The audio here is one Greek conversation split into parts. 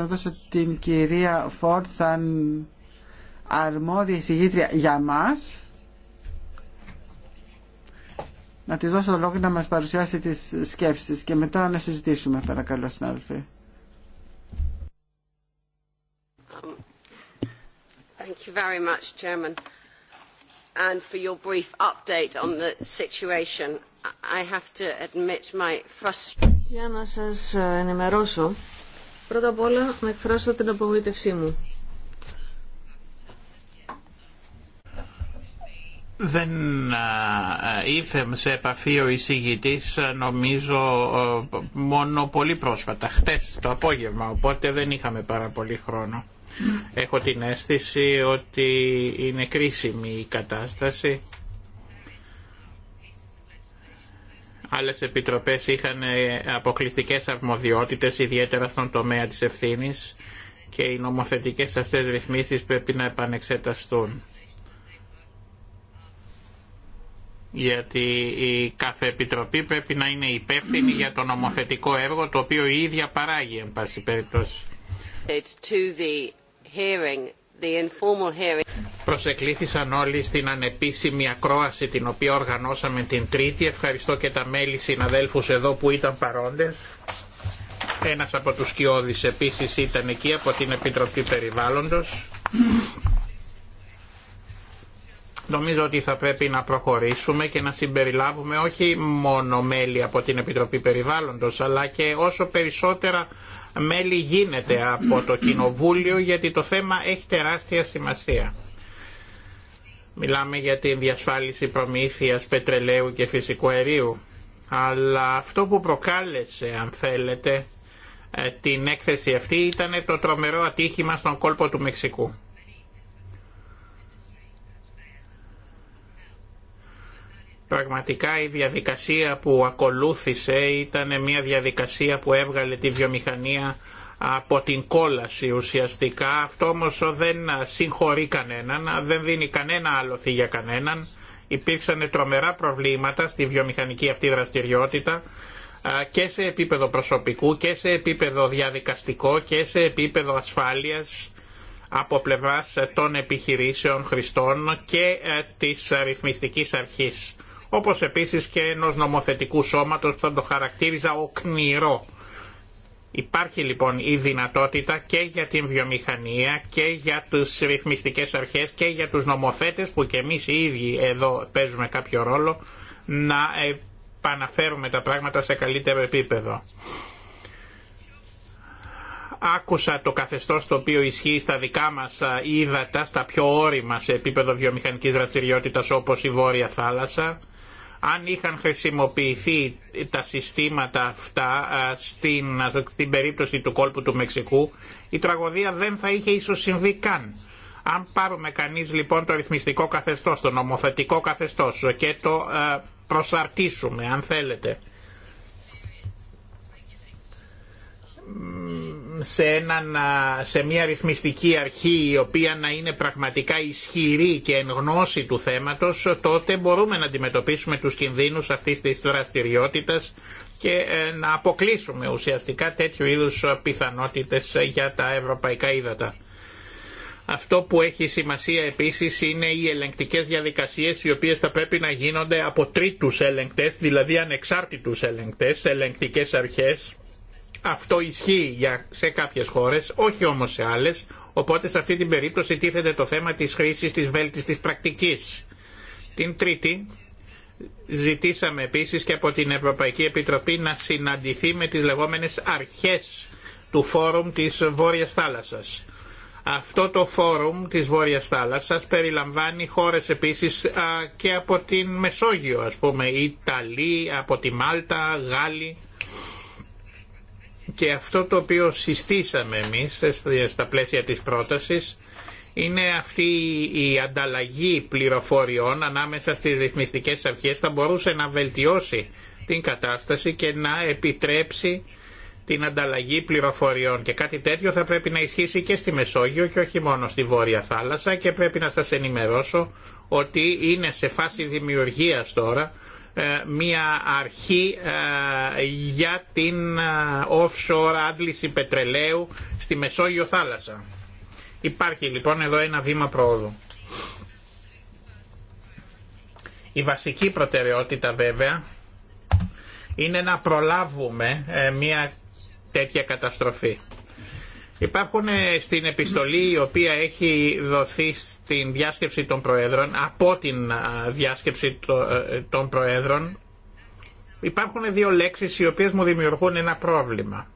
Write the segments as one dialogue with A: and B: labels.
A: Θα δώσω την κυρία Φόρτ σαν αρμόδια εισηγήτρια για μας. Να τη δώσω το λόγο να μας παρουσιάσει τις σκέψεις και μετά να συζητήσουμε παρακαλώ συνάδελφοι.
B: Thank you very much, Chairman, and for your brief update on the situation. I have to admit my frustration.
C: Για να σας ενημερώσω Πρώτα απ' όλα να εκφράσω την απογοήτευσή μου.
D: Δεν ήρθε σε επαφή ο εισηγητής νομίζω μόνο πολύ πρόσφατα, χτες το απόγευμα, οπότε δεν είχαμε πάρα πολύ χρόνο. Έχω την αίσθηση ότι είναι κρίσιμη η κατάσταση Άλλε επιτροπέ είχαν ε, αποκλειστικέ αρμοδιότητε, ιδιαίτερα στον τομέα της ευθύνη και οι νομοθετικέ αυτέ ρυθμίσει πρέπει να επανεξεταστούν. γιατί η κάθε επιτροπή πρέπει να είναι υπεύθυνη για το νομοθετικό έργο το οποίο η ίδια παράγει εν πάση περιπτώσει. Προσεκλήθησαν όλοι στην ανεπίσημη ακρόαση την οποία οργανώσαμε την Τρίτη. Ευχαριστώ και τα μέλη συναδέλφους εδώ που ήταν παρόντες. Ένας από τους κοιόδης επίσης ήταν εκεί από την Επιτροπή Περιβάλλοντος. Νομίζω ότι θα πρέπει να προχωρήσουμε και να συμπεριλάβουμε όχι μόνο μέλη από την Επιτροπή Περιβάλλοντος αλλά και όσο περισσότερα μέλη γίνεται από το Κοινοβούλιο γιατί το θέμα έχει τεράστια σημασία. Μιλάμε για την διασφάλιση προμήθειας πετρελαίου και φυσικού αερίου. Αλλά αυτό που προκάλεσε, αν θέλετε, ε, την έκθεση αυτή ήταν το τρομερό ατύχημα στον κόλπο του Μεξικού. Πραγματικά η διαδικασία που ακολούθησε ήταν μια διαδικασία που έβγαλε τη βιομηχανία από την κόλαση ουσιαστικά. Αυτό όμως δεν συγχωρεί κανέναν, δεν δίνει κανένα άλοθη για κανέναν. Υπήρξαν τρομερά προβλήματα στη βιομηχανική αυτή δραστηριότητα και σε επίπεδο προσωπικού και σε επίπεδο διαδικαστικό και σε επίπεδο ασφάλειας από πλευράς των επιχειρήσεων χρηστών και ε, της ρυθμιστικής αρχής όπως επίσης και ενός νομοθετικού σώματος που θα το χαρακτήριζα οκνηρό. Υπάρχει λοιπόν η δυνατότητα και για την βιομηχανία και για τις ρυθμιστικές αρχές και για τους νομοθέτες που και εμείς οι ίδιοι εδώ παίζουμε κάποιο ρόλο να επαναφέρουμε τα πράγματα σε καλύτερο επίπεδο. Άκουσα το καθεστώς το οποίο ισχύει στα δικά μας ύδατα, στα πιο όρημα σε επίπεδο βιομηχανικής δραστηριότητας όπως η Βόρεια Θάλασσα αν είχαν χρησιμοποιηθεί τα συστήματα αυτά στην, στην περίπτωση του κόλπου του Μεξικού, η τραγωδία δεν θα είχε ίσως συμβεί καν. Αν πάρουμε κανείς λοιπόν το ρυθμιστικό καθεστώς, το νομοθετικό καθεστώς και το προσαρτήσουμε αν θέλετε σε, έναν, σε μια ρυθμιστική αρχή η οποία να είναι πραγματικά ισχυρή και εν γνώση του θέματος τότε μπορούμε να αντιμετωπίσουμε τους κινδύνους αυτής της δραστηριότητα και ε, να αποκλείσουμε ουσιαστικά τέτοιου είδους πιθανότητες για τα ευρωπαϊκά ύδατα. Αυτό που έχει σημασία επίσης είναι οι ελεγκτικές διαδικασίες οι οποίες θα πρέπει να γίνονται από τρίτους ελεγκτές, δηλαδή ανεξάρτητους ελεγκτές, ελεγκτικές αρχές αυτό ισχύει για, σε κάποιες χώρες, όχι όμως σε άλλες, οπότε σε αυτή την περίπτωση τίθεται το θέμα της χρήσης της βέλτιστης πρακτικής. Την Τρίτη ζητήσαμε επίσης και από την Ευρωπαϊκή Επιτροπή να συναντηθεί με τις λεγόμενες αρχές του Φόρουμ της Βόρειας Θάλασσας. Αυτό το Φόρουμ της Βόρειας Θάλασσας περιλαμβάνει χώρες επίσης και από την Μεσόγειο, ας πούμε, Ιταλία από τη Μάλτα, Γάλλη και αυτό το οποίο συστήσαμε εμείς στα πλαίσια της πρότασης είναι αυτή η ανταλλαγή πληροφοριών ανάμεσα στις ρυθμιστικές αρχές θα μπορούσε να βελτιώσει την κατάσταση και να επιτρέψει την ανταλλαγή πληροφοριών και κάτι τέτοιο θα πρέπει να ισχύσει και στη Μεσόγειο και όχι μόνο στη Βόρεια Θάλασσα και πρέπει να σας ενημερώσω ότι είναι σε φάση δημιουργίας τώρα ε, μια αρχή ε, για την ε, offshore άντληση πετρελαίου στη Μεσόγειο θάλασσα. Υπάρχει λοιπόν εδώ ένα βήμα προόδου. Η βασική προτεραιότητα βέβαια είναι να προλάβουμε μια τέτοια καταστροφή. Υπάρχουν ε, στην επιστολή η οποία έχει δοθεί στην διάσκεψη των Προέδρων, από την ε, διάσκεψη ε, των Προέδρων, υπάρχουν δύο λέξεις οι οποίες μου δημιουργούν ένα πρόβλημα.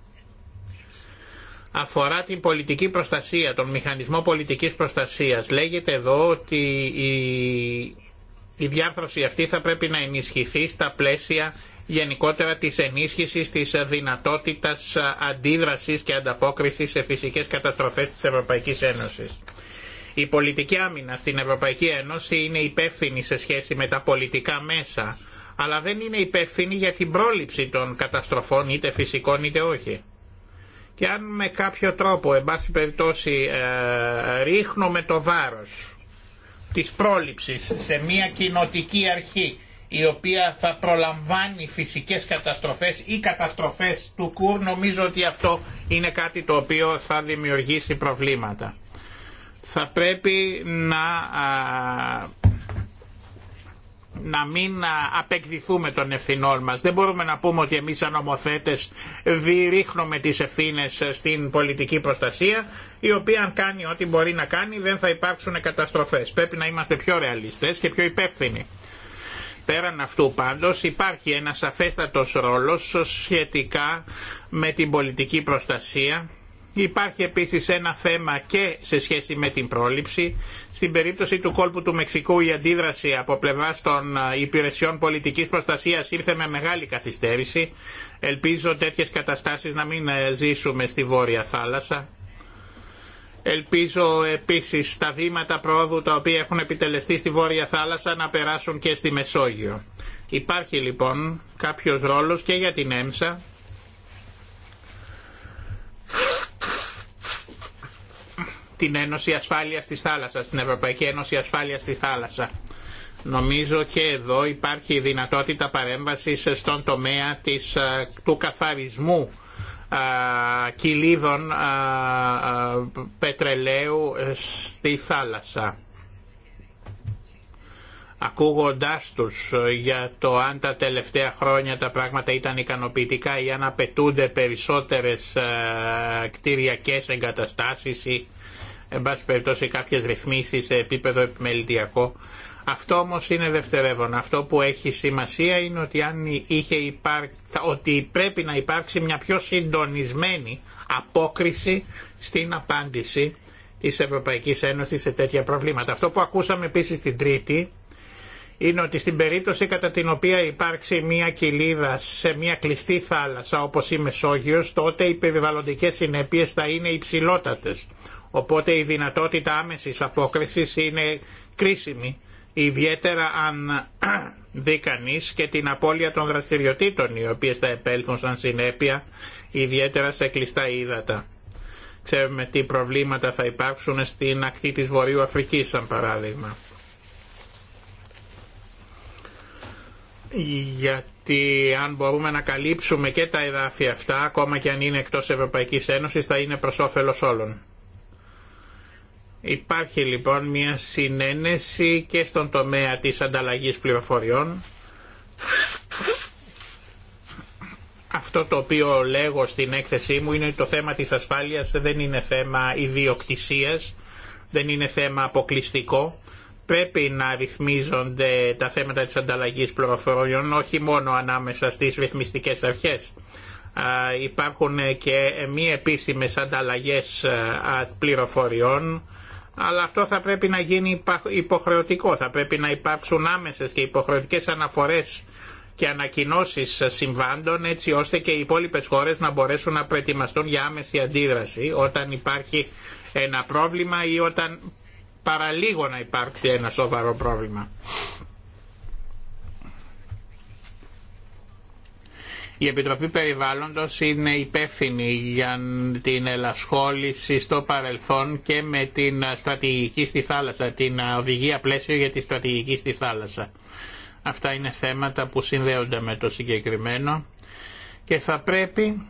D: Αφορά την πολιτική προστασία, τον μηχανισμό πολιτικής προστασίας. Λέγεται εδώ ότι η, η διάρθρωση αυτή θα πρέπει να ενισχυθεί στα πλαίσια γενικότερα της ενίσχυσης της δυνατότητας αντίδρασης και ανταπόκρισης σε φυσικές καταστροφές της Ευρωπαϊκής Ένωσης. Η πολιτική άμυνα στην Ευρωπαϊκή Ένωση είναι υπεύθυνη σε σχέση με τα πολιτικά μέσα, αλλά δεν είναι υπεύθυνη για την πρόληψη των καταστροφών είτε φυσικών είτε όχι. Και αν με κάποιο τρόπο, εν πάση περιπτώσει, ε, ρίχνουμε το βάρος της πρόληψης σε μια κοινοτική αρχή η οποία θα προλαμβάνει φυσικές καταστροφές ή καταστροφές του ΚΟΥΡ νομίζω ότι αυτό είναι κάτι το οποίο θα δημιουργήσει προβλήματα. Θα πρέπει να, να μην απεκδηθούμε των ευθυνών μας. Δεν μπορούμε να πούμε ότι εμείς σαν νομοθέτες διρίχνουμε τις ευθύνε στην πολιτική προστασία η οποία αν κάνει ό,τι μπορεί να κάνει δεν θα υπάρξουν καταστροφές. Πρέπει να είμαστε πιο ρεαλιστές και πιο υπεύθυνοι. Πέραν αυτού πάντως υπάρχει ένα αφέστατος ρόλος σχετικά με την πολιτική προστασία. Υπάρχει επίσης ένα θέμα και σε σχέση με την πρόληψη. Στην περίπτωση του κόλπου του Μεξικού η αντίδραση από πλευρά των υπηρεσιών πολιτικής προστασίας ήρθε με μεγάλη καθυστέρηση. Ελπίζω τέτοιες καταστάσεις να μην ε, ζήσουμε στη Βόρεια Θάλασσα Ελπίζω επίσης τα βήματα προόδου τα οποία έχουν επιτελεστεί στη Βόρεια Θάλασσα να περάσουν και στη Μεσόγειο. Υπάρχει λοιπόν κάποιος ρόλος και για την ΕΜΣΑ την Ένωση της Θάλασσας, την Ευρωπαϊκή Ένωση Ασφάλειας της Θάλασσα. Νομίζω και εδώ υπάρχει δυνατότητα παρέμβασης στον τομέα της, ε, του καθαρισμού κυλίδων πετρελαίου στη θάλασσα. Ακούγοντάς τους για το αν τα τελευταία χρόνια τα πράγματα ήταν ικανοποιητικά ή αν απαιτούνται περισσότερες κτηριακές εγκαταστάσεις ή εν πάση περιπτώσει κάποιες ρυθμίσεις σε επίπεδο επιμελητιακό αυτό όμως είναι δευτερεύον. Αυτό που έχει σημασία είναι ότι, αν είχε υπάρ... ότι πρέπει να υπάρξει μια πιο συντονισμένη απόκριση στην απάντηση της Ευρωπαϊκής Ένωσης σε τέτοια προβλήματα. Αυτό που ακούσαμε επίσης την Τρίτη είναι ότι στην περίπτωση κατά την οποία υπάρξει μια κοιλίδα σε μια κλειστή θάλασσα όπως η Μεσόγειος, τότε οι περιβαλλοντικές συνέπειες θα είναι υψηλότατες. Οπότε η δυνατότητα άμεσης απόκρισης είναι κρίσιμη ιδιαίτερα αν δει κανεί και την απώλεια των δραστηριοτήτων οι οποίες θα επέλθουν σαν συνέπεια ιδιαίτερα σε κλειστά ύδατα. Ξέρουμε τι προβλήματα θα υπάρξουν στην ακτή της Βορείου Αφρικής σαν παράδειγμα. Γιατί αν μπορούμε να καλύψουμε και τα εδάφια αυτά, ακόμα και αν είναι εκτός Ευρωπαϊκής Ένωσης, θα είναι προς όφελος όλων. Υπάρχει λοιπόν μια συνένεση και στον τομέα της ανταλλαγής πληροφοριών. Αυτό το οποίο λέγω στην έκθεσή μου είναι ότι το θέμα της ασφάλειας δεν είναι θέμα ιδιοκτησίας, δεν είναι θέμα αποκλειστικό. Πρέπει να ρυθμίζονται τα θέματα της ανταλλαγής πληροφοριών όχι μόνο ανάμεσα στις ρυθμιστικές αρχές. Υπάρχουν και μη επίσημες ανταλλαγές πληροφοριών αλλά αυτό θα πρέπει να γίνει υποχρεωτικό. Θα πρέπει να υπάρξουν άμεσες και υποχρεωτικές αναφορές και ανακοινώσει συμβάντων έτσι ώστε και οι υπόλοιπε χώρες να μπορέσουν να προετοιμαστούν για άμεση αντίδραση όταν υπάρχει ένα πρόβλημα ή όταν παραλίγο να υπάρξει ένα σοβαρό πρόβλημα. Η Επιτροπή Περιβάλλοντος είναι υπεύθυνη για την ελασχόληση στο παρελθόν και με την στρατηγική στη θάλασσα, την οδηγία πλαίσιο για τη στρατηγική στη θάλασσα. Αυτά είναι θέματα που συνδέονται με το συγκεκριμένο και θα πρέπει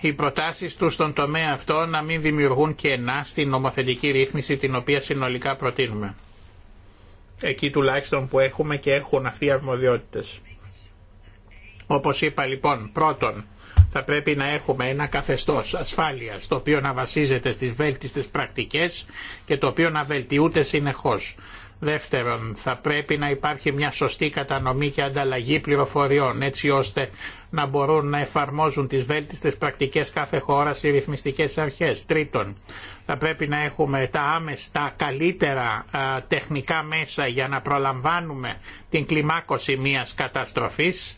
D: οι προτάσεις του στον τομέα αυτό να μην δημιουργούν κενά στην νομοθετική ρύθμιση την οποία συνολικά προτείνουμε. Εκεί τουλάχιστον που έχουμε και έχουν αυτοί οι αρμοδιότητες. Όπως είπα λοιπόν, πρώτον, θα πρέπει να έχουμε ένα καθεστώς ασφάλειας το οποίο να βασίζεται στις βέλτιστες πρακτικές και το οποίο να βελτιούται συνεχώς. Δεύτερον, θα πρέπει να υπάρχει μια σωστή κατανομή και ανταλλαγή πληροφοριών, έτσι ώστε να μπορούν να εφαρμόζουν τις βέλτιστες πρακτικές κάθε χώρα οι ρυθμιστικές αρχές. Τρίτον, θα πρέπει να έχουμε τα άμεστα καλύτερα τεχνικά μέσα για να προλαμβάνουμε την κλιμάκωση μιας καταστροφής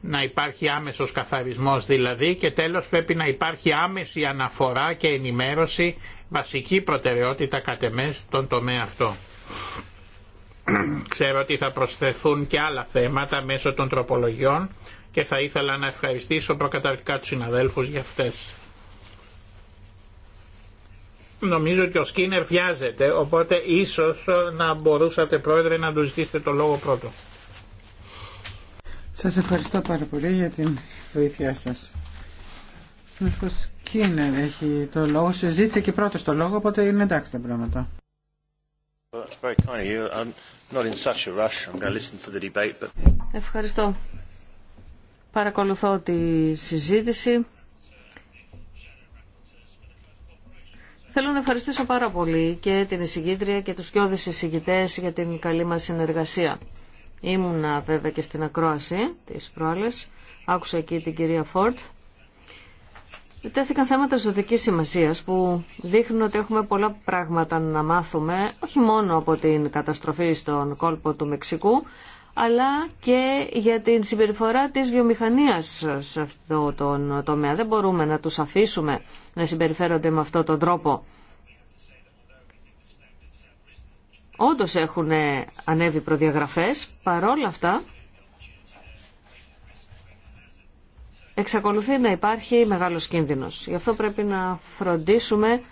D: να υπάρχει άμεσος καθαρισμός δηλαδή και τέλος πρέπει να υπάρχει άμεση αναφορά και ενημέρωση βασική προτεραιότητα κατ' εμές στον τομέα αυτό. Ξέρω ότι θα προσθεθούν και άλλα θέματα μέσω των τροπολογιών και θα ήθελα να ευχαριστήσω προκαταρκτικά τους συναδέλφους για αυτές. Νομίζω ότι ο Σκίνερ βιάζεται, οπότε ίσως να μπορούσατε πρόεδρε να του ζητήσετε το λόγο πρώτο.
A: Σας ευχαριστώ πάρα πολύ για την βοήθειά σας. Συνήθως Κίνερ έχει το λόγο, σε συζήτησε και πρώτος το λόγο, οπότε είναι εντάξει τα πράγματα.
C: Ευχαριστώ. Παρακολουθώ τη συζήτηση. Θέλω να ευχαριστήσω πάρα πολύ και την εισηγήτρια και τους κοιόδης εισηγητές για την καλή μας συνεργασία. Ήμουνα βέβαια και στην ακρόαση της πρόλες. Άκουσα εκεί την κυρία Φόρτ. Τέθηκαν θέματα ζωτική σημασία που δείχνουν ότι έχουμε πολλά πράγματα να μάθουμε, όχι μόνο από την καταστροφή στον κόλπο του Μεξικού, αλλά και για την συμπεριφορά της βιομηχανίας σε αυτό το τομέα. Δεν μπορούμε να τους αφήσουμε να συμπεριφέρονται με αυτόν τον τρόπο. Όντως έχουν ε, ανέβει προδιαγραφές, παρόλα αυτά εξακολουθεί να υπάρχει μεγάλος κίνδυνος. Γι' αυτό πρέπει να φροντίσουμε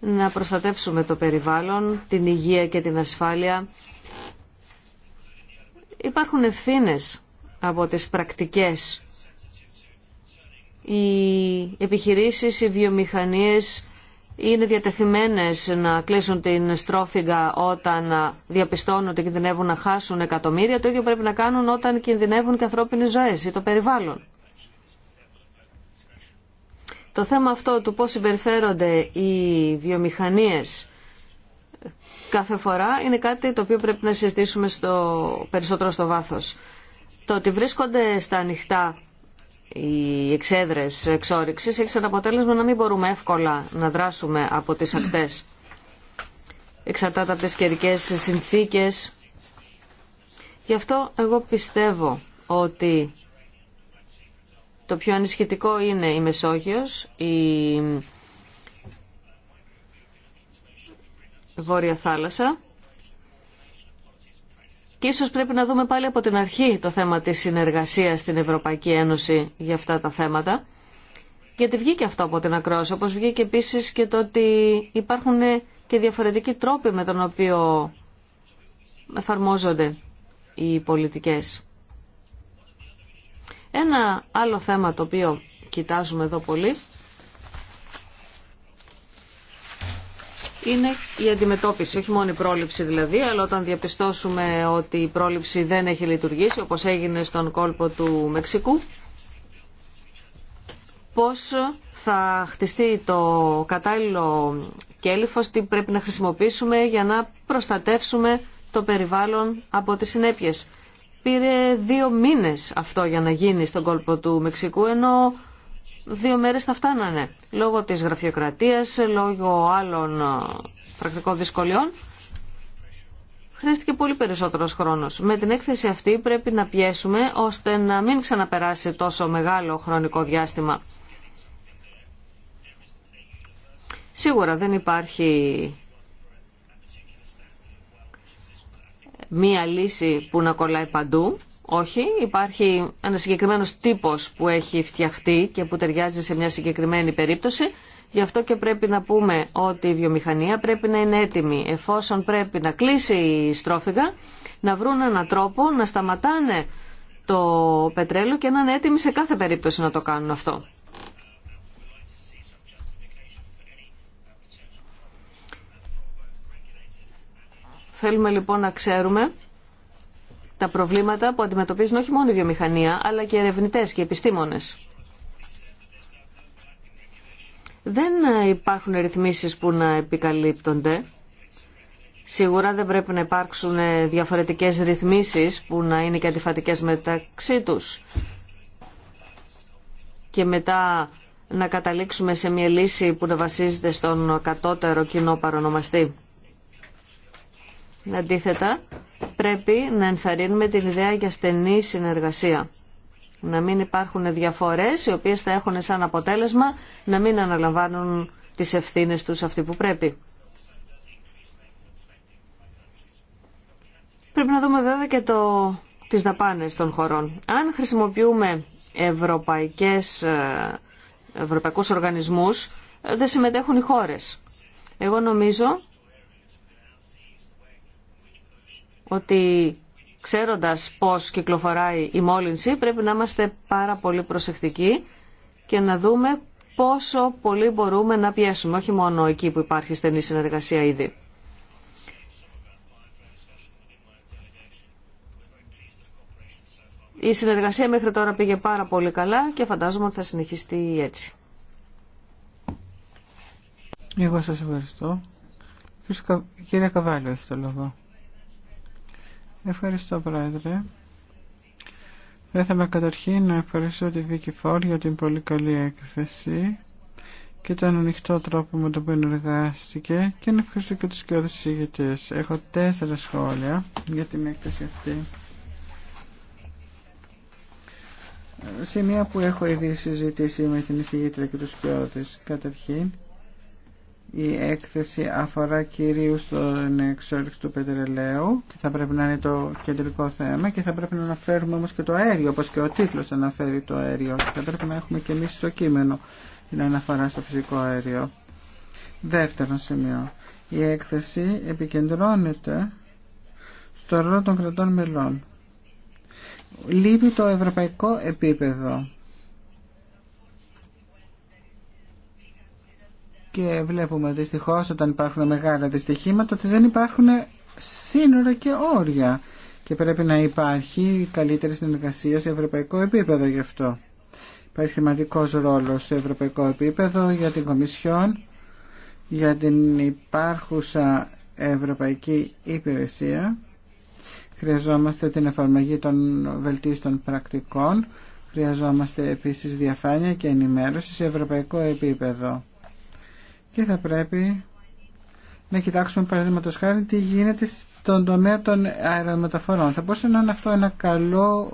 C: να προστατεύσουμε το περιβάλλον, την υγεία και την ασφάλεια. Υπάρχουν ευθύνε από τις πρακτικές. Οι επιχειρήσεις, οι βιομηχανίες είναι διατεθειμένες να κλείσουν την στρόφιγγα όταν διαπιστώνουν ότι κινδυνεύουν να χάσουν εκατομμύρια, το ίδιο πρέπει να κάνουν όταν κινδυνεύουν και ανθρώπινες ζωές ή το περιβάλλον. Το θέμα αυτό του πώς συμπεριφέρονται οι βιομηχανίες κάθε φορά είναι κάτι το οποίο πρέπει να συζητήσουμε στο, περισσότερο στο βάθος. Το ότι βρίσκονται στα ανοιχτά οι εξέδρες εξόριξης έχει σαν αποτέλεσμα να μην μπορούμε εύκολα να δράσουμε από τις ακτές. Εξαρτάται από τις καιρικέ συνθήκες. Γι' αυτό εγώ πιστεύω ότι το πιο ανησυχητικό είναι η Μεσόγειος, η Βόρεια Θάλασσα και ίσως πρέπει να δούμε πάλι από την αρχή το θέμα της συνεργασίας στην Ευρωπαϊκή Ένωση για αυτά τα θέματα. Γιατί βγήκε αυτό από την ακρόαση, όπως βγήκε επίσης και το ότι υπάρχουν και διαφορετικοί τρόποι με τον οποίο εφαρμόζονται οι πολιτικές. Ένα άλλο θέμα το οποίο κοιτάζουμε εδώ πολύ είναι η αντιμετώπιση, όχι μόνο η πρόληψη δηλαδή, αλλά όταν διαπιστώσουμε ότι η πρόληψη δεν έχει λειτουργήσει, όπως έγινε στον κόλπο του Μεξικού, πώς θα χτιστεί το κατάλληλο κέλυφος, τι πρέπει να χρησιμοποιήσουμε για να προστατεύσουμε το περιβάλλον από τις συνέπειες. Πήρε δύο μήνες αυτό για να γίνει στον κόλπο του Μεξικού, ενώ δύο μέρες θα φτάνανε. Λόγω της γραφειοκρατίας, λόγω άλλων ε, πρακτικών δυσκολιών, χρειάστηκε πολύ περισσότερος χρόνος. Με την έκθεση αυτή πρέπει να πιέσουμε ώστε να μην ξαναπεράσει τόσο μεγάλο χρονικό διάστημα. Σίγουρα δεν υπάρχει μία λύση που να κολλάει παντού όχι, υπάρχει ένα συγκεκριμένος τύπος που έχει φτιαχτεί και που ταιριάζει σε μια συγκεκριμένη περίπτωση. Γι' αυτό και πρέπει να πούμε ότι η βιομηχανία πρέπει να είναι έτοιμη εφόσον πρέπει να κλείσει η στρόφιγα, να βρουν έναν τρόπο να σταματάνε το πετρέλαιο και να είναι έτοιμοι σε κάθε περίπτωση να το κάνουν αυτό. Θέλουμε λοιπόν να ξέρουμε τα προβλήματα που αντιμετωπίζουν όχι μόνο η βιομηχανία, αλλά και ερευνητέ και επιστήμονες. Δεν υπάρχουν ρυθμίσεις που να επικαλύπτονται. Σίγουρα δεν πρέπει να υπάρξουν διαφορετικές ρυθμίσεις που να είναι και αντιφατικές μεταξύ τους. Και μετά να καταλήξουμε σε μια λύση που να βασίζεται στον κατώτερο κοινό παρονομαστή. Αντίθετα, πρέπει να ενθαρρύνουμε την ιδέα για στενή συνεργασία. Να μην υπάρχουν διαφορές οι οποίες θα έχουν σαν αποτέλεσμα να μην αναλαμβάνουν τις ευθύνες τους αυτοί που πρέπει. Πρέπει να δούμε βέβαια και το, τις δαπάνες των χωρών. Αν χρησιμοποιούμε ευρωπαϊκές, ε, ευρωπαϊκούς οργανισμούς, ε, δεν συμμετέχουν οι χώρες. Εγώ νομίζω ότι ξέροντας πώς κυκλοφοράει η μόλυνση πρέπει να είμαστε πάρα πολύ προσεκτικοί και να δούμε πόσο πολύ μπορούμε να πιέσουμε, όχι μόνο εκεί που υπάρχει στενή συνεργασία ήδη. Η συνεργασία μέχρι τώρα πήγε πάρα πολύ καλά και φαντάζομαι ότι θα συνεχιστεί έτσι.
A: Εγώ σας ευχαριστώ. Κύριε Καβάλιο έχει το λόγο. Ευχαριστώ, Πρόεδρε. Θα ήθελα καταρχήν να ευχαριστώ τη Βίκη Φόρ για την πολύ καλή έκθεση και τον ανοιχτό τρόπο με τον οποίο εργάστηκε και να ευχαριστώ και τους κοιόδους συζητητές. Έχω τέσσερα σχόλια για την έκθεση αυτή. Σημεία που έχω ήδη συζητήσει με την εισηγήτρια και τους της Καταρχήν, η έκθεση αφορά κυρίως τον εξόριξη του πετρελαίου και θα πρέπει να είναι το κεντρικό θέμα και θα πρέπει να αναφέρουμε όμως και το αέριο, όπως και ο τίτλος αναφέρει το αέριο. Θα πρέπει να έχουμε και εμείς στο κείμενο την αναφορά στο φυσικό αέριο. Δεύτερο σημείο. Η έκθεση επικεντρώνεται στο ρόλο των κρατών μελών. Λείπει το ευρωπαϊκό επίπεδο Και βλέπουμε δυστυχώς όταν υπάρχουν μεγάλα δυστυχήματα ότι δεν υπάρχουν σύνορα και όρια και πρέπει να υπάρχει καλύτερη συνεργασία σε ευρωπαϊκό επίπεδο γι' αυτό. Υπάρχει σημαντικό ρόλο σε ευρωπαϊκό επίπεδο για την Κομισιόν, για την υπάρχουσα Ευρωπαϊκή Υπηρεσία. Χρειαζόμαστε την εφαρμογή των βελτίστων πρακτικών. Χρειαζόμαστε επίσης διαφάνεια και ενημέρωση σε ευρωπαϊκό επίπεδο και θα πρέπει να κοιτάξουμε παραδείγματο χάρη τι γίνεται στον τομέα των αερομεταφορών. Θα μπορούσε να είναι αυτό ένα καλό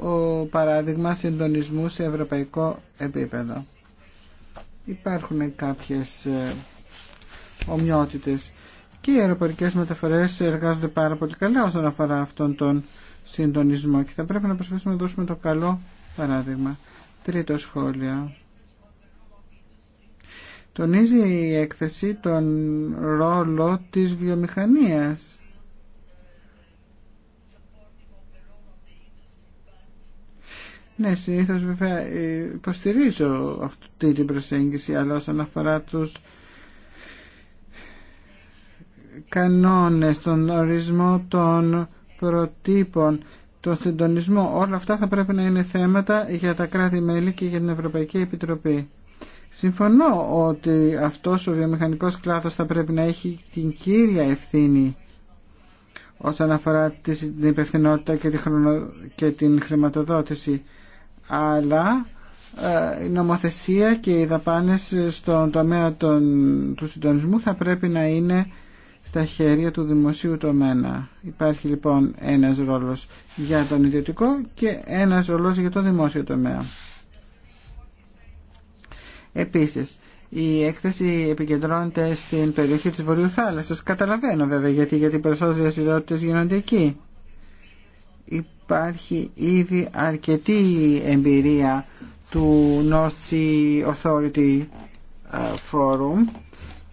A: παράδειγμα συντονισμού σε ευρωπαϊκό επίπεδο. Υπάρχουν κάποιες ε, ομοιότητες και οι αεροπορικές μεταφορές εργάζονται πάρα πολύ καλά όσον αφορά αυτόν τον συντονισμό και θα πρέπει να προσπαθήσουμε να δώσουμε το καλό παράδειγμα. Τρίτο σχόλιο. Τονίζει η έκθεση τον ρόλο της βιομηχανίας. Ναι, συνήθω βέβαια υποστηρίζω αυτή την προσέγγιση, αλλά όσον αφορά του κανόνε, τον ορισμό των προτύπων, τον συντονισμό, όλα αυτά θα πρέπει να είναι θέματα για τα κράτη-μέλη και για την Ευρωπαϊκή Επιτροπή. Συμφωνώ ότι αυτός ο βιομηχανικός κλάδος θα πρέπει να έχει την κύρια ευθύνη όσον αφορά την υπευθυνότητα και, τη και την χρηματοδότηση. Αλλά ε, η νομοθεσία και οι δαπάνες στον τομέα των... του συντονισμού θα πρέπει να είναι στα χέρια του δημοσίου τομέα. Υπάρχει λοιπόν ένας ρόλος για τον ιδιωτικό και ένας ρόλος για τον δημόσιο τομέα. Επίσης, η έκθεση επικεντρώνεται στην περιοχή της Βορειού Θάλασσας. Καταλαβαίνω βέβαια γιατί, γιατί οι περισσότερες δραστηριότητες γίνονται εκεί. Υπάρχει ήδη αρκετή εμπειρία του North Sea Authority ε, Forum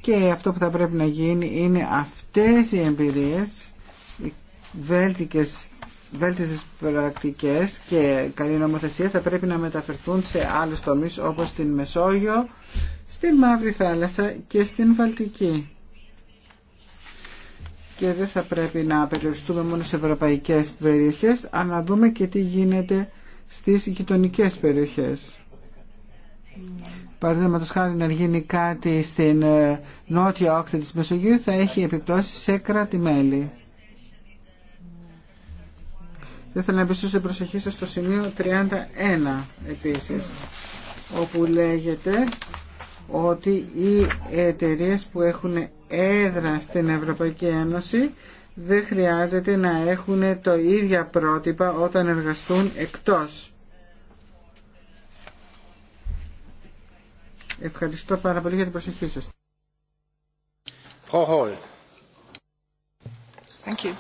A: και αυτό που θα πρέπει να γίνει είναι αυτές οι εμπειρίες, οι βέλτικες Βέλτισε πρακτικές και καλή νομοθεσία θα πρέπει να μεταφερθούν σε άλλου τομείς όπως στην Μεσόγειο, στην Μαύρη Θάλασσα και στην Βαλτική. Και δεν θα πρέπει να περιοριστούμε μόνο σε ευρωπαϊκές περιοχές, αλλά να δούμε και τι γίνεται στις γειτονικέ περιοχές. Παραδείγματο χάρη να γίνει κάτι στην ε, νότια όχθη της Μεσογείου θα έχει επιπτώσεις σε κράτη-μέλη. Θα ήθελα να πιστώ σε προσοχή σας στο σημείο 31 επίσης, όπου λέγεται ότι οι εταιρείε που έχουν έδρα στην Ευρωπαϊκή Ένωση δεν χρειάζεται να έχουν το ίδια πρότυπα όταν εργαστούν εκτός. Ευχαριστώ πάρα πολύ για την προσοχή σας. Thank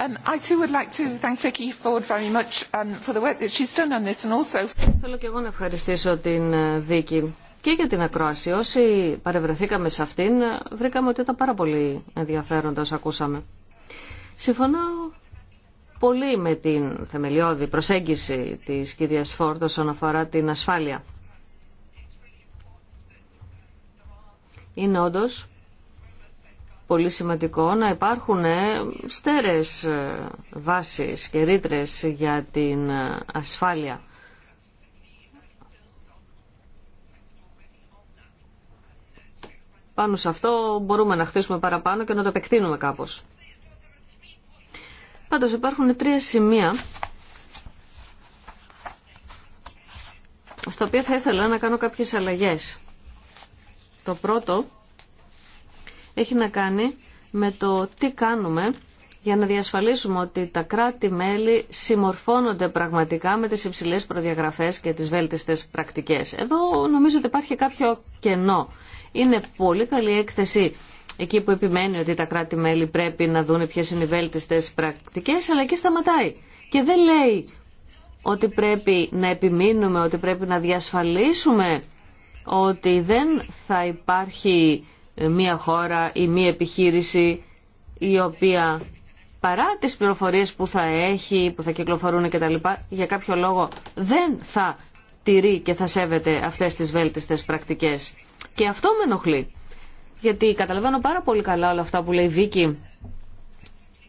A: Um, I too would like to
B: thank Vicky Ford very much um, for the work that she's done on this and also. Θέλω και εγώ να
C: ευχαριστήσω την Δίκη ε, και για την ακρόαση. Όσοι παρευρεθήκαμε σε αυτήν, ε, βρήκαμε ότι ήταν πάρα πολύ ενδιαφέροντα όσο ακούσαμε. Συμφωνώ πολύ με την θεμελιώδη προσέγγιση της κυρίας Φόρτ όσον αφορά την ασφάλεια. Είναι όντως πολύ σημαντικό να υπάρχουν ε, στέρες ε, βάσεις και ρήτρε για την ε, ασφάλεια. Πάνω σε αυτό μπορούμε να χτίσουμε παραπάνω και να το επεκτείνουμε κάπως. Πάντως υπάρχουν τρία σημεία στα οποία θα ήθελα να κάνω κάποιες αλλαγές. Το πρώτο έχει να κάνει με το τι κάνουμε για να διασφαλίσουμε ότι τα κράτη-μέλη συμμορφώνονται πραγματικά με τις υψηλές προδιαγραφές και τις βέλτιστες πρακτικές. Εδώ νομίζω ότι υπάρχει κάποιο κενό. Είναι πολύ καλή έκθεση εκεί που επιμένει ότι τα κράτη-μέλη πρέπει να δουν ποιε είναι οι βέλτιστες πρακτικές, αλλά εκεί σταματάει. Και δεν λέει ότι πρέπει να επιμείνουμε, ότι πρέπει να διασφαλίσουμε ότι δεν θα υπάρχει μία χώρα ή μία επιχείρηση η οποία παρά τις πληροφορίες που θα έχει, που θα κυκλοφορούν λοιπά, για κάποιο λόγο δεν θα τηρεί και θα σέβεται αυτές τις βέλτιστες πρακτικές. Και αυτό με ενοχλεί. Γιατί καταλαβαίνω πάρα πολύ καλά όλα αυτά που λέει η Βίκη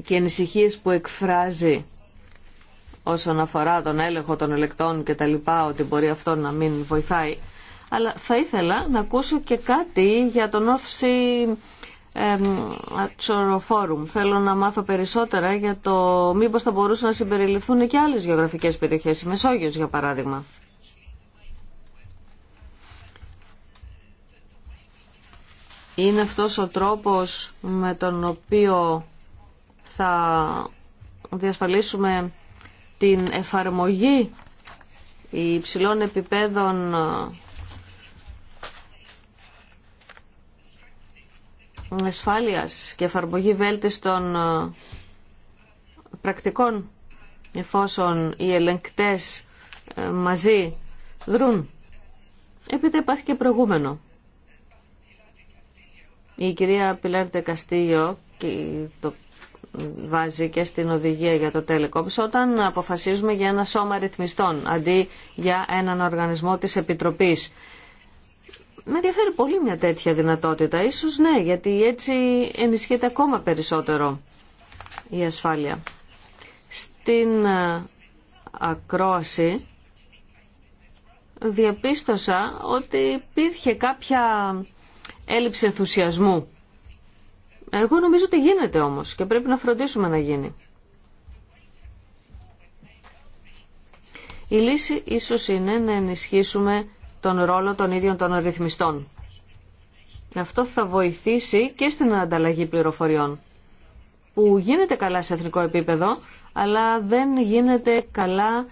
C: και οι ανησυχίες που εκφράζει όσον αφορά τον έλεγχο των ελεκτών και τα λοιπά, ότι μπορεί αυτό να μην βοηθάει αλλά θα ήθελα να ακούσω και κάτι για τον όφηση τσοροφόρουμ. Θέλω να μάθω περισσότερα για το μήπως θα μπορούσαν να συμπεριληφθούν και άλλες γεωγραφικές περιοχές, η Μεσόγειος για παράδειγμα. Είναι αυτός ο τρόπος με τον οποίο θα διασφαλίσουμε την εφαρμογή υψηλών επιπέδων ασφάλειας και εφαρμογή βέλτιστων ε, πρακτικών εφόσον οι ελεγκτές ε, μαζί δρούν. Επειδή υπάρχει και προηγούμενο. Η κυρία Πιλέρτε Καστίγιο το βάζει και στην οδηγία για το Telecoms όταν αποφασίζουμε για ένα σώμα ρυθμιστών αντί για έναν οργανισμό της Επιτροπής με ενδιαφέρει πολύ μια τέτοια δυνατότητα. Ίσως ναι, γιατί έτσι ενισχύεται ακόμα περισσότερο η ασφάλεια. Στην ε, ακρόαση διαπίστωσα ότι υπήρχε κάποια έλλειψη ενθουσιασμού. Εγώ νομίζω ότι γίνεται όμως και πρέπει να φροντίσουμε να γίνει. Η λύση ίσως είναι να ενισχύσουμε τον ρόλο των ίδιων των ρυθμιστών. Αυτό θα βοηθήσει και στην ανταλλαγή πληροφοριών, που γίνεται καλά σε εθνικό επίπεδο, αλλά δεν γίνεται καλά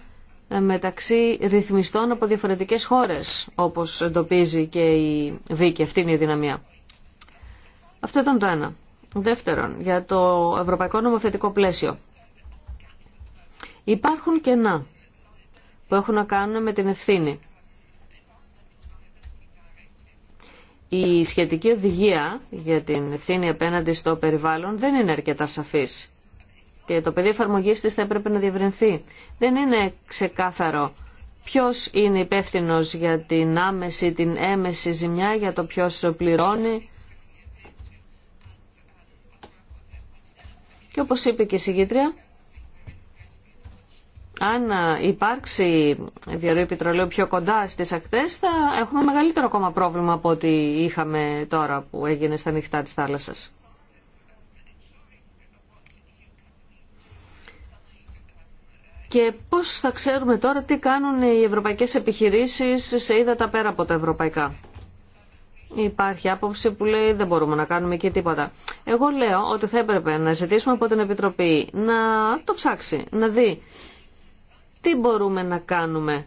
C: ε, μεταξύ ρυθμιστών από διαφορετικές χώρες, όπως εντοπίζει και η Βίκη. Αυτή είναι η δυναμία. Αυτό ήταν το ένα. Δεύτερον, για το ευρωπαϊκό νομοθετικό πλαίσιο. Υπάρχουν κενά που έχουν να κάνουν με την ευθύνη η σχετική οδηγία για την ευθύνη απέναντι στο περιβάλλον δεν είναι αρκετά σαφής και το πεδίο εφαρμογή της θα έπρεπε να διευρυνθεί. Δεν είναι ξεκάθαρο ποιο είναι υπεύθυνο για την άμεση, την έμεση ζημιά, για το ποιο πληρώνει. Και όπω είπε και η συγκήτρια, αν υπάρξει διαρροή πετρελαίου πιο κοντά στις ακτές θα έχουμε μεγαλύτερο ακόμα πρόβλημα από ό,τι είχαμε τώρα που έγινε στα νυχτά της θάλασσας. Και πώς θα ξέρουμε τώρα τι κάνουν οι ευρωπαϊκές επιχειρήσεις σε ύδατα πέρα από τα ευρωπαϊκά. Υπάρχει άποψη που λέει δεν μπορούμε να κάνουμε και τίποτα. Εγώ λέω ότι θα έπρεπε να ζητήσουμε από την Επιτροπή να το ψάξει, να δει τι μπορούμε να κάνουμε.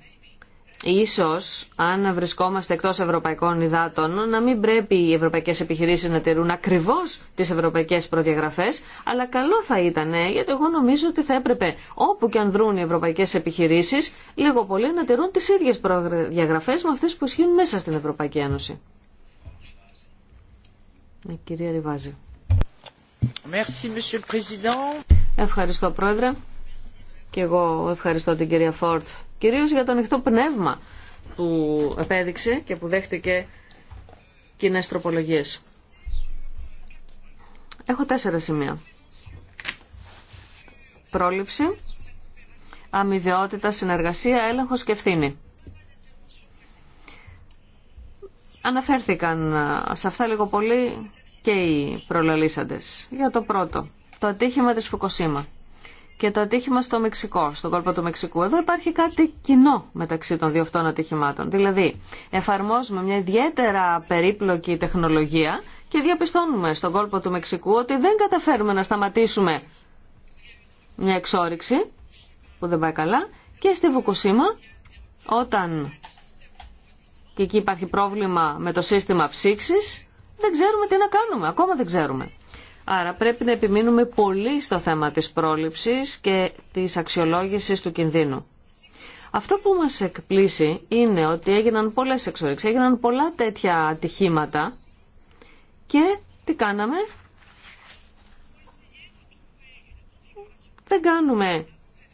C: Ίσως, αν βρισκόμαστε εκτός ευρωπαϊκών υδάτων, να μην πρέπει οι ευρωπαϊκές επιχειρήσεις να τηρούν ακριβώς τις ευρωπαϊκές προδιαγραφές, αλλά καλό θα ήταν, γιατί εγώ νομίζω ότι θα έπρεπε όπου και αν βρουν οι ευρωπαϊκές επιχειρήσεις, λίγο πολύ να τηρούν τις ίδιες προδιαγραφές με αυτές που ισχύουν μέσα στην Ευρωπαϊκή Ένωση.
A: Ε,
C: Ευχαριστώ, Πρόεδρε. Και εγώ ευχαριστώ την κυρία Φόρτ, κυρίως για το ανοιχτό πνεύμα που επέδειξε και που δέχτηκε κοινέ τροπολογίε. Έχω τέσσερα σημεία. Πρόληψη, αμοιβαιότητα, συνεργασία, έλεγχος και ευθύνη. Αναφέρθηκαν σε αυτά λίγο πολύ και οι προλαλήσαντες. Για το πρώτο, το ατύχημα της Φουκοσίμα και το ατύχημα στο Μεξικό, στον κόλπο του Μεξικού. Εδώ υπάρχει κάτι κοινό μεταξύ των δύο αυτών ατυχημάτων. Δηλαδή, εφαρμόζουμε μια ιδιαίτερα περίπλοκη τεχνολογία και διαπιστώνουμε στον κόλπο του Μεξικού ότι δεν καταφέρουμε να σταματήσουμε μια εξόριξη που δεν πάει καλά και στη Βουκουσίμα όταν και εκεί υπάρχει πρόβλημα με το σύστημα ψήξης δεν ξέρουμε τι να κάνουμε, ακόμα δεν ξέρουμε. Άρα πρέπει να επιμείνουμε πολύ στο θέμα της πρόληψης και της αξιολόγησης του κινδύνου. Αυτό που μας εκπλήσει είναι ότι έγιναν πολλές εξορίξεις, έγιναν πολλά τέτοια ατυχήματα και τι κάναμε. Δεν κάνουμε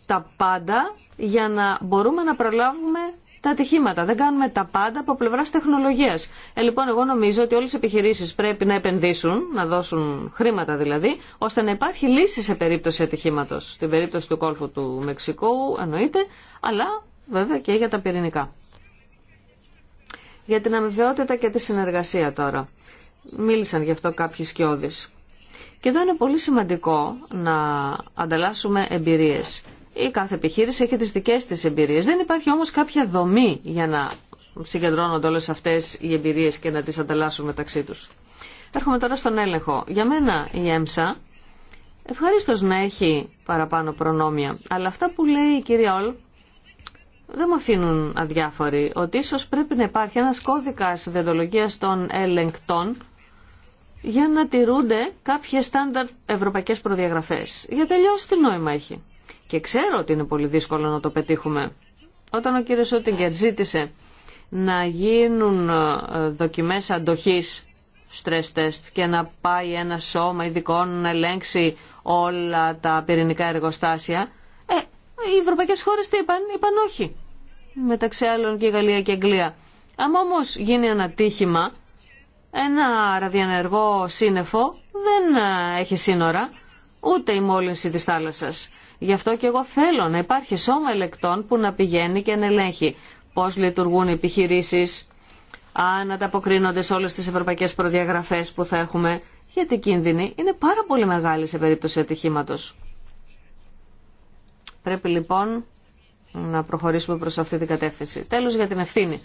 C: τα πάντα για να μπορούμε να προλάβουμε τα ατυχήματα. Δεν κάνουμε τα πάντα από πλευρά τεχνολογία. Ε, λοιπόν, εγώ νομίζω ότι όλε οι επιχειρήσει πρέπει να επενδύσουν, να δώσουν χρήματα δηλαδή, ώστε να υπάρχει λύση σε περίπτωση ατυχήματο. Στην περίπτωση του κόλφου του Μεξικού εννοείται, αλλά βέβαια και για τα πυρηνικά. Για την αμοιβαιότητα και τη συνεργασία τώρα. Μίλησαν γι' αυτό κάποιοι σκιώδεις. Και εδώ είναι πολύ σημαντικό να ανταλλάσσουμε εμπειρίες η κάθε επιχείρηση έχει τις δικές της εμπειρίες. Δεν υπάρχει όμως κάποια δομή για να συγκεντρώνονται όλες αυτές οι εμπειρίες και να τις ανταλλάσσουν μεταξύ τους. Έρχομαι τώρα στον έλεγχο. Για μένα η ΕΜΣΑ ευχαρίστως να έχει παραπάνω προνόμια, αλλά αυτά που λέει η κυρία Όλ δεν μου αφήνουν αδιάφοροι ότι ίσως πρέπει να υπάρχει ένας κώδικας διοντολογίας των ελεγκτών για να τηρούνται κάποιες στάνταρ ευρωπαϊκές προδιαγραφές. Για τελειώς τι νόημα έχει. Και ξέρω ότι είναι πολύ δύσκολο να το πετύχουμε. Όταν ο κύριος Σότιγκερ ζήτησε να γίνουν ε, δοκιμές αντοχής stress test και να πάει ένα σώμα ειδικών να ελέγξει όλα τα πυρηνικά εργοστάσια, ε, οι ευρωπαϊκές χώρες τι είπαν, είπαν όχι. Μεταξύ άλλων και η Γαλλία και η Αγγλία. Αν όμως γίνει ένα τύχημα, ένα ραδιανεργό σύννεφο δεν ε, έχει σύνορα, ούτε η μόλυνση της θάλασσας. Γι' αυτό και εγώ θέλω να υπάρχει σώμα ελεκτών που να πηγαίνει και να ελέγχει πώς λειτουργούν οι επιχειρήσεις, αν ανταποκρίνονται σε όλες τις ευρωπαϊκές προδιαγραφές που θα έχουμε, γιατί οι κίνδυνη είναι πάρα πολύ μεγάλοι σε περίπτωση ατυχήματο. Πρέπει λοιπόν να προχωρήσουμε προς αυτή την κατεύθυνση. Τέλος για την ευθύνη.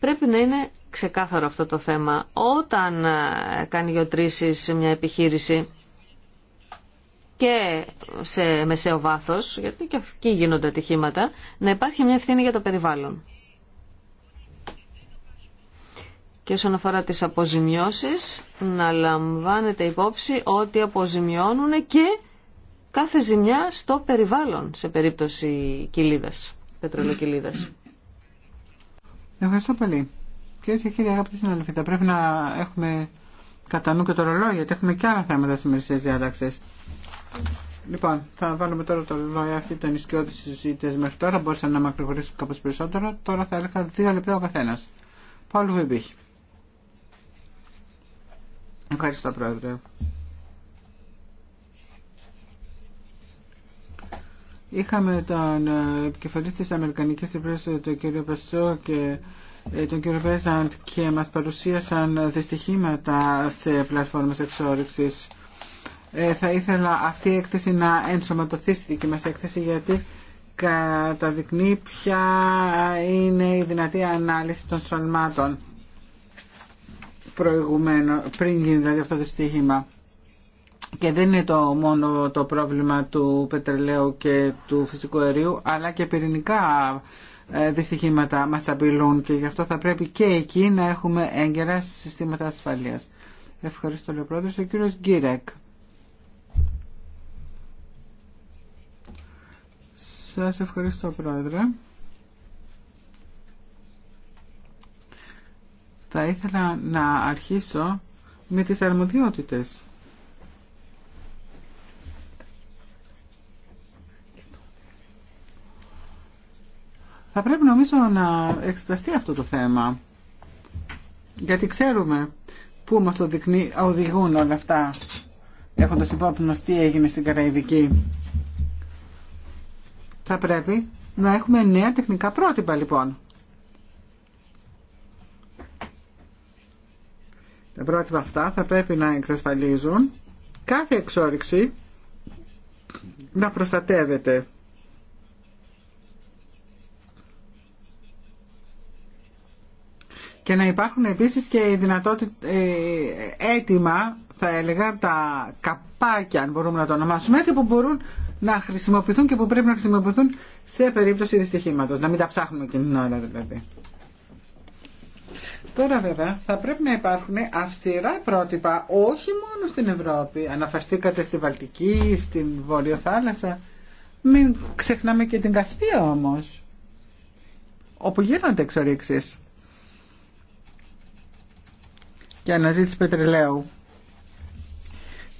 C: Πρέπει να είναι ξεκάθαρο αυτό το θέμα. Όταν ε, κάνει σε μια επιχείρηση, και σε μεσαίο βάθος, γιατί και εκεί γίνονται ατυχήματα, να υπάρχει μια ευθύνη για το περιβάλλον. Και όσον αφορά τις αποζημιώσεις, να λαμβάνετε υπόψη ότι αποζημιώνουν και κάθε ζημιά στο περιβάλλον, σε περίπτωση κοιλίδας, πετρολοκυλίδας.
A: Ευχαριστώ πολύ. Κυρίε και κύριοι, αγαπητοί συναδελφοί, θα πρέπει να έχουμε κατά νου και το ρολόι, γιατί έχουμε και άλλα θέματα στι μερικέ διάταξει. Λοιπόν, θα βάλουμε τώρα το λόγο αυτή των τη συζήτηση μέχρι τώρα. Μπορούσα να μακρηγορήσουν κάπω περισσότερο. Τώρα θα έλεγα δύο λεπτά ο καθένα. Παύλο υπήρχε. Ευχαριστώ, Πρόεδρε. Είχαμε τον ε, επικεφαλή τη Αμερικανική Υπηρεσία, ε, τον κύριο Πεσό και ε, τον κύριο Βέζαντ και μας παρουσίασαν δυστυχήματα σε πλατφόρμες εξόρυξης ε, θα ήθελα αυτή η έκθεση να ενσωματωθεί στη δική μας έκθεση γιατί καταδεικνύει ποια είναι η δυνατή ανάλυση των στραλμάτων προηγουμένω, πριν γίνει δηλαδή αυτό το στοίχημα. Και δεν είναι το μόνο το πρόβλημα του πετρελαίου και του φυσικού αερίου, αλλά και πυρηνικά ε, δυστυχήματα μας απειλούν και γι' αυτό θα πρέπει και εκεί να έχουμε έγκαιρα συστήματα ασφαλείας. Ευχαριστώ, Λεπρόεδρος. Ο κύριος Γκίρεκ. Σας ευχαριστώ Πρόεδρε. Θα ήθελα να αρχίσω με τις αρμοδιότητες. Θα πρέπει νομίζω να εξεταστεί αυτό το θέμα. Γιατί ξέρουμε πού μας οδηγούν όλα αυτά έχοντας υπόψη μας τι έγινε στην Καραϊβική. Θα πρέπει να έχουμε νέα τεχνικά πρότυπα λοιπόν. Τα πρότυπα αυτά θα πρέπει να εξασφαλίζουν κάθε εξόριξη να προστατεύεται. Και να υπάρχουν επίσης και οι δυνατότητα ε, έτοιμα, θα έλεγα, τα καπάκια, αν μπορούμε να το ονομάσουμε, έτσι που μπορούν να χρησιμοποιηθούν και που πρέπει να χρησιμοποιηθούν σε περίπτωση δυστυχήματο. Να μην τα ψάχνουμε εκείνη την ώρα δηλαδή. Τώρα βέβαια θα πρέπει να υπάρχουν αυστηρά πρότυπα όχι μόνο στην Ευρώπη. Αναφερθήκατε στη Βαλτική, στην Βόρειο Θάλασσα. Μην ξεχνάμε και την Κασπία όμως, όπου γίνονται εξορίξεις και αναζήτηση πετρελαίου.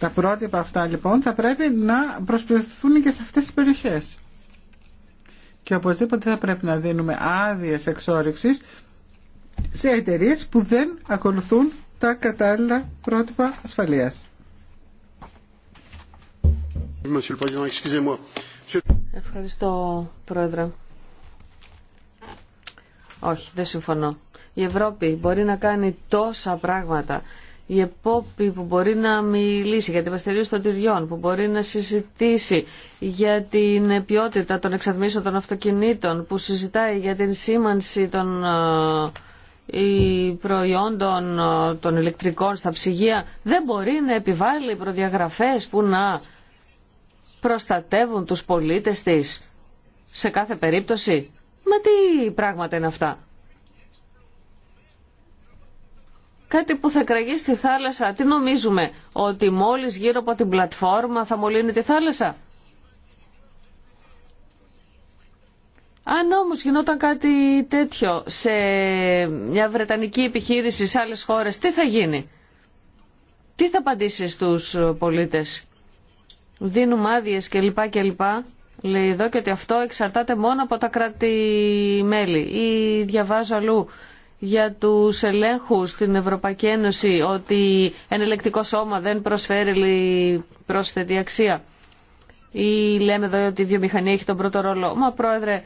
A: Τα πρότυπα αυτά λοιπόν θα πρέπει να προσποιηθούν και σε αυτές τις περιοχές. Και οπωσδήποτε θα πρέπει να δίνουμε άδειε εξόριξη σε εταιρείε που δεν ακολουθούν τα κατάλληλα πρότυπα ασφαλείας.
C: Ευχαριστώ, Πρόεδρε. Όχι, δεν συμφωνώ. Η Ευρώπη μπορεί να κάνει τόσα πράγματα η ΕΠΟΠΗ που μπορεί να μιλήσει για την παστερίωση των τυριών, που μπορεί να συζητήσει για την ποιότητα των εξατμίσεων των αυτοκινήτων, που συζητάει για την σήμανση των ε, προϊόντων ε, των ηλεκτρικών στα ψυγεία, δεν μπορεί να επιβάλλει προδιαγραφές που να προστατεύουν τους πολίτες της σε κάθε περίπτωση. Μα τι πράγματα είναι αυτά. κάτι που θα κραγεί στη θάλασσα. Τι νομίζουμε, ότι μόλις γύρω από την πλατφόρμα θα μολύνει τη θάλασσα. Αν όμω γινόταν κάτι τέτοιο σε μια βρετανική επιχείρηση σε άλλες χώρες, τι θα γίνει. Τι θα απαντήσει στους πολίτες. Δίνουμε άδειε κλπ. κλπ. Λέει εδώ και ότι αυτό εξαρτάται μόνο από τα κράτη-μέλη. Ή διαβάζω αλλού για τους ελέγχους στην Ευρωπαϊκή Ένωση ότι ένα ελεκτικό σώμα δεν προσφέρει πρόσθετη αξία. Ή λέμε εδώ ότι η βιομηχανία έχει τον πρώτο ρόλο. Μα πρόεδρε,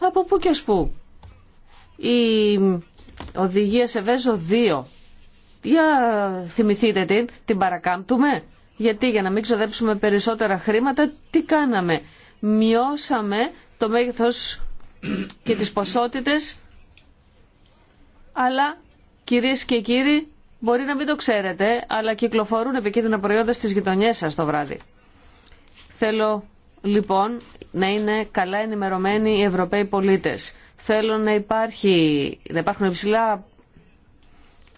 C: από πού και ως πού. Η οδηγία σε Βέζο 2. Για θυμηθείτε την, την παρακάμπτουμε. Γιατί για να μην ξοδέψουμε περισσότερα χρήματα, τι κάναμε. Μειώσαμε το μέγεθος και τις ποσότητες αλλά κυρίες και κύριοι μπορεί να μην το ξέρετε, αλλά κυκλοφορούν επικίνδυνα προϊόντα στις γειτονιές σας το βράδυ. Θέλω λοιπόν να είναι καλά ενημερωμένοι οι Ευρωπαίοι πολίτες. Θέλω να, υπάρχει, να υπάρχουν υψηλά,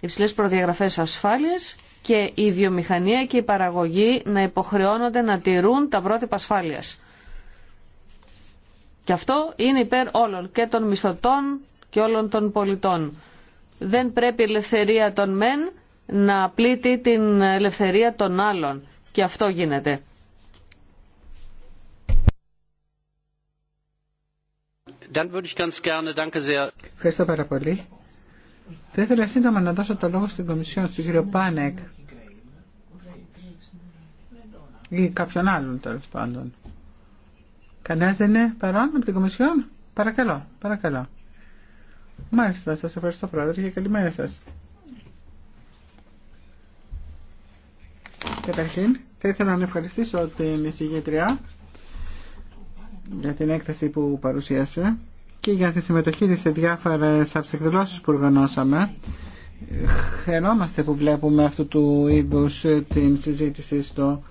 C: υψηλές προδιαγραφές ασφάλειας και η βιομηχανία και η παραγωγή να υποχρεώνονται να τηρούν τα πρότυπα ασφάλειας. Και αυτό είναι υπέρ όλων και των μισθωτών και όλων των πολιτών δεν πρέπει η ελευθερία των μεν να πλήττει την ελευθερία των άλλων. Και αυτό γίνεται. Ευχαριστώ πάρα πολύ.
A: Θα ήθελα σύντομα να δώσω το λόγο στην Κομισιόν, στον κύριο Πάνεκ ή κάποιον άλλον τέλο πάντων. Κανένα δεν είναι παρόν από την Κομισιόν. Παρακαλώ, παρακαλώ. Μάλιστα, σας ευχαριστώ πρόεδρε και καλημέρα σας. Καταρχήν, θα ήθελα να ευχαριστήσω την εισηγήτρια για την έκθεση που παρουσίασε και για τη συμμετοχή της σε διάφορες αψεκδηλώσεις που οργανώσαμε. Χαιρόμαστε που βλέπουμε αυτού του είδους την συζήτηση στο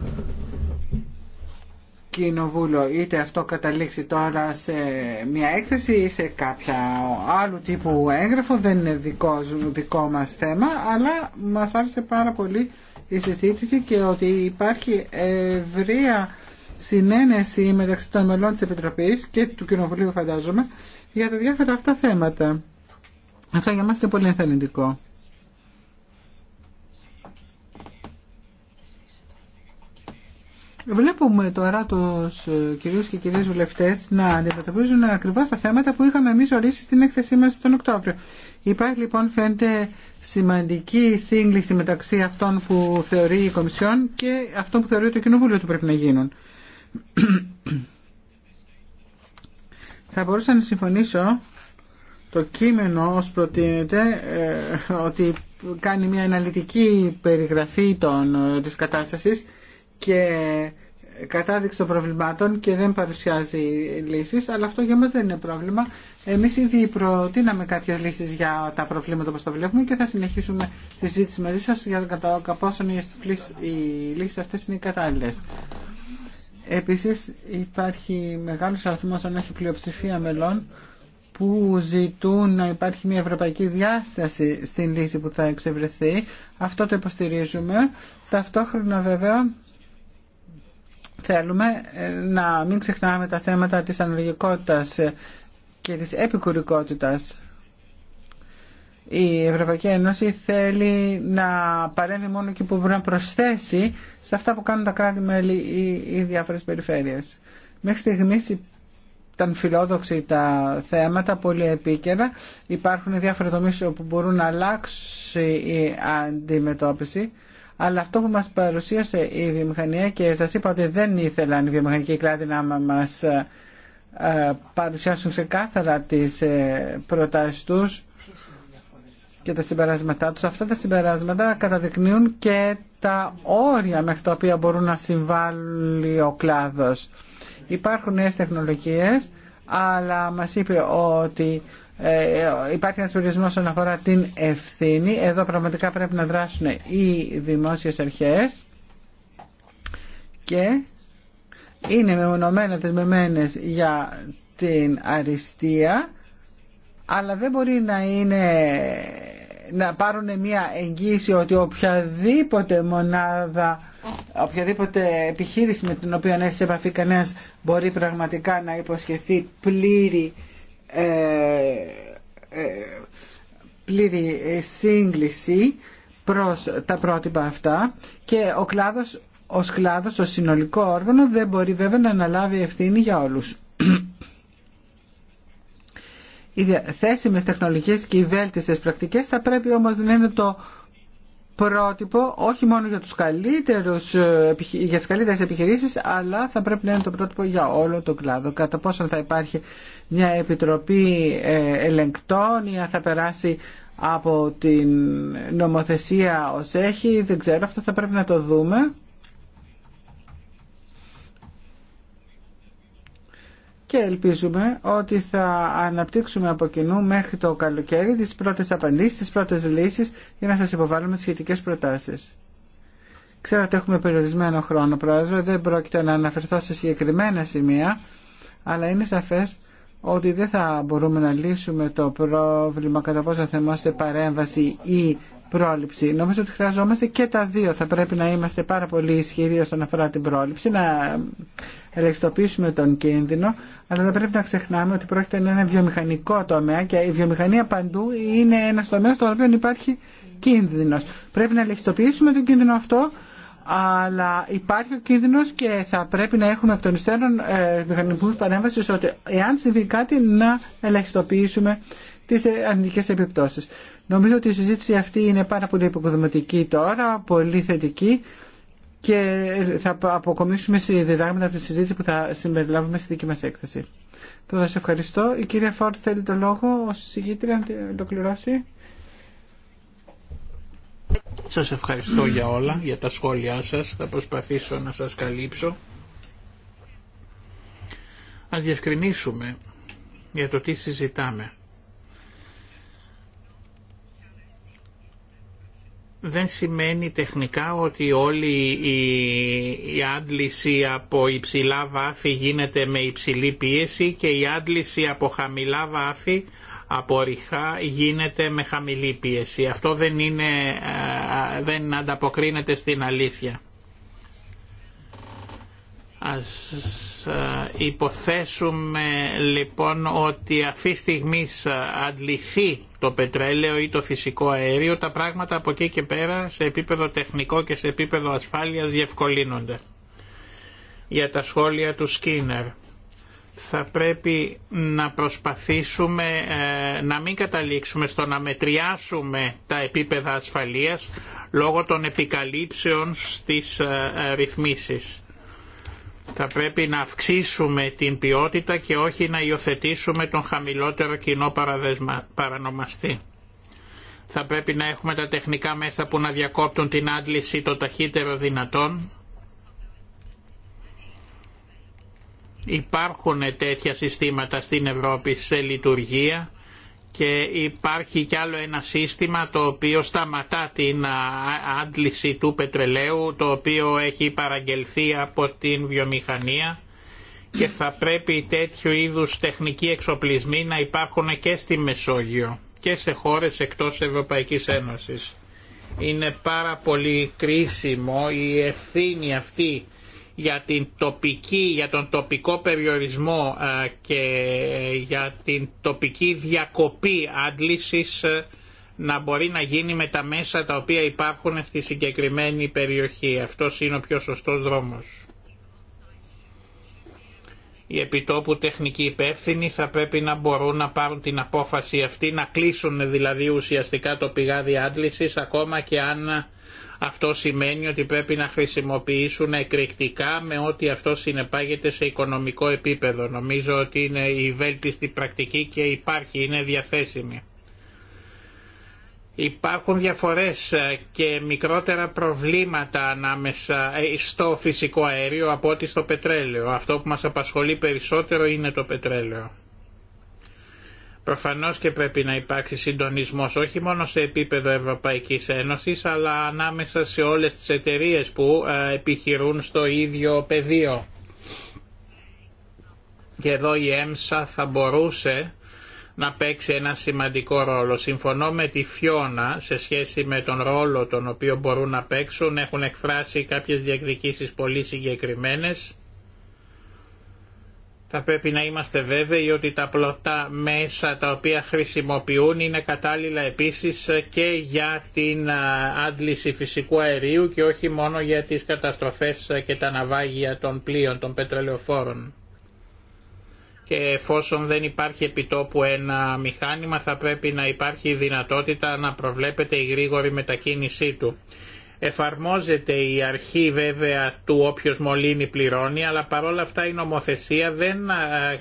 A: κοινοβούλιο είτε αυτό καταλήξει τώρα σε μια έκθεση ή σε κάποια άλλου τύπου έγγραφο δεν είναι δικό, δικό μας θέμα αλλά μας άρεσε πάρα πολύ η συζήτηση και ότι υπάρχει ευρεία συνένεση μεταξύ των μελών της Επιτροπής και του Κοινοβουλίου φαντάζομαι για τα διάφορα αυτά θέματα. Αυτό για μας είναι πολύ ενθαρρυντικό. Βλέπουμε τώρα τους ε, κυρίους και κυρίες βουλευτές να αντιμετωπίζουν ακριβώς τα θέματα που είχαμε εμείς ορίσει στην έκθεσή μας τον Οκτώβριο. Υπάρχει λοιπόν φαίνεται σημαντική σύγκληση μεταξύ αυτών που θεωρεί η Κομισιόν και αυτών που θεωρεί το Κοινοβούλιο ότι πρέπει να γίνουν. Θα μπορούσα να συμφωνήσω το κείμενο ως προτείνεται ε, ότι κάνει μια αναλυτική περιγραφή τη ε, της κατάστασης και κατάδειξη των προβλημάτων και δεν παρουσιάζει λύσεις, αλλά αυτό για μας δεν είναι πρόβλημα. Εμείς ήδη προτείναμε κάποιες λύσεις για τα προβλήματα που τα βλέπουμε και θα συνεχίσουμε τη συζήτηση μαζί σας για το κατά πόσο οι λύσεις αυτές είναι οι κατάλληλες. Επίσης υπάρχει μεγάλος αριθμός αν έχει πλειοψηφία μελών που ζητούν να υπάρχει μια ευρωπαϊκή διάσταση στην λύση που θα εξευρεθεί. Αυτό το υποστηρίζουμε. Ταυτόχρονα βέβαια Θέλουμε ε, να μην ξεχνάμε τα θέματα της αναλογικότητας και της επικουρικότητας. Η Ευρωπαϊκή Ένωση θέλει να παρέμβει μόνο εκεί που μπορεί να προσθέσει σε αυτά που κάνουν τα κράτη-μέλη ή οι διάφορες περιφέρειες. Μέχρι στιγμής ήταν φιλόδοξη τα θέματα, πολύ επίκαιρα. Υπάρχουν διάφορα τομείς όπου μπορούν να αλλάξει η αντιμετώπιση αλλά αυτό που μας παρουσίασε η βιομηχανία και σας είπα ότι δεν ήθελαν οι βιομηχανικοί κλάδοι να μας ε, ε, παρουσιάσουν ξεκάθαρα τις ε, προτάσεις τους και τα συμπεράσματά τους. Αυτά τα συμπεράσματα καταδεικνύουν και τα όρια μέχρι τα οποία μπορούν να συμβάλλει ο κλάδος. Υπάρχουν νέες τεχνολογίες, αλλά μας είπε ότι ε, υπάρχει ένα περιορισμό όσον αφορά την ευθύνη. Εδώ πραγματικά πρέπει να δράσουν οι δημόσιες αρχές και είναι μεμονωμένα μεμενες για την αριστεία αλλά δεν μπορεί να είναι να πάρουν μια εγγύηση ότι οποιαδήποτε μονάδα, οποιαδήποτε επιχείρηση με την οποία έχει σε επαφή κανένας μπορεί πραγματικά να υποσχεθεί πλήρη ε, ε, πλήρη σύγκληση προς τα πρότυπα αυτά και ο κλάδος, ο κλάδος, το συνολικό όργανο δεν μπορεί βέβαια να αναλάβει ευθύνη για όλους. Οι θέσιμες τεχνολογίες και οι βέλτιστες πρακτικές θα πρέπει όμως να είναι το πρότυπο όχι μόνο για, τους καλύτερους, ε, για τις καλύτερες επιχειρήσεις αλλά θα πρέπει να είναι το πρότυπο για όλο τον κλάδο. Κατά πόσο θα υπάρχει μια επιτροπή ε, ελεγκτών ή αν θα περάσει από την νομοθεσία ως έχει, δεν ξέρω, αυτό θα πρέπει να το δούμε. και ελπίζουμε ότι θα αναπτύξουμε από κοινού μέχρι το καλοκαίρι τις πρώτες απαντήσεις, τις πρώτες λύσεις για να σας υποβάλουμε τις σχετικές προτάσεις. Ξέρω ότι έχουμε περιορισμένο χρόνο, Πρόεδρε, δεν πρόκειται να αναφερθώ σε συγκεκριμένα σημεία, αλλά είναι σαφές ότι δεν θα μπορούμε να λύσουμε το πρόβλημα κατά πόσο θα παρέμβαση ή πρόληψη. Νομίζω ότι χρειαζόμαστε και τα δύο. Θα πρέπει να είμαστε πάρα πολύ ισχυροί όσον αφορά την πρόληψη, να Ελεγχιστοποιήσουμε τον κίνδυνο, αλλά δεν πρέπει να ξεχνάμε ότι πρόκειται για ένα βιομηχανικό τομέα και η βιομηχανία παντού είναι ένα τομέα στον οποίο υπάρχει κίνδυνο. Πρέπει να ελεγχιστοποιήσουμε τον κίνδυνο αυτό, αλλά υπάρχει ο κίνδυνο και θα πρέπει να έχουμε από τον υστέρων ε, μηχανισμού παρέμβαση ότι εάν συμβεί κάτι να ελεγχιστοποιήσουμε τι ε, αρνητικέ επιπτώσει. Νομίζω ότι η συζήτηση αυτή είναι πάρα πολύ υποκοδηματική τώρα, πολύ θετική και θα αποκομίσουμε διδάγματα από τη συζήτηση που θα συμπεριλάβουμε στη δική μας έκθεση. Θα σας ευχαριστώ. Η κυρία Φόρτ θέλει το λόγο ως συζήτητρια να το κληρώσει.
D: Σας ευχαριστώ για όλα, για τα σχόλιά σας. Θα προσπαθήσω να σας καλύψω. Ας διευκρινίσουμε για το τι συζητάμε. δεν σημαίνει τεχνικά ότι όλη η, η άντληση από υψηλά βάθη γίνεται με υψηλή πίεση και η άντληση από χαμηλά βάθη, από ρηχά γίνεται με χαμηλή πίεση. Αυτό δεν, είναι, ε, ε, δεν ανταποκρίνεται στην αλήθεια. Ας ε, υποθέσουμε λοιπόν ότι αυτή τη στιγμή αντληθεί το πετρέλαιο ή το φυσικό αέριο, τα πράγματα από εκεί και πέρα σε επίπεδο τεχνικό και σε επίπεδο ασφάλειας διευκολύνονται. Για τα σχόλια του Σκίνερ θα πρέπει να προσπαθήσουμε ε, να μην καταλήξουμε στο να μετριάσουμε τα επίπεδα ασφαλείας λόγω των επικαλύψεων στις ε, ρυθμίσεις θα πρέπει να αυξήσουμε την ποιότητα και όχι να υιοθετήσουμε τον χαμηλότερο κοινό παραδεσμα... παρανομαστή. Θα πρέπει να έχουμε τα τεχνικά μέσα που να διακόπτουν την άντληση το ταχύτερο δυνατόν. Υπάρχουν τέτοια συστήματα στην Ευρώπη σε λειτουργία και υπάρχει κι άλλο ένα σύστημα το οποίο σταματά την άντληση του πετρελαίου το οποίο έχει παραγγελθεί από την βιομηχανία και θα πρέπει τέτοιου είδους τεχνικοί εξοπλισμοί να υπάρχουν και στη Μεσόγειο και σε χώρες εκτός Ευρωπαϊκής Ένωσης. Είναι πάρα πολύ κρίσιμο η ευθύνη αυτή για, την τοπική, για τον τοπικό περιορισμό ε, και για την τοπική διακοπή άντλησης ε, να μπορεί να γίνει με τα μέσα τα οποία υπάρχουν στη συγκεκριμένη περιοχή. Αυτός είναι ο πιο σωστός δρόμος. Οι επιτόπου τεχνικοί υπεύθυνοι θα πρέπει να μπορούν να πάρουν την απόφαση αυτή, να κλείσουν δηλαδή ουσιαστικά το πηγάδι άντλησης ακόμα και αν αυτό σημαίνει ότι πρέπει να χρησιμοποιήσουν εκρηκτικά με ό,τι αυτό συνεπάγεται σε οικονομικό επίπεδο. Νομίζω ότι είναι η βέλτιστη πρακτική και υπάρχει, είναι διαθέσιμη. Υπάρχουν διαφορές και μικρότερα προβλήματα ανάμεσα ε, στο φυσικό αέριο από ό,τι στο πετρέλαιο. Αυτό που μας απασχολεί περισσότερο είναι το πετρέλαιο. Προφανώ και πρέπει να υπάρξει συντονισμό όχι μόνο σε επίπεδο Ευρωπαϊκή Ένωση, αλλά ανάμεσα σε όλες τι εταιρείε που ε, επιχειρούν στο ίδιο πεδίο. Και εδώ η ΕΜΣΑ θα μπορούσε να παίξει ένα σημαντικό ρόλο. Συμφωνώ με τη Φιώνα σε σχέση με τον ρόλο τον οποίο μπορούν να παίξουν. Έχουν εκφράσει κάποιες διακδικήσεις πολύ συγκεκριμένες θα πρέπει να είμαστε βέβαιοι ότι τα πλωτά μέσα τα οποία χρησιμοποιούν είναι κατάλληλα επίσης και για την άντληση φυσικού αερίου και όχι μόνο για τις καταστροφές και τα ναυάγια των πλοίων, των πετρελαιοφόρων. Και εφόσον δεν υπάρχει επιτόπου ένα μηχάνημα θα πρέπει να υπάρχει δυνατότητα να προβλέπεται η γρήγορη μετακίνησή του. Εφαρμόζεται η αρχή βέβαια του όποιο μολύνει πληρώνει, αλλά παρόλα αυτά η νομοθεσία δεν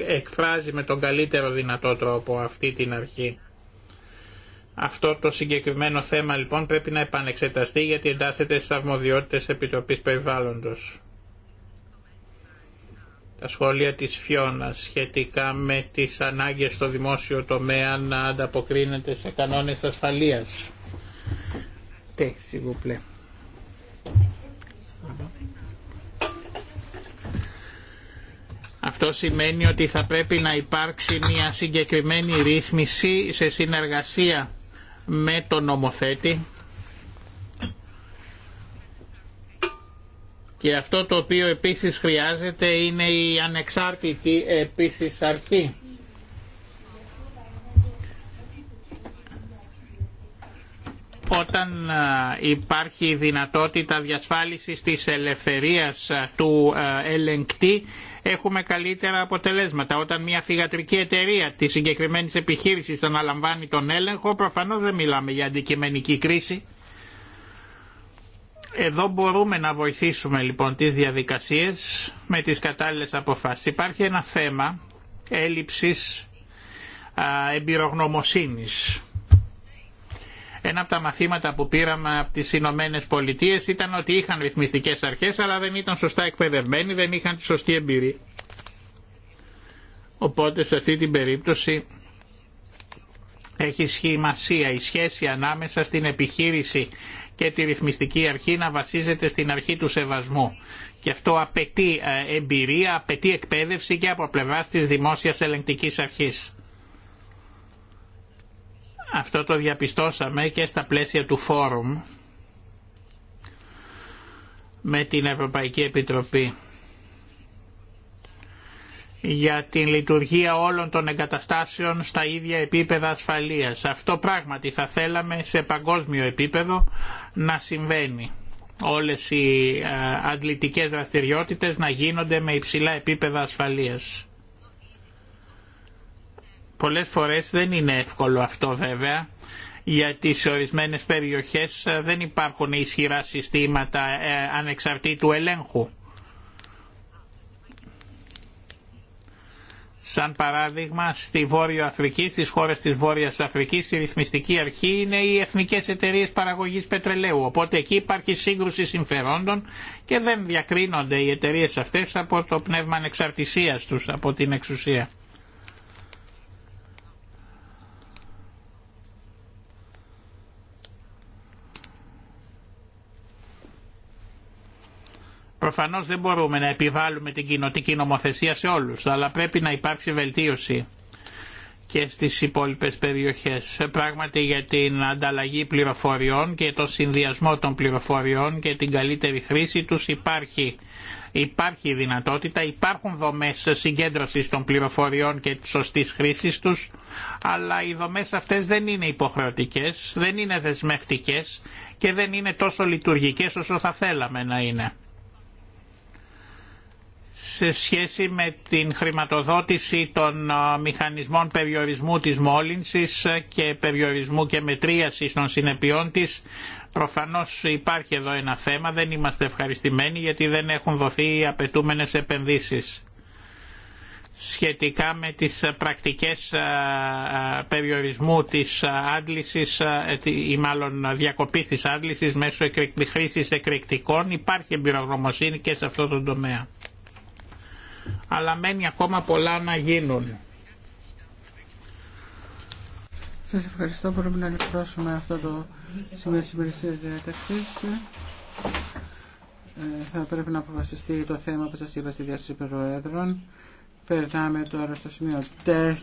D: εκφράζει με τον καλύτερο δυνατό τρόπο αυτή την αρχή. Αυτό το συγκεκριμένο θέμα λοιπόν πρέπει να επανεξεταστεί γιατί εντάσσεται στις αρμοδιότητες Επιτροπής Περιβάλλοντος. Τα σχόλια της Φιώνα σχετικά με τις ανάγκες στο δημόσιο τομέα να ανταποκρίνεται σε κανόνες ασφαλείας. Τε, αυτό σημαίνει ότι θα πρέπει να υπάρξει μια συγκεκριμένη ρύθμιση σε συνεργασία με τον νομοθέτη και αυτό το οποίο επίσης χρειάζεται είναι η ανεξάρτητη επίσης αρχή όταν υπάρχει δυνατότητα διασφάλισης της ελευθερίας του ελεγκτή έχουμε καλύτερα αποτελέσματα. Όταν μια φυγατρική εταιρεία της συγκεκριμένη επιχείρησης αναλαμβάνει τον έλεγχο προφανώς δεν μιλάμε για αντικειμενική κρίση. Εδώ μπορούμε να βοηθήσουμε λοιπόν τις διαδικασίες με τις κατάλληλες αποφάσεις. Υπάρχει ένα θέμα έλλειψης εμπειρογνωμοσύνης ένα από τα μαθήματα που πήραμε από τι Ηνωμένε Πολιτείε ήταν ότι είχαν ρυθμιστικέ αρχές αλλά δεν ήταν σωστά εκπαιδευμένοι, δεν είχαν τη σωστή εμπειρία. Οπότε σε αυτή την περίπτωση έχει σχημασία η σχέση ανάμεσα στην επιχείρηση και τη ρυθμιστική αρχή να βασίζεται στην αρχή του σεβασμού. Και αυτό απαιτεί ε, εμπειρία, απαιτεί εκπαίδευση και από πλευρά τη δημόσια ελεγκτική αρχή. Αυτό το διαπιστώσαμε και στα πλαίσια του φόρουμ με την Ευρωπαϊκή Επιτροπή για την λειτουργία όλων των εγκαταστάσεων στα ίδια επίπεδα ασφαλείας. Αυτό πράγματι θα θέλαμε σε παγκόσμιο επίπεδο να συμβαίνει. Όλες οι ε, αντλητικές δραστηριότητες να γίνονται με υψηλά επίπεδα ασφαλείας. Πολλές φορές δεν είναι εύκολο αυτό βέβαια γιατί σε ορισμένες περιοχές ε, δεν υπάρχουν ισχυρά συστήματα ε, ανεξαρτήτου ελέγχου. Σαν παράδειγμα, στη βόρεια Αφρική, στις χώρες της Βόρειας Αφρικής, η ρυθμιστική αρχή είναι οι εθνικές εταιρείες παραγωγής πετρελαίου. Οπότε εκεί υπάρχει σύγκρουση συμφερόντων και δεν διακρίνονται οι εταιρείες αυτές από το πνεύμα ανεξαρτησίας τους, από την εξουσία. Προφανώ δεν μπορούμε να επιβάλλουμε την κοινοτική νομοθεσία σε όλου, αλλά πρέπει να υπάρξει βελτίωση και στι υπόλοιπε περιοχέ, Πράγματι για την ανταλλαγή πληροφοριών και το συνδυασμό των πληροφοριών και την καλύτερη χρήση του. υπάρχει, υπάρχει δυνατότητα, υπάρχουν δομές συγκέντρωσης των πληροφοριών και της σωστής χρήσης τους, αλλά οι δομές αυτές δεν είναι υποχρεωτικές, δεν είναι δεσμευτικές και δεν είναι τόσο λειτουργικές όσο θα θέλαμε να είναι σε σχέση με την χρηματοδότηση των μηχανισμών περιορισμού της μόλυνσης και περιορισμού και μετρίασης των συνεπειών της. Προφανώς υπάρχει εδώ ένα θέμα, δεν είμαστε ευχαριστημένοι γιατί δεν έχουν δοθεί οι απαιτούμενες επενδύσεις σχετικά με τις πρακτικές περιορισμού της άντλησης ή μάλλον διακοπής της άντλησης μέσω χρήσης εκρηκτικών. Υπάρχει εμπειρογνωμοσύνη και σε αυτό το τομέα αλλά μένει ακόμα πολλά να γίνουν.
A: Σας ευχαριστώ. Μπορούμε να ολοκληρώσουμε αυτό το σημείο τη ημερησίας διάταξης. Ε, θα πρέπει να αποφασιστεί το θέμα που σα είπα στη διάσταση προέδρων. Περνάμε τώρα στο σημείο 4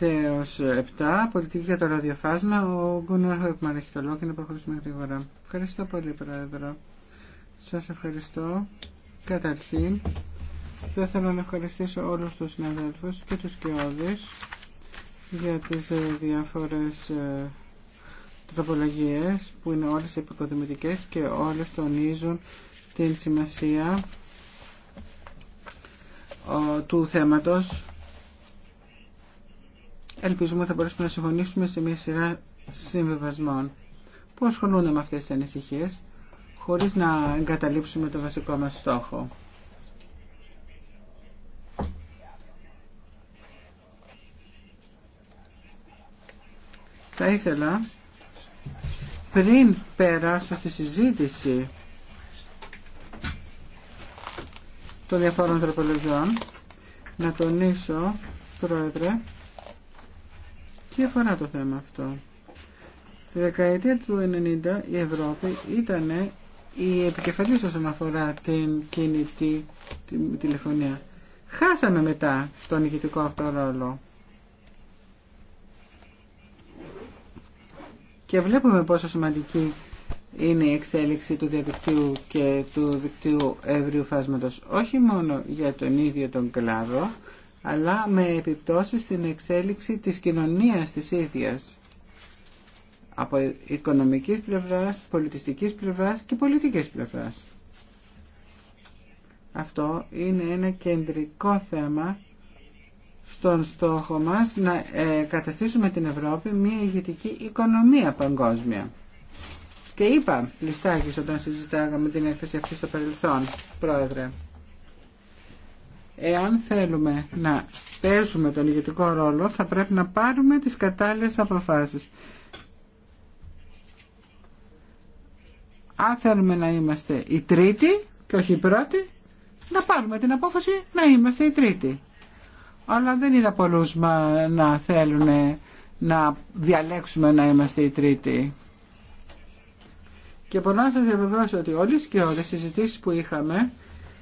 A: έως 7, πολιτική για το ραδιοφάσμα. Ο Γκούνορ Χοϊπμαν έχει το λόγο και να προχωρήσουμε γρήγορα. Ευχαριστώ πολύ, Πρόεδρο. Σας ευχαριστώ. Καταρχήν, θα ήθελα να ευχαριστήσω όλους τους συναδέλφους και τους κοιόδης για τις ε, διάφορες ε, τροπολογίες που είναι όλες επικοδημητικές και όλες τονίζουν την σημασία του θέματος. Ελπίζουμε ότι θα μπορέσουμε να συμφωνήσουμε σε μια σειρά συμβιβασμών που ασχολούνται με αυτές τις ανησυχίες χωρίς να εγκαταλείψουμε το βασικό μας στόχο. Θα ήθελα πριν περάσω στη συζήτηση των διαφόρων τροπολογιών να τονίσω, Πρόεδρε, τι αφορά το θέμα αυτό. Στη δεκαετία του 90 η Ευρώπη ήταν η επικεφαλής όσον αφορά την κινητή τηλεφωνία. Χάσαμε μετά τον ηγετικό αυτό ρόλο. Και βλέπουμε πόσο σημαντική είναι η εξέλιξη του διαδικτύου και του δικτύου ευρύου φάσματος όχι μόνο για τον ίδιο τον κλάδο αλλά με επιπτώσεις στην εξέλιξη της κοινωνίας της ίδιας από οικονομικής πλευράς, πολιτιστικής πλευράς και πολιτικής πλευράς. Αυτό είναι ένα κεντρικό θέμα στον στόχο μας να ε, καταστήσουμε την Ευρώπη μια ηγετική οικονομία παγκόσμια. Και είπα Λιστάκης, όταν συζητάγαμε την έκθεση αυτή στο παρελθόν, Πρόεδρε. Εάν θέλουμε να παίζουμε τον ηγετικό ρόλο, θα πρέπει να πάρουμε τις κατάλληλες αποφάσεις. αν θέλουμε να είμαστε η τρίτη και όχι οι πρώτη, να πάρουμε την απόφαση να είμαστε η τρίτη. Αλλά δεν είδα πολλούς να θέλουν να διαλέξουμε να είμαστε η τρίτη. Και μπορώ να σας διαβεβαιώσω ότι όλες και όλες οι συζητήσεις που είχαμε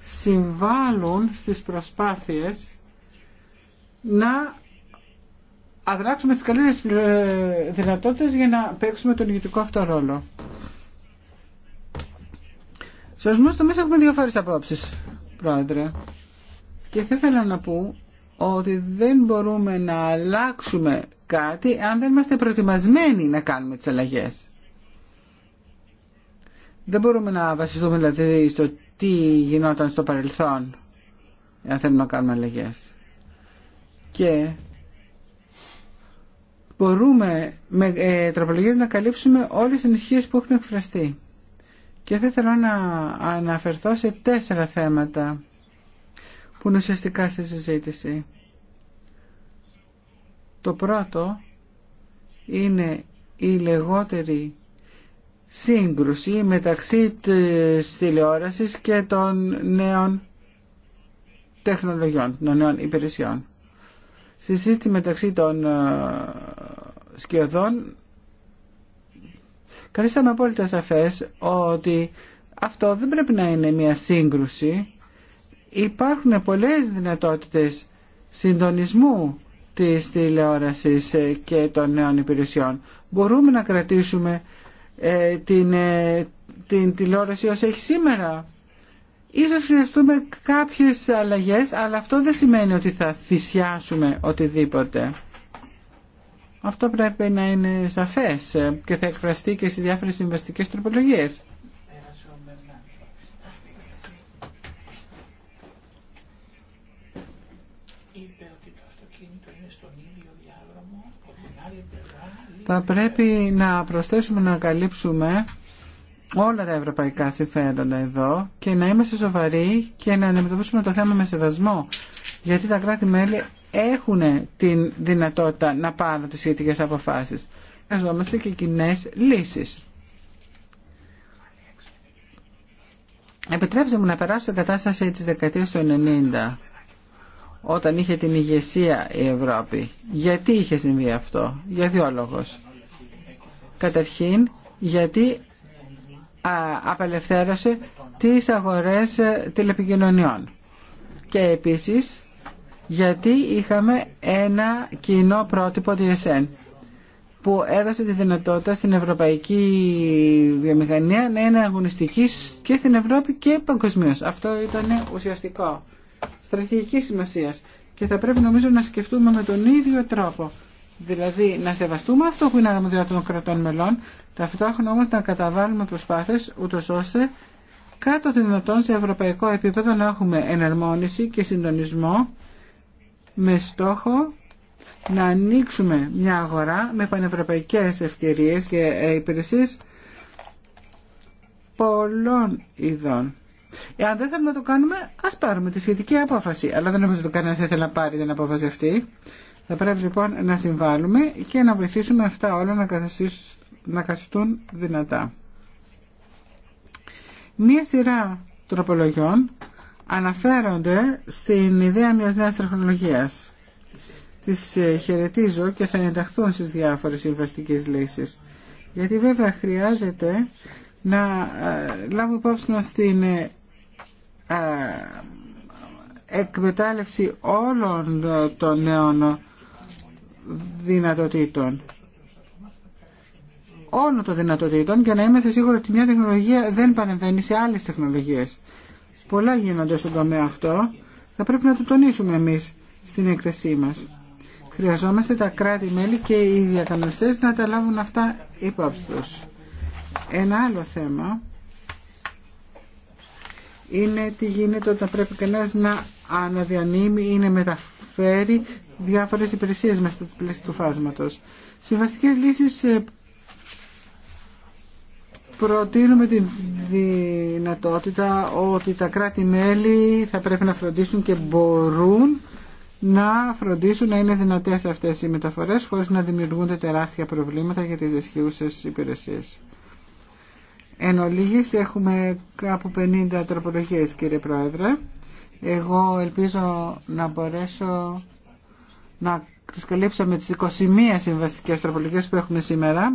A: συμβάλλουν στις προσπάθειες να αδράξουμε τις καλύτερες ε, δυνατότητες για να παίξουμε τον ηγετικό αυτό ρόλο. Σε στο μέσο έχουμε φορέ απόψει, Πρόεδρε. Και θα ήθελα να πω ότι δεν μπορούμε να αλλάξουμε κάτι αν δεν είμαστε προετοιμασμένοι να κάνουμε τις αλλαγές. Δεν μπορούμε να βασιστούμε δηλαδή στο τι γινόταν στο παρελθόν αν θέλουμε να κάνουμε αλλαγές. Και μπορούμε με ε, να καλύψουμε όλες τις ενισχύσεις που έχουν εκφραστεί. Και θα ήθελα να αναφερθώ σε τέσσερα θέματα που είναι ουσιαστικά στη συζήτηση. Το πρώτο είναι η λεγότερη σύγκρουση μεταξύ της τηλεόρασης και των νέων τεχνολογιών, των νέων υπηρεσιών. Συζήτηση μεταξύ των ε, σκιωδών καθίσαμε απόλυτα σαφές ότι αυτό δεν πρέπει να είναι μια σύγκρουση. Υπάρχουν πολλές δυνατότητες συντονισμού της τηλεόρασης ε, και των νέων υπηρεσιών. Μπορούμε να κρατήσουμε ε, την, ε, την τηλεόραση όσο έχει σήμερα. Ίσως χρειαστούμε κάποιες αλλαγές, αλλά αυτό δεν σημαίνει ότι θα θυσιάσουμε οτιδήποτε. Αυτό πρέπει να είναι σαφές και θα εκφραστεί και στις διάφορες συμβαστικές τροπολογίες.
D: Θα πρέπει
A: να προσθέσουμε να καλύψουμε όλα τα ευρωπαϊκά συμφέροντα εδώ και να είμαστε σοβαροί και να αντιμετωπίσουμε το θέμα με σεβασμό. Γιατί τα κράτη-μέλη έχουν την δυνατότητα να πάρουν τις σχετικές αποφάσεις. Χρειαζόμαστε και κοινέ λύσεις. Επιτρέψτε μου να περάσω στην κατάσταση της δεκαετίας του 90 όταν είχε την ηγεσία η Ευρώπη. Γιατί είχε συμβεί αυτό, για δύο λόγους. Καταρχήν, γιατί απελευθέρωσε τις αγορές τηλεπικοινωνιών. Και επίσης, γιατί είχαμε ένα κοινό πρότυπο DSN που έδωσε τη δυνατότητα στην ευρωπαϊκή βιομηχανία να είναι αγωνιστική και στην Ευρώπη και παγκοσμίω. Αυτό ήταν ουσιαστικό, στρατηγική σημασία. Και θα πρέπει νομίζω να σκεφτούμε με τον ίδιο τρόπο. Δηλαδή να σεβαστούμε αυτό που είναι αρμοδιότητα των κρατών μελών, ταυτόχρονα όμω να καταβάλουμε προσπάθειε, ούτω ώστε κάτω τη δυνατόν σε ευρωπαϊκό επίπεδο να έχουμε εναρμόνιση και συντονισμό με στόχο να ανοίξουμε μια αγορά με πανευρωπαϊκές ευκαιρίες και υπηρεσίες πολλών ειδών. Εάν δεν θέλουμε να το κάνουμε, ας πάρουμε τη σχετική απόφαση. Αλλά δεν νομίζω ότι κανένα θα θέλει να πάρει την απόφαση αυτή. Θα πρέπει λοιπόν να συμβάλλουμε και να βοηθήσουμε αυτά όλα να, να καθιστούν δυνατά. Μία σειρά τροπολογιών αναφέρονται στην ιδέα μιας νέας τεχνολογίας. Τις ε, χαιρετίζω και θα ενταχθούν στις διάφορες συμβαστικές λύσεις. Γιατί βέβαια χρειάζεται να ε, λάβουμε υπόψη μας την ε, εκμετάλλευση όλων των νέων δυνατοτήτων όλων των δυνατοτήτων και να είμαστε σίγουροι ότι μια τεχνολογία δεν παρεμβαίνει σε άλλες τεχνολογίες. Πολλά γίνονται στον τομέα αυτό. Θα πρέπει να το τονίσουμε εμείς στην έκθεσή μας. Χρειαζόμαστε τα κράτη-μέλη και οι διακανονιστές να τα λάβουν αυτά υπόψη τους. Ένα άλλο θέμα είναι τι γίνεται όταν πρέπει κανένας να αναδιανύμει ή να μεταφέρει διάφορες υπηρεσίες μέσα στις πλαίσεις του φάσματος. Συμβαστικές λύσεις ε, προτείνουμε τη δυνατότητα ότι τα κράτη-μέλη θα πρέπει να φροντίσουν και μπορούν να φροντίσουν να είναι δυνατές αυτές οι μεταφορές χωρίς να δημιουργούνται τεράστια προβλήματα για τις ισχυούσες υπηρεσίες. Εν ολίγης έχουμε κάπου 50 τροπολογίες κύριε Πρόεδρε. Εγώ ελπίζω να μπορέσω να τις καλύψω με τις 21 συμβαστικές τροπολογίες που έχουμε σήμερα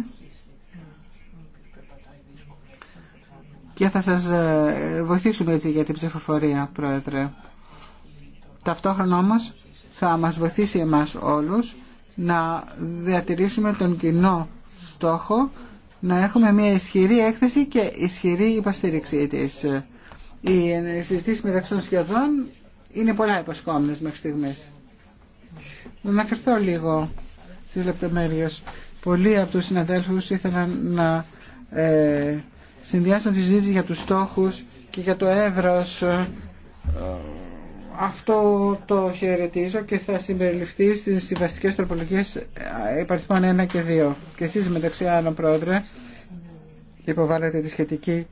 A: και θα σας ε, βοηθήσουμε έτσι για την ψηφοφορία, Πρόεδρε. Ταυτόχρονα όμως θα μας βοηθήσει εμάς όλους να διατηρήσουμε τον κοινό στόχο να έχουμε μια ισχυρή έκθεση και ισχυρή υποστήριξη της. Οι συζητήσεις μεταξύ των σχεδόν είναι πολλά υποσχόμενες μέχρι στιγμής. Να αναφερθώ λίγο στις λεπτομέρειες. Πολλοί από τους συναδέλφους ήθελαν να ε, συνδυάσουν τη συζήτηση για τους στόχους και για το έβρος ε, αυτό το χαιρετίζω και θα συμπεριληφθεί στις συμβαστικές τροπολογίες ε, υπαριθμών 1 και 2. Και εσείς μεταξύ άλλων πρόεδρε υποβάλλετε τη σχετική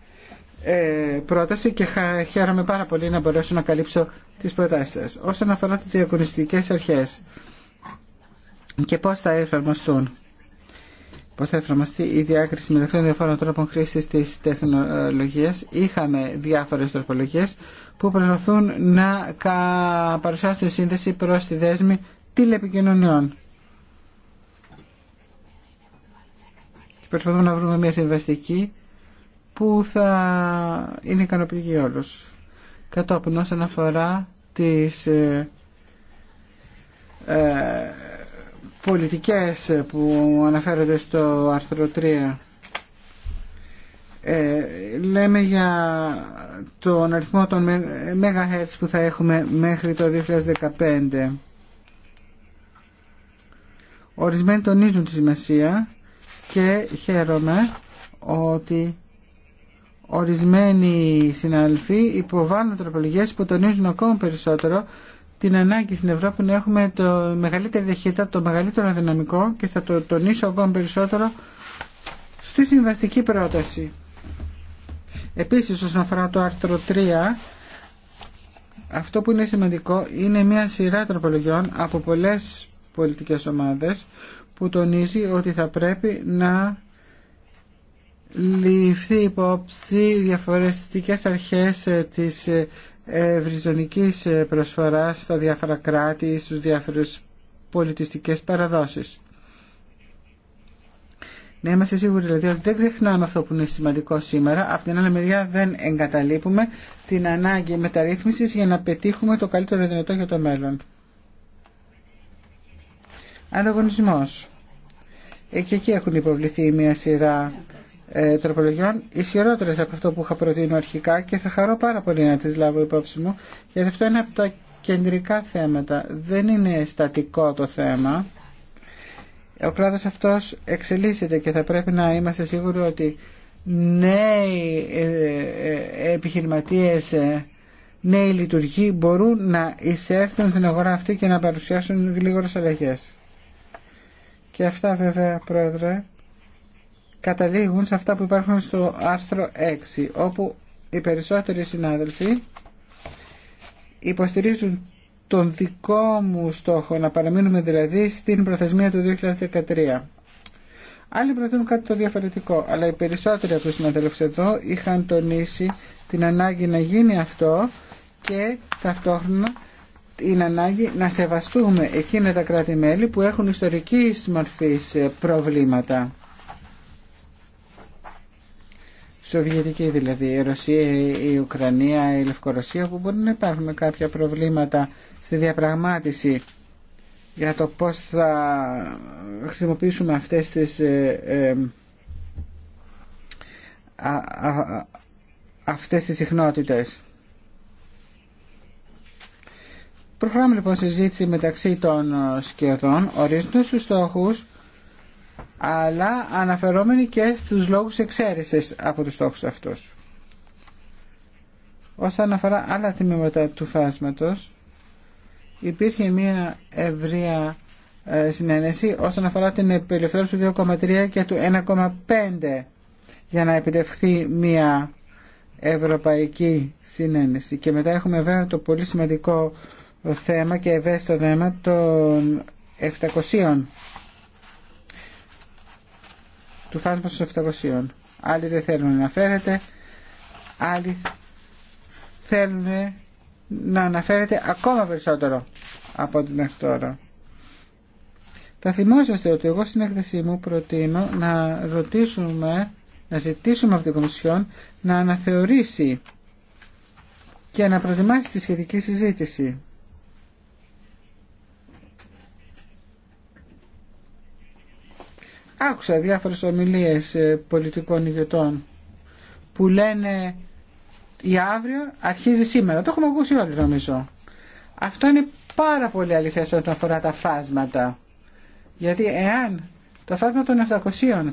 A: ε, πρόταση και χαίρομαι πάρα πολύ να μπορέσω να καλύψω τις προτάσεις σας. Όσον αφορά τις διακονιστικές αρχές και πώς θα εφαρμοστούν πώ θα εφαρμοστεί η διάκριση μεταξύ των διαφόρων τρόπων χρήση τη τεχνολογία. Είχαμε διάφορε τροπολογίε που προσπαθούν να παρουσιάσουν σύνδεση προ τη δέσμη τηλεπικοινωνιών. Και προσπαθούμε να βρούμε μια συμβαστική που θα είναι ικανοποιητική για όλου. Κατόπιν όσον αφορά τις, ε, ε, πολιτικές που αναφέρονται στο άρθρο 3. Ε, λέμε για τον αριθμό των MHz που θα έχουμε μέχρι το 2015. Ορισμένοι τονίζουν τη σημασία και χαίρομαι ότι ορισμένοι συναδελφοί υποβάλλουν τροπολογίες που τονίζουν ακόμα περισσότερο την ανάγκη στην Ευρώπη να έχουμε το μεγαλύτερο διαχείριτα, το μεγαλύτερο δυναμικό και θα το τονίσω ακόμα περισσότερο στη συμβαστική πρόταση. Επίσης όσον αφορά το άρθρο 3 αυτό που είναι σημαντικό είναι μια σειρά τροπολογιών από πολλές πολιτικές ομάδες που τονίζει ότι θα πρέπει να ληφθεί υπόψη διαφορετικές αρχές ε, της ε, ευρυζωνικής ε, προσφοράς στα διάφορα κράτη, στους διάφορους πολιτιστικές παραδόσεις. Να είμαστε σίγουροι δηλαδή ότι δεν ξεχνάμε αυτό που είναι σημαντικό σήμερα. Από την άλλη μεριά δεν εγκαταλείπουμε την ανάγκη μεταρρύθμισης για να πετύχουμε το καλύτερο δυνατό για το μέλλον. Ανταγωνισμός. Ε, και εκεί έχουν υποβληθεί μια σειρά ε, τροπολογιών ισχυρότερε από αυτό που είχα προτείνει αρχικά και θα χαρώ πάρα πολύ να τι λάβω υπόψη μου γιατί αυτό είναι από τα κεντρικά θέματα. Δεν είναι στατικό το θέμα. Ο κλάδος αυτός εξελίσσεται και θα πρέπει να είμαστε σίγουροι ότι νέοι ε, ε, ε, επιχειρηματίες, νέοι λειτουργοί μπορούν να εισέλθουν στην αγορά αυτή και να παρουσιάσουν γλίγορες αλλαγές. Και αυτά βέβαια, Πρόεδρε, καταλήγουν σε αυτά που υπάρχουν στο άρθρο 6 όπου οι περισσότεροι συνάδελφοι υποστηρίζουν τον δικό μου στόχο να παραμείνουμε δηλαδή στην προθεσμία του 2013. Άλλοι προτείνουν κάτι το διαφορετικό, αλλά οι περισσότεροι από τους συναδέλφους εδώ είχαν τονίσει την ανάγκη να γίνει αυτό και ταυτόχρονα την ανάγκη να σεβαστούμε εκείνα τα κράτη-μέλη που έχουν ιστορικής μορφής ε, προβλήματα. Σοβιετική δηλαδή, η Ρωσία, η Ουκρανία, η Λευκορωσία που μπορεί να υπάρχουν κάποια προβλήματα στη διαπραγμάτιση για το πώς θα χρησιμοποιήσουμε αυτές τις ε, ε α, αυτές τις συχνότητες. Προχωράμε λοιπόν συζήτηση μεταξύ των σκιωδών, ορίζοντας τους στόχους αλλά αναφερόμενοι και στους λόγους εξαίρεσης από τους στόχους αυτούς. Όσον αφορά άλλα τμήματα του φάσματος, υπήρχε μια ευρεία ε, συνένεση όσον αφορά την επιλευθέρωση του 2,3 και του 1,5 για να επιτευχθεί μια ευρωπαϊκή συνένεση. Και μετά έχουμε βέβαια το πολύ σημαντικό θέμα και ευαίσθητο θέμα των 700 του φάσματος των 700. Άλλοι δεν θέλουν να αναφέρεται, άλλοι θέλουν να αναφέρεται ακόμα περισσότερο από ό,τι μέχρι τώρα. Θα θυμόσαστε ότι εγώ στην έκθεσή μου προτείνω να ρωτήσουμε, να ζητήσουμε από την Κομισιόν να αναθεωρήσει και να προετοιμάσει τη σχετική συζήτηση. άκουσα διάφορες ομιλίες ε, πολιτικών ηγετών που λένε η αύριο αρχίζει σήμερα. Το έχουμε ακούσει όλοι νομίζω. Αυτό είναι πάρα πολύ αληθές όταν αφορά τα φάσματα. Γιατί εάν το φάσμα των 700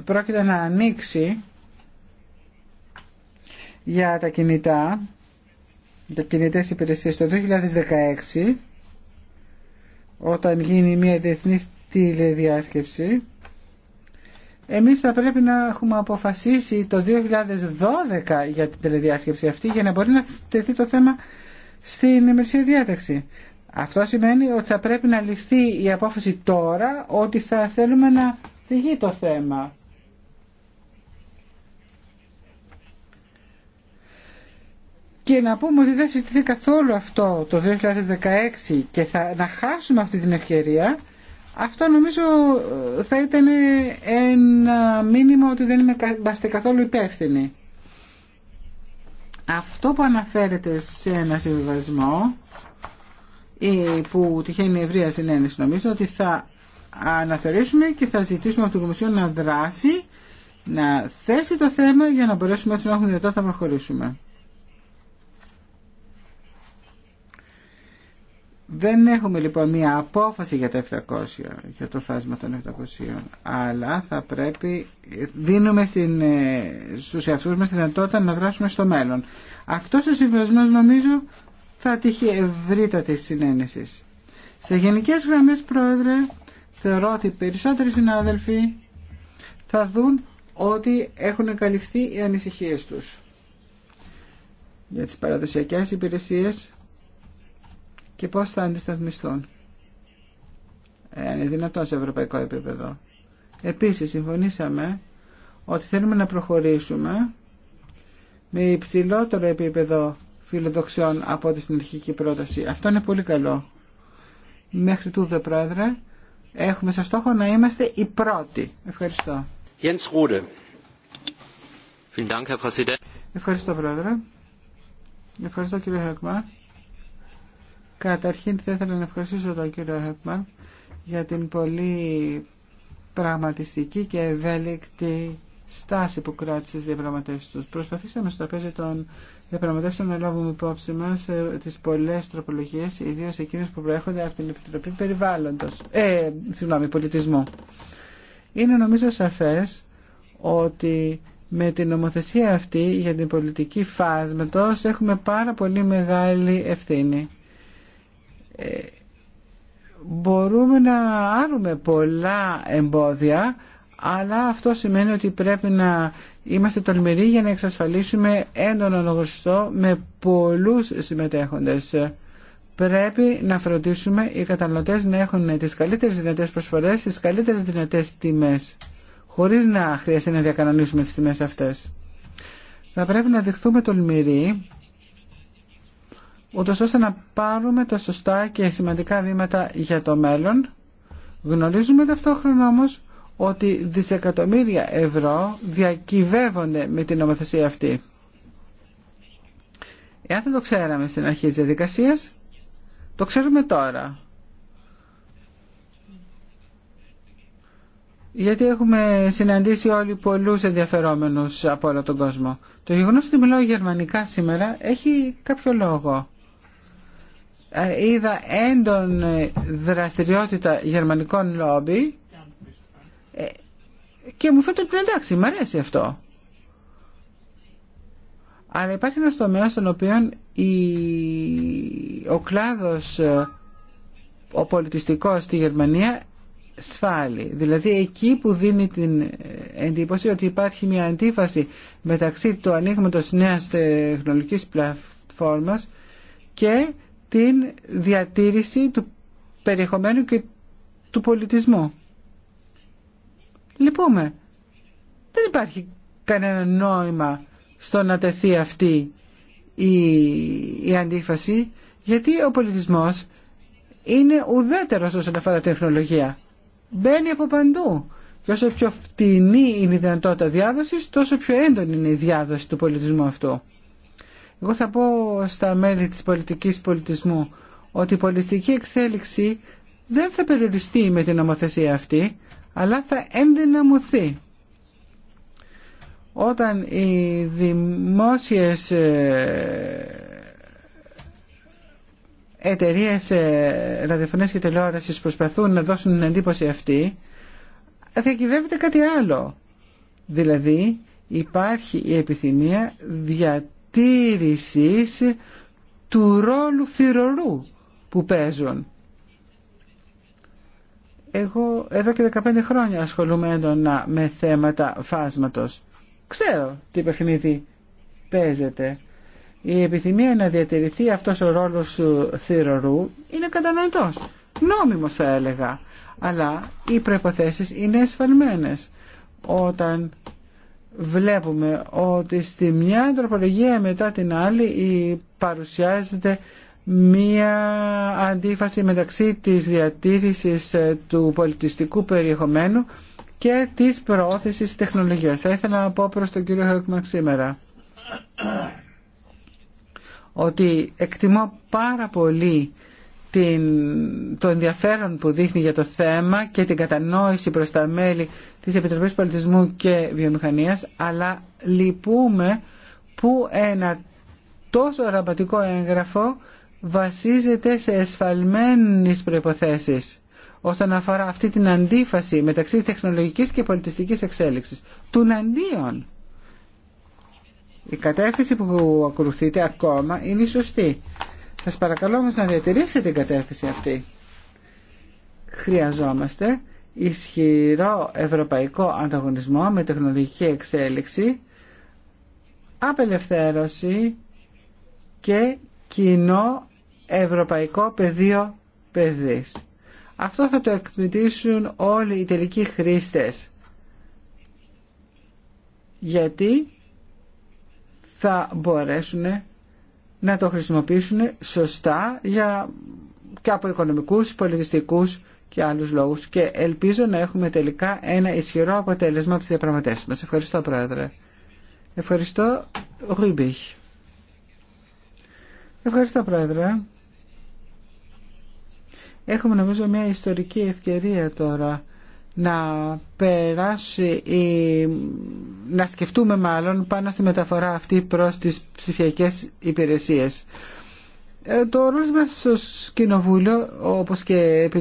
A: πρόκειται να ανοίξει για τα κινητά, τα κινητές υπηρεσίες το 2016, όταν γίνει μια διεθνή τηλεδιάσκεψη, εμείς θα πρέπει να έχουμε αποφασίσει το 2012 για την τελεδιάσκεψη αυτή για να μπορεί να τεθεί το θέμα στην ημερησία διάταξη. Αυτό σημαίνει ότι θα πρέπει να ληφθεί η απόφαση τώρα ότι θα θέλουμε να φυγεί το θέμα. Και να πούμε ότι δεν συζητηθεί καθόλου αυτό το 2016 και θα να χάσουμε αυτή την ευκαιρία αυτό νομίζω ε, θα ήταν ένα μήνυμα ότι δεν είμαστε καθόλου υπεύθυνοι. Αυτό που αναφέρεται σε ένα συμβιβασμό ε, που τυχαίνει ευρεία συνένεση νομίζω ότι θα αναθεωρήσουμε και θα ζητήσουμε από την Κομισιόν να δράσει να θέσει το θέμα για να μπορέσουμε έτσι να έχουμε δυνατότητα να προχωρήσουμε. Δεν έχουμε λοιπόν μία απόφαση για τα 700, για το φάσμα των 700, αλλά θα πρέπει, δίνουμε στην, ε, στους εαυτούς μας τη δυνατότητα να δράσουμε στο μέλλον. Αυτός ο συμβασμός νομίζω θα τύχει ευρύτατης συνένεση. Σε γενικές γραμμές, Πρόεδρε, θεωρώ ότι οι περισσότεροι συνάδελφοι θα δουν ότι έχουν καλυφθεί οι ανησυχίες τους. Για τις παραδοσιακές υπηρεσίες και πώς θα αντισταθμιστούν. Ε, είναι δυνατόν σε ευρωπαϊκό επίπεδο. Επίσης συμφωνήσαμε ότι θέλουμε να προχωρήσουμε με υψηλότερο επίπεδο φιλοδοξιών από τη συνεργική πρόταση. Αυτό είναι πολύ καλό. Μέχρι τούτο, Πρόεδρε, έχουμε σαν στόχο να είμαστε οι πρώτοι. Ευχαριστώ. Jens Ευχαριστώ, Πρόεδρε. Ευχαριστώ, κύριε Χακμά. Καταρχήν θα ήθελα να ευχαριστήσω τον κύριο Χέπμαν για την πολύ πραγματιστική και ευέλικτη στάση που κράτησε στις διαπραγματεύσεις τους. Προσπαθήσαμε στο τραπέζι των διαπραγματεύσεων να λάβουμε υπόψη μας ε, τις πολλές τροπολογίες, ιδίως εκείνες που προέρχονται από την Επιτροπή Περιβάλλοντος, ε, συγγνώμη, πολιτισμού. Είναι νομίζω σαφές ότι με την νομοθεσία αυτή για την πολιτική φάσματος έχουμε πάρα πολύ μεγάλη ευθύνη. Ε, μπορούμε να άρουμε πολλά εμπόδια αλλά αυτό σημαίνει ότι πρέπει να είμαστε τολμηροί για να εξασφαλίσουμε έντονο λογιστό με πολλούς συμμετέχοντες. Πρέπει να φροντίσουμε οι καταναλωτές να έχουν τις καλύτερες δυνατές προσφορές, τις καλύτερες δυνατές τιμές, χωρίς να χρειαστεί να διακανονίσουμε τις τιμές αυτές. Θα πρέπει να δειχθούμε τολμηροί ούτως ώστε να πάρουμε τα σωστά και σημαντικά βήματα για το μέλλον. Γνωρίζουμε ταυτόχρονα όμως ότι δισεκατομμύρια ευρώ διακυβεύονται με την νομοθεσία αυτή. Εάν δεν το ξέραμε στην αρχή της διαδικασίας, το ξέρουμε τώρα. Γιατί έχουμε συναντήσει όλοι πολλούς ενδιαφερόμενους από όλο τον κόσμο. Το γεγονός ότι μιλάω γερμανικά σήμερα έχει κάποιο λόγο. Ε, είδα έντονη δραστηριότητα γερμανικών λόμπι ε, και μου φαίνεται ότι εντάξει, μου αρέσει αυτό. Αλλά υπάρχει ένα τομέας στον οποίο ο κλάδος ε, ο πολιτιστικός στη Γερμανία σφάλει. Δηλαδή εκεί που δίνει την εντύπωση ότι υπάρχει μια αντίφαση μεταξύ του ανοίγματος νέας τεχνολογικής πλατφόρμας και την διατήρηση του περιεχομένου και του πολιτισμού. Λυπούμε. Δεν υπάρχει κανένα νόημα στο να τεθεί αυτή η, η αντίφαση, γιατί ο πολιτισμός είναι ουδέτερος όσον αφορά την τεχνολογία. Μπαίνει από παντού. Και όσο πιο φτηνή είναι η δυνατότητα διάδοσης, τόσο πιο έντονη είναι η διάδοση του πολιτισμού αυτού. Εγώ θα πω στα μέλη της πολιτικής πολιτισμού ότι η πολιτιστική εξέλιξη δεν θα περιοριστεί με την νομοθεσία αυτή, αλλά θα ενδυναμωθεί. Όταν οι δημόσιες ε, εταιρείες ε, ραδιοφωνίας και τηλεόρασης προσπαθούν να δώσουν την εντύπωση αυτή, διακυβεύεται κάτι άλλο. Δηλαδή υπάρχει η επιθυμία δια τήρησης του ρόλου θηρορού που παίζουν. Εγώ εδώ και 15 χρόνια ασχολούμαι έντονα με θέματα φάσματος. Ξέρω τι παιχνίδι παίζεται. Η επιθυμία να διατηρηθεί αυτός ο ρόλος θηρορού είναι κατανοητός. Νόμιμος θα έλεγα. Αλλά οι προϋποθέσεις είναι εσφαλμένες. Όταν βλέπουμε ότι στη μια ανθρωπολογία μετά την άλλη παρουσιάζεται μία αντίφαση μεταξύ της διατήρησης ε, του πολιτιστικού περιεχομένου και της προώθησης τεχνολογίας. Θα ήθελα να πω προς τον κύριο Χέκμαν σήμερα ότι εκτιμώ πάρα πολύ το ενδιαφέρον που δείχνει για το θέμα και την κατανόηση προς τα μέλη της Επιτροπής Πολιτισμού και Βιομηχανίας, αλλά λυπούμε που ένα τόσο ραμπατικό έγγραφο βασίζεται σε εσφαλμένες προϋποθέσεις όσον αφορά αυτή την αντίφαση μεταξύ τεχνολογικής και πολιτιστικής εξέλιξης. Του αντίον. Η κατεύθυνση που ακολουθείτε ακόμα είναι σωστή. Σας παρακαλώ όμως να διατηρήσετε την κατεύθυνση αυτή. Χρειαζόμαστε ισχυρό ευρωπαϊκό ανταγωνισμό με τεχνολογική εξέλιξη, απελευθέρωση και κοινό ευρωπαϊκό πεδίο παιδείς. Αυτό θα το εκπληκτήσουν όλοι οι τελικοί χρήστες. Γιατί θα μπορέσουν να το χρησιμοποιήσουν σωστά για και από οικονομικούς, πολιτιστικούς και άλλους λόγους και ελπίζω να έχουμε τελικά ένα ισχυρό αποτέλεσμα από τις διαπραγματεύσεις μας. Ευχαριστώ Πρόεδρε. Ευχαριστώ Ρουμπίχ. Ευχαριστώ Πρόεδρε. Έχουμε νομίζω μια ιστορική ευκαιρία τώρα να περάσει ή να σκεφτούμε μάλλον πάνω στη μεταφορά αυτή προς τις ψηφιακές υπηρεσίες. Ε, το ρόλο μας στο κοινοβούλιο, όπως και ε,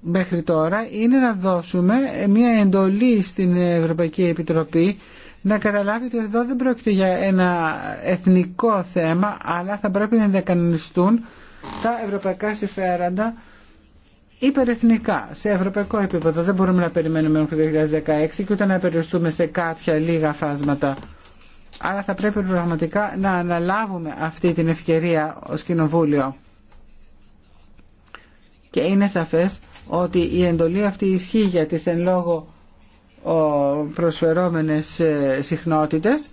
A: μέχρι τώρα, είναι να δώσουμε μια εντολή στην Ευρωπαϊκή Επιτροπή να καταλάβει ότι εδώ δεν πρόκειται για ένα εθνικό θέμα, αλλά θα πρέπει να διακανονιστούν τα ευρωπαϊκά συμφέροντα υπερεθνικά, σε ευρωπαϊκό επίπεδο. Δεν μπορούμε να περιμένουμε μέχρι το 2016 και ούτε να περιοριστούμε σε κάποια λίγα φάσματα. Άρα θα πρέπει πραγματικά να αναλάβουμε αυτή την ευκαιρία ως Κοινοβούλιο. Και είναι σαφές ότι η εντολή αυτή ισχύει για τις εν λόγω προσφερόμενες ε, συχνότητες,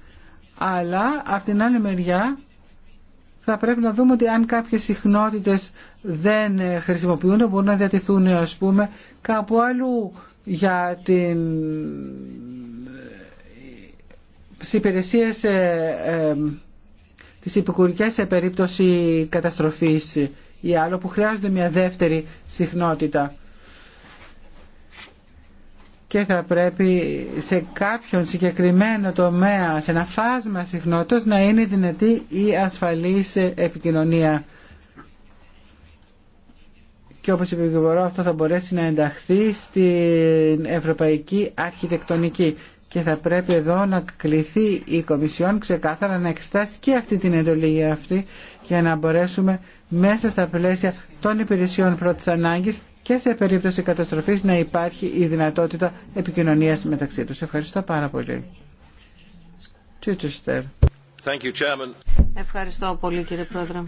A: αλλά από την άλλη μεριά θα πρέπει να δούμε ότι αν κάποιες συχνότητες δεν ε, χρησιμοποιούνται μπορούν να διατηθούν ας πούμε κάπου αλλού για την ε, τις υπηρεσίες ε, ε, σε περίπτωση καταστροφής ή άλλο που χρειάζονται μια δεύτερη συχνότητα και θα πρέπει σε κάποιον συγκεκριμένο τομέα, σε ένα φάσμα συχνότητας να είναι δυνατή η ασφαλής επικοινωνία. Και όπως επιβεβαιώ αυτό θα μπορέσει να ενταχθεί στην ευρωπαϊκή αρχιτεκτονική και θα πρέπει εδώ να κληθεί η Κομισιόν ξεκάθαρα να εξετάσει και αυτή την εντολή αυτή για να μπορέσουμε μέσα στα πλαίσια των υπηρεσιών πρώτης ανάγκης και σε περίπτωση καταστροφής να υπάρχει η δυνατότητα επικοινωνίας μεταξύ τους.
C: Ευχαριστώ πάρα πολύ. Ευχαριστώ πολύ κύριε Πρόεδρε.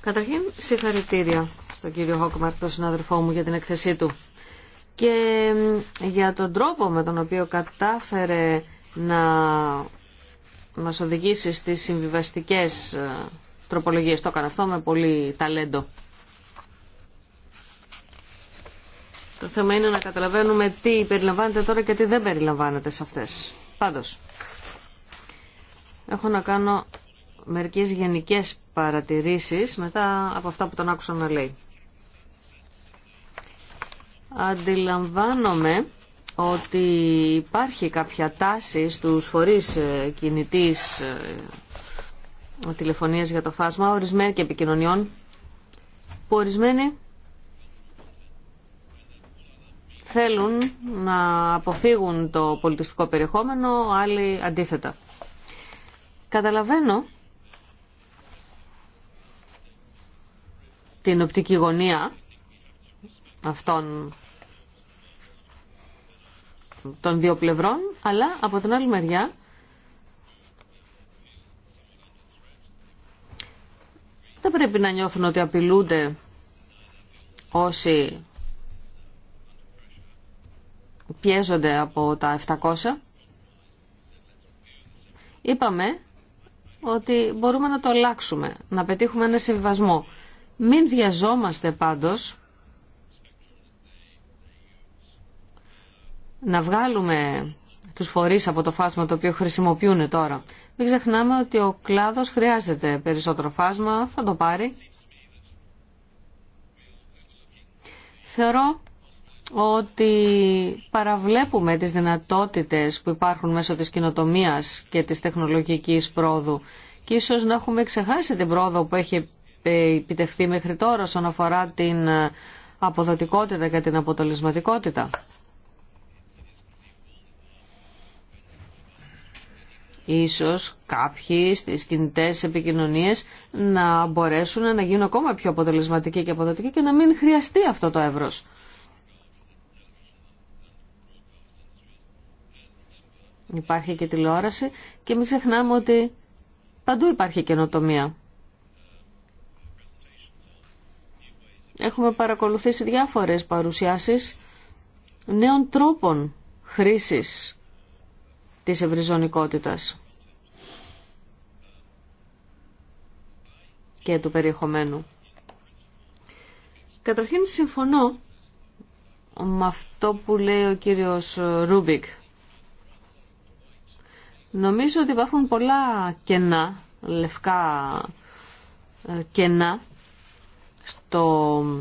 C: Καταρχήν συγχαρητήρια στον κύριο Χόκμαρτ, τον συναδελφό μου, για την εκθεσή του και για τον τρόπο με τον οποίο κατάφερε να μας οδηγήσει στις συμβιβαστικές ε, τροπολογίες. Το έκανα αυτό με πολύ ταλέντο. Το θέμα είναι να καταλαβαίνουμε τι περιλαμβάνεται τώρα και τι δεν περιλαμβάνεται σε αυτές. Πάντως, έχω να κάνω μερικές γενικές παρατηρήσεις μετά από αυτά που τον άκουσα να λέει. Αντιλαμβάνομαι ότι υπάρχει κάποια τάση στους φορείς ε, κινητής ε, τηλεφωνίας για το φάσμα ορισμένοι και επικοινωνιών που ορισμένοι θέλουν να αποφύγουν το πολιτιστικό περιεχόμενο, άλλοι αντίθετα. Καταλαβαίνω την οπτική γωνία αυτών των δύο πλευρών, αλλά από την άλλη μεριά δεν πρέπει να νιώθουν ότι απειλούνται όσοι πιέζονται από τα 700. Είπαμε ότι μπορούμε να το αλλάξουμε, να πετύχουμε ένα συμβιβασμό. Μην βιαζόμαστε πάντως να βγάλουμε τους φορείς από το φάσμα το οποίο χρησιμοποιούν τώρα. Μην ξεχνάμε ότι ο κλάδος χρειάζεται περισσότερο φάσμα, θα το πάρει. Θεωρώ ότι παραβλέπουμε τις δυνατότητες που υπάρχουν μέσω της κοινοτομίας και της τεχνολογικής πρόοδου και ίσως να έχουμε ξεχάσει την πρόοδο που έχει επιτευχθεί μέχρι τώρα όσον αφορά την αποδοτικότητα και την αποτελεσματικότητα. Ίσως κάποιοι στις κινητές επικοινωνίες να μπορέσουν να γίνουν ακόμα πιο αποτελεσματικοί και αποδοτικοί και να μην χρειαστεί αυτό το εύρος. Υπάρχει και τηλεόραση και μην ξεχνάμε ότι παντού υπάρχει καινοτομία. Έχουμε παρακολουθήσει διάφορες παρουσιάσεις νέων τρόπων χρήσης της ευρυζωνικότητας και του περιεχομένου. Καταρχήν συμφωνώ με αυτό που λέει ο κύριος Ρούμπικ Νομίζω ότι υπάρχουν πολλά κενά, λευκά ε, κενά στο,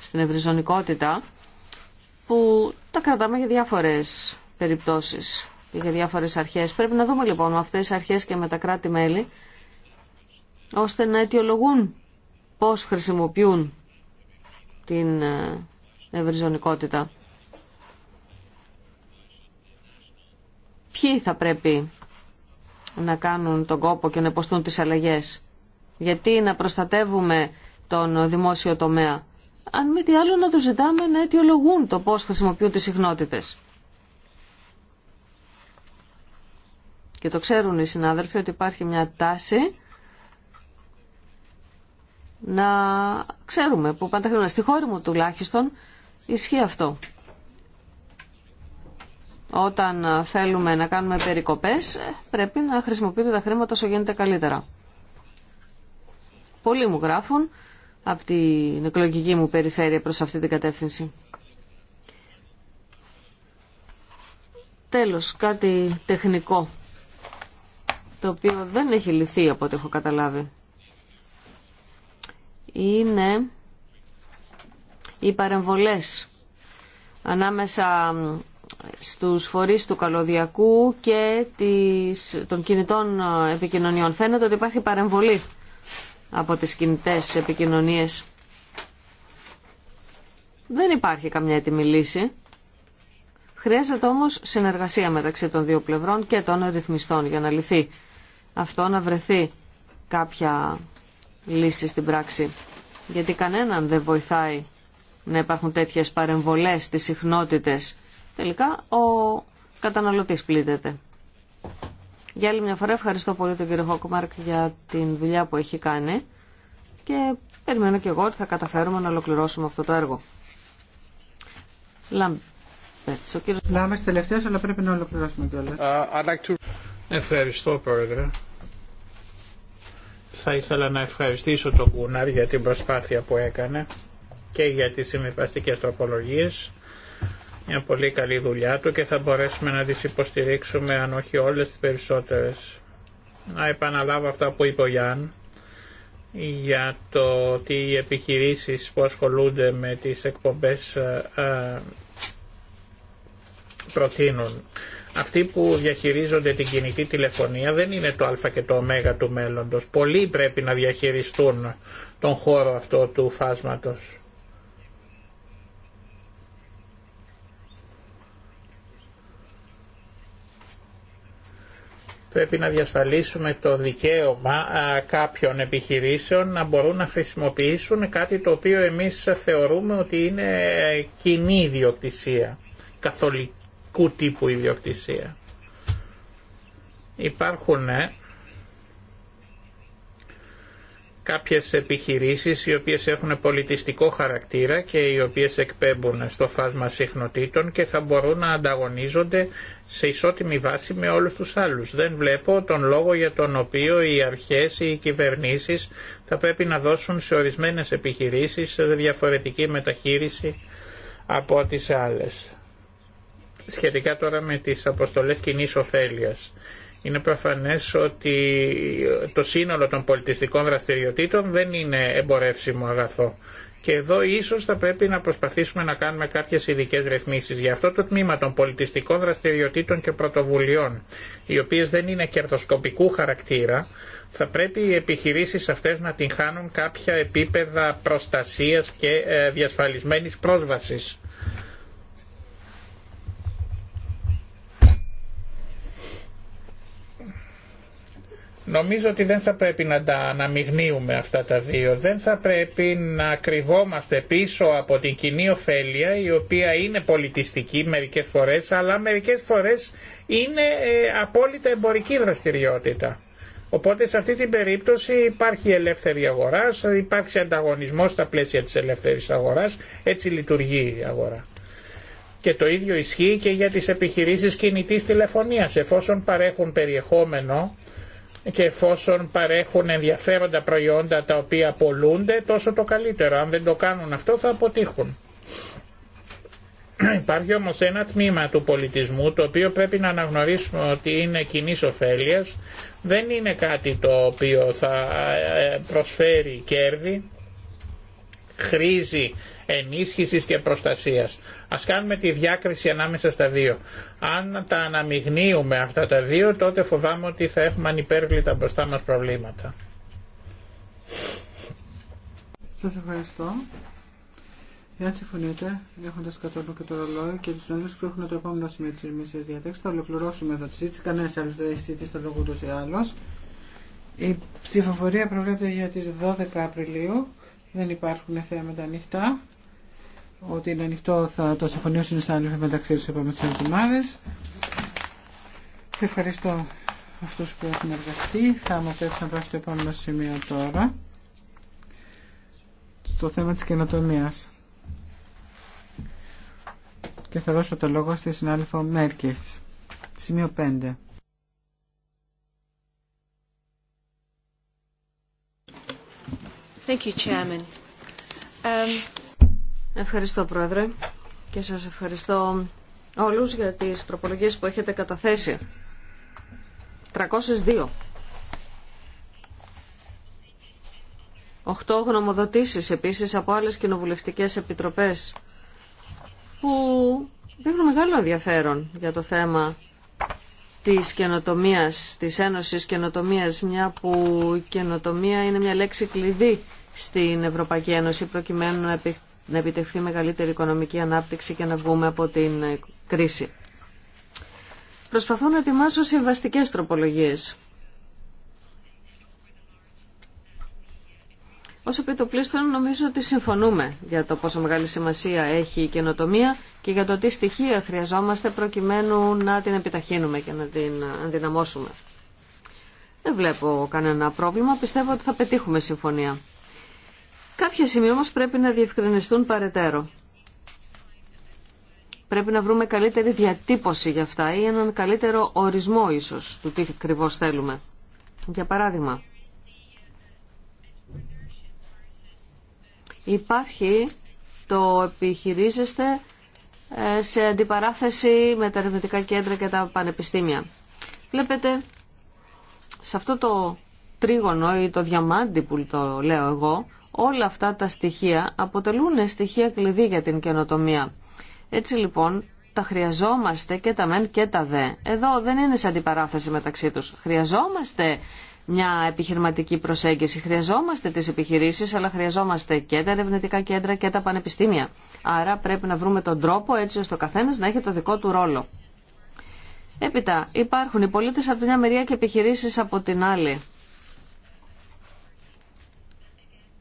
C: στην ευρυζωνικότητα που τα κρατάμε για διάφορες περιπτώσεις και για διάφορες αρχές. Πρέπει να δούμε λοιπόν με αυτές τις αρχές και με τα κράτη-μέλη ώστε να αιτιολογούν πώς χρησιμοποιούν την ε, ευρυζωνικότητα. Ποιοι θα πρέπει να κάνουν τον κόπο και να υποστούν τις αλλαγές. Γιατί να προστατεύουμε τον δημόσιο τομέα. Αν μη τι άλλο να τους ζητάμε να αιτιολογούν το πώς χρησιμοποιούν τις συχνότητες. Και το ξέρουν οι συνάδελφοι ότι υπάρχει μια τάση να ξέρουμε που πάντα χρήμα. Στη χώρα μου τουλάχιστον ισχύει αυτό όταν θέλουμε να κάνουμε περικοπές πρέπει να χρησιμοποιείτε τα χρήματα όσο γίνεται καλύτερα. Πολλοί μου γράφουν από την εκλογική μου περιφέρεια προς αυτή την κατεύθυνση. Τέλος, κάτι τεχνικό, το οποίο δεν έχει λυθεί από ό,τι έχω καταλάβει. Είναι οι παρεμβολές ανάμεσα στους φορείς του καλωδιακού και των κινητών ε, επικοινωνιών. Φαίνεται ότι υπάρχει παρεμβολή από τις κινητές επικοινωνίες. Δεν υπάρχει καμιά έτοιμη λύση. Χρειάζεται όμως συνεργασία μεταξύ των δύο πλευρών και των ρυθμιστών για να λυθεί αυτό να βρεθεί κάποια λύση στην πράξη. Γιατί κανέναν δεν βοηθάει να υπάρχουν τέτοιες παρεμβολές στις συχνότητες τελικά ο καταναλωτής πλήττεται. Για άλλη μια φορά ευχαριστώ πολύ τον κύριο Χόκμαρκ για την δουλειά που έχει κάνει και περιμένω και εγώ ότι θα καταφέρουμε να ολοκληρώσουμε αυτό το έργο. Λάμπερτς, ο κύριος...
A: Λάμπερτς αλλά πρέπει να ολοκληρώσουμε
D: Uh, like to... Ευχαριστώ, Πρόεδρε. Θα ήθελα να ευχαριστήσω τον Κούναρ για την προσπάθεια που έκανε και για τις συμβιβαστικές τροπολογίες μια πολύ καλή δουλειά του και θα μπορέσουμε να τις υποστηρίξουμε αν όχι όλες τις περισσότερες. Να επαναλάβω αυτά που είπε ο για το ότι οι επιχειρήσεις που ασχολούνται με τις εκπομπές ε, ε, προτείνουν. Αυτοί που διαχειρίζονται την κινητή τηλεφωνία δεν είναι το α και το ω του μέλλοντος. Πολλοί πρέπει να διαχειριστούν τον χώρο αυτό του φάσματος. πρέπει να διασφαλίσουμε το δικαίωμα κάποιων επιχειρήσεων να μπορούν να χρησιμοποιήσουν κάτι το οποίο εμείς θεωρούμε ότι είναι ε, κοινή ιδιοκτησία, καθολικού τύπου ιδιοκτησία. Υπάρχουν ε, κάποιες επιχειρήσεις οι οποίες έχουν πολιτιστικό χαρακτήρα και οι οποίες εκπέμπουν στο φάσμα συχνοτήτων και θα μπορούν να ανταγωνίζονται σε ισότιμη βάση με όλους τους άλλους. Δεν βλέπω τον λόγο για τον οποίο οι αρχές ή οι κυβερνήσεις θα πρέπει να δώσουν σε ορισμένες επιχειρήσεις διαφορετική μεταχείριση από τις άλλες. Σχετικά τώρα με τις αποστολές κοινή ωφέλειας. Είναι προφανές ότι το σύνολο των πολιτιστικών δραστηριοτήτων δεν είναι εμπορεύσιμο αγαθό. Και εδώ ίσως θα πρέπει να προσπαθήσουμε να κάνουμε κάποιες ειδικέ ρυθμίσεις για αυτό το τμήμα των πολιτιστικών δραστηριοτήτων και πρωτοβουλειών, οι οποίες δεν είναι κερδοσκοπικού χαρακτήρα, θα πρέπει οι επιχειρήσεις αυτές να την χάνουν κάποια επίπεδα προστασίας και ε, διασφαλισμένης πρόσβασης. Νομίζω ότι δεν θα πρέπει να τα αναμειγνύουμε αυτά τα δύο. Δεν θα πρέπει να κρυβόμαστε πίσω από την κοινή ωφέλεια η οποία είναι πολιτιστική μερικές φορές αλλά μερικές φορές είναι ε, απόλυτα εμπορική δραστηριότητα. Οπότε σε αυτή την περίπτωση υπάρχει ελεύθερη αγορά, υπάρχει ανταγωνισμός στα πλαίσια της ελεύθερης αγοράς, έτσι λειτουργεί η αγορά. Και το ίδιο ισχύει και για τις επιχειρήσεις κινητής τηλεφωνίας. Εφόσον παρέχουν περιεχόμενο και εφόσον παρέχουν ενδιαφέροντα προϊόντα τα οποία πολλούνται τόσο το καλύτερο. Αν δεν το κάνουν αυτό θα αποτύχουν. Υπάρχει όμως ένα τμήμα του πολιτισμού το οποίο πρέπει να αναγνωρίσουμε ότι είναι κοινή ωφέλεια, δεν είναι κάτι το οποίο θα ε, ε, προσφέρει κέρδη, χρήζει ενίσχυση και προστασία. Α κάνουμε τη διάκριση ανάμεσα στα δύο. Αν τα αναμειγνύουμε αυτά τα δύο τότε φοβάμαι ότι θα έχουμε ανυπέρβλητα μπροστά μα προβλήματα.
A: Σα ευχαριστώ. Εάν συμφωνείτε, έχοντα κατόπιν και το ρολόι και του νόμου που έχουν το επόμενο σημείο τη ερμηνεία διατάξη, θα ολοκληρώσουμε εδώ τη συζήτηση. Κανένα άλλο δεν έχει συζητήσει το λόγο ούτω ή άλλω. Η ψηφοφορία προβλέπεται για τι 12 Απριλίου. Δεν υπάρχουν θέματα ανοιχτά ότι είναι ανοιχτό, θα το συμφωνήσουν οι συνάδελφοι μεταξύ τους επόμενες εβδομάδε. Ευχαριστώ αυτού που έχουν εργαστεί. Θα μου πρέπει να πάω στο επόμενο σημείο τώρα, στο θέμα τη καινοτομία. Και θα δώσω το λόγο στη συνάδελφο Μέρκης. Σημείο 5.
C: Thank you, Chairman. Um... Ευχαριστώ Πρόεδρε και σας ευχαριστώ όλους για τις τροπολογίες που έχετε καταθέσει. 302. 8 γνωμοδοτήσεις επίσης από άλλες κοινοβουλευτικές επιτροπές που δείχνουν μεγάλο ενδιαφέρον για το θέμα της καινοτομίας, της Ένωσης Καινοτομίας, μια που η καινοτομία είναι μια λέξη κλειδί στην Ευρωπαϊκή Ένωση προκειμένου να να επιτευχθεί μεγαλύτερη οικονομική ανάπτυξη και να βγούμε από την ε, κρίση. Προσπαθώ να ετοιμάσω συμβαστικές τροπολογίες. Όσο επί το πλήστον νομίζω ότι συμφωνούμε για το πόσο μεγάλη σημασία έχει η καινοτομία και για το τι στοιχεία χρειαζόμαστε προκειμένου να την επιταχύνουμε και να την αντιναμώσουμε. Ε, Δεν βλέπω κανένα πρόβλημα, πιστεύω ότι θα πετύχουμε συμφωνία. Κάποια σημεία όμως πρέπει να διευκρινιστούν παρετέρω. Πρέπει να βρούμε καλύτερη διατύπωση για αυτά ή έναν καλύτερο ορισμό ίσως του τι ακριβώ θέλουμε. Για παράδειγμα, υπάρχει το επιχειρίζεστε ε, σε αντιπαράθεση με τα ερευνητικά κέντρα και τα πανεπιστήμια. Βλέπετε, σε αυτό το τρίγωνο ή το διαμάντι που το λέω εγώ, Όλα αυτά τα στοιχεία αποτελούν στοιχεία κλειδί για την καινοτομία. Έτσι λοιπόν τα χρειαζόμαστε και τα μεν και τα δε. Εδώ δεν είναι σε αντιπαράθεση μεταξύ τους. Χρειαζόμαστε μια επιχειρηματική προσέγγιση. Χρειαζόμαστε τις επιχειρήσεις, αλλά χρειαζόμαστε και τα ερευνητικά κέντρα και τα πανεπιστήμια. Άρα πρέπει να βρούμε τον τρόπο έτσι ώστε ο καθένας να έχει το δικό του ρόλο. Έπειτα υπάρχουν οι πολίτες από την μια μεριά και επιχειρήσεις από την άλλη.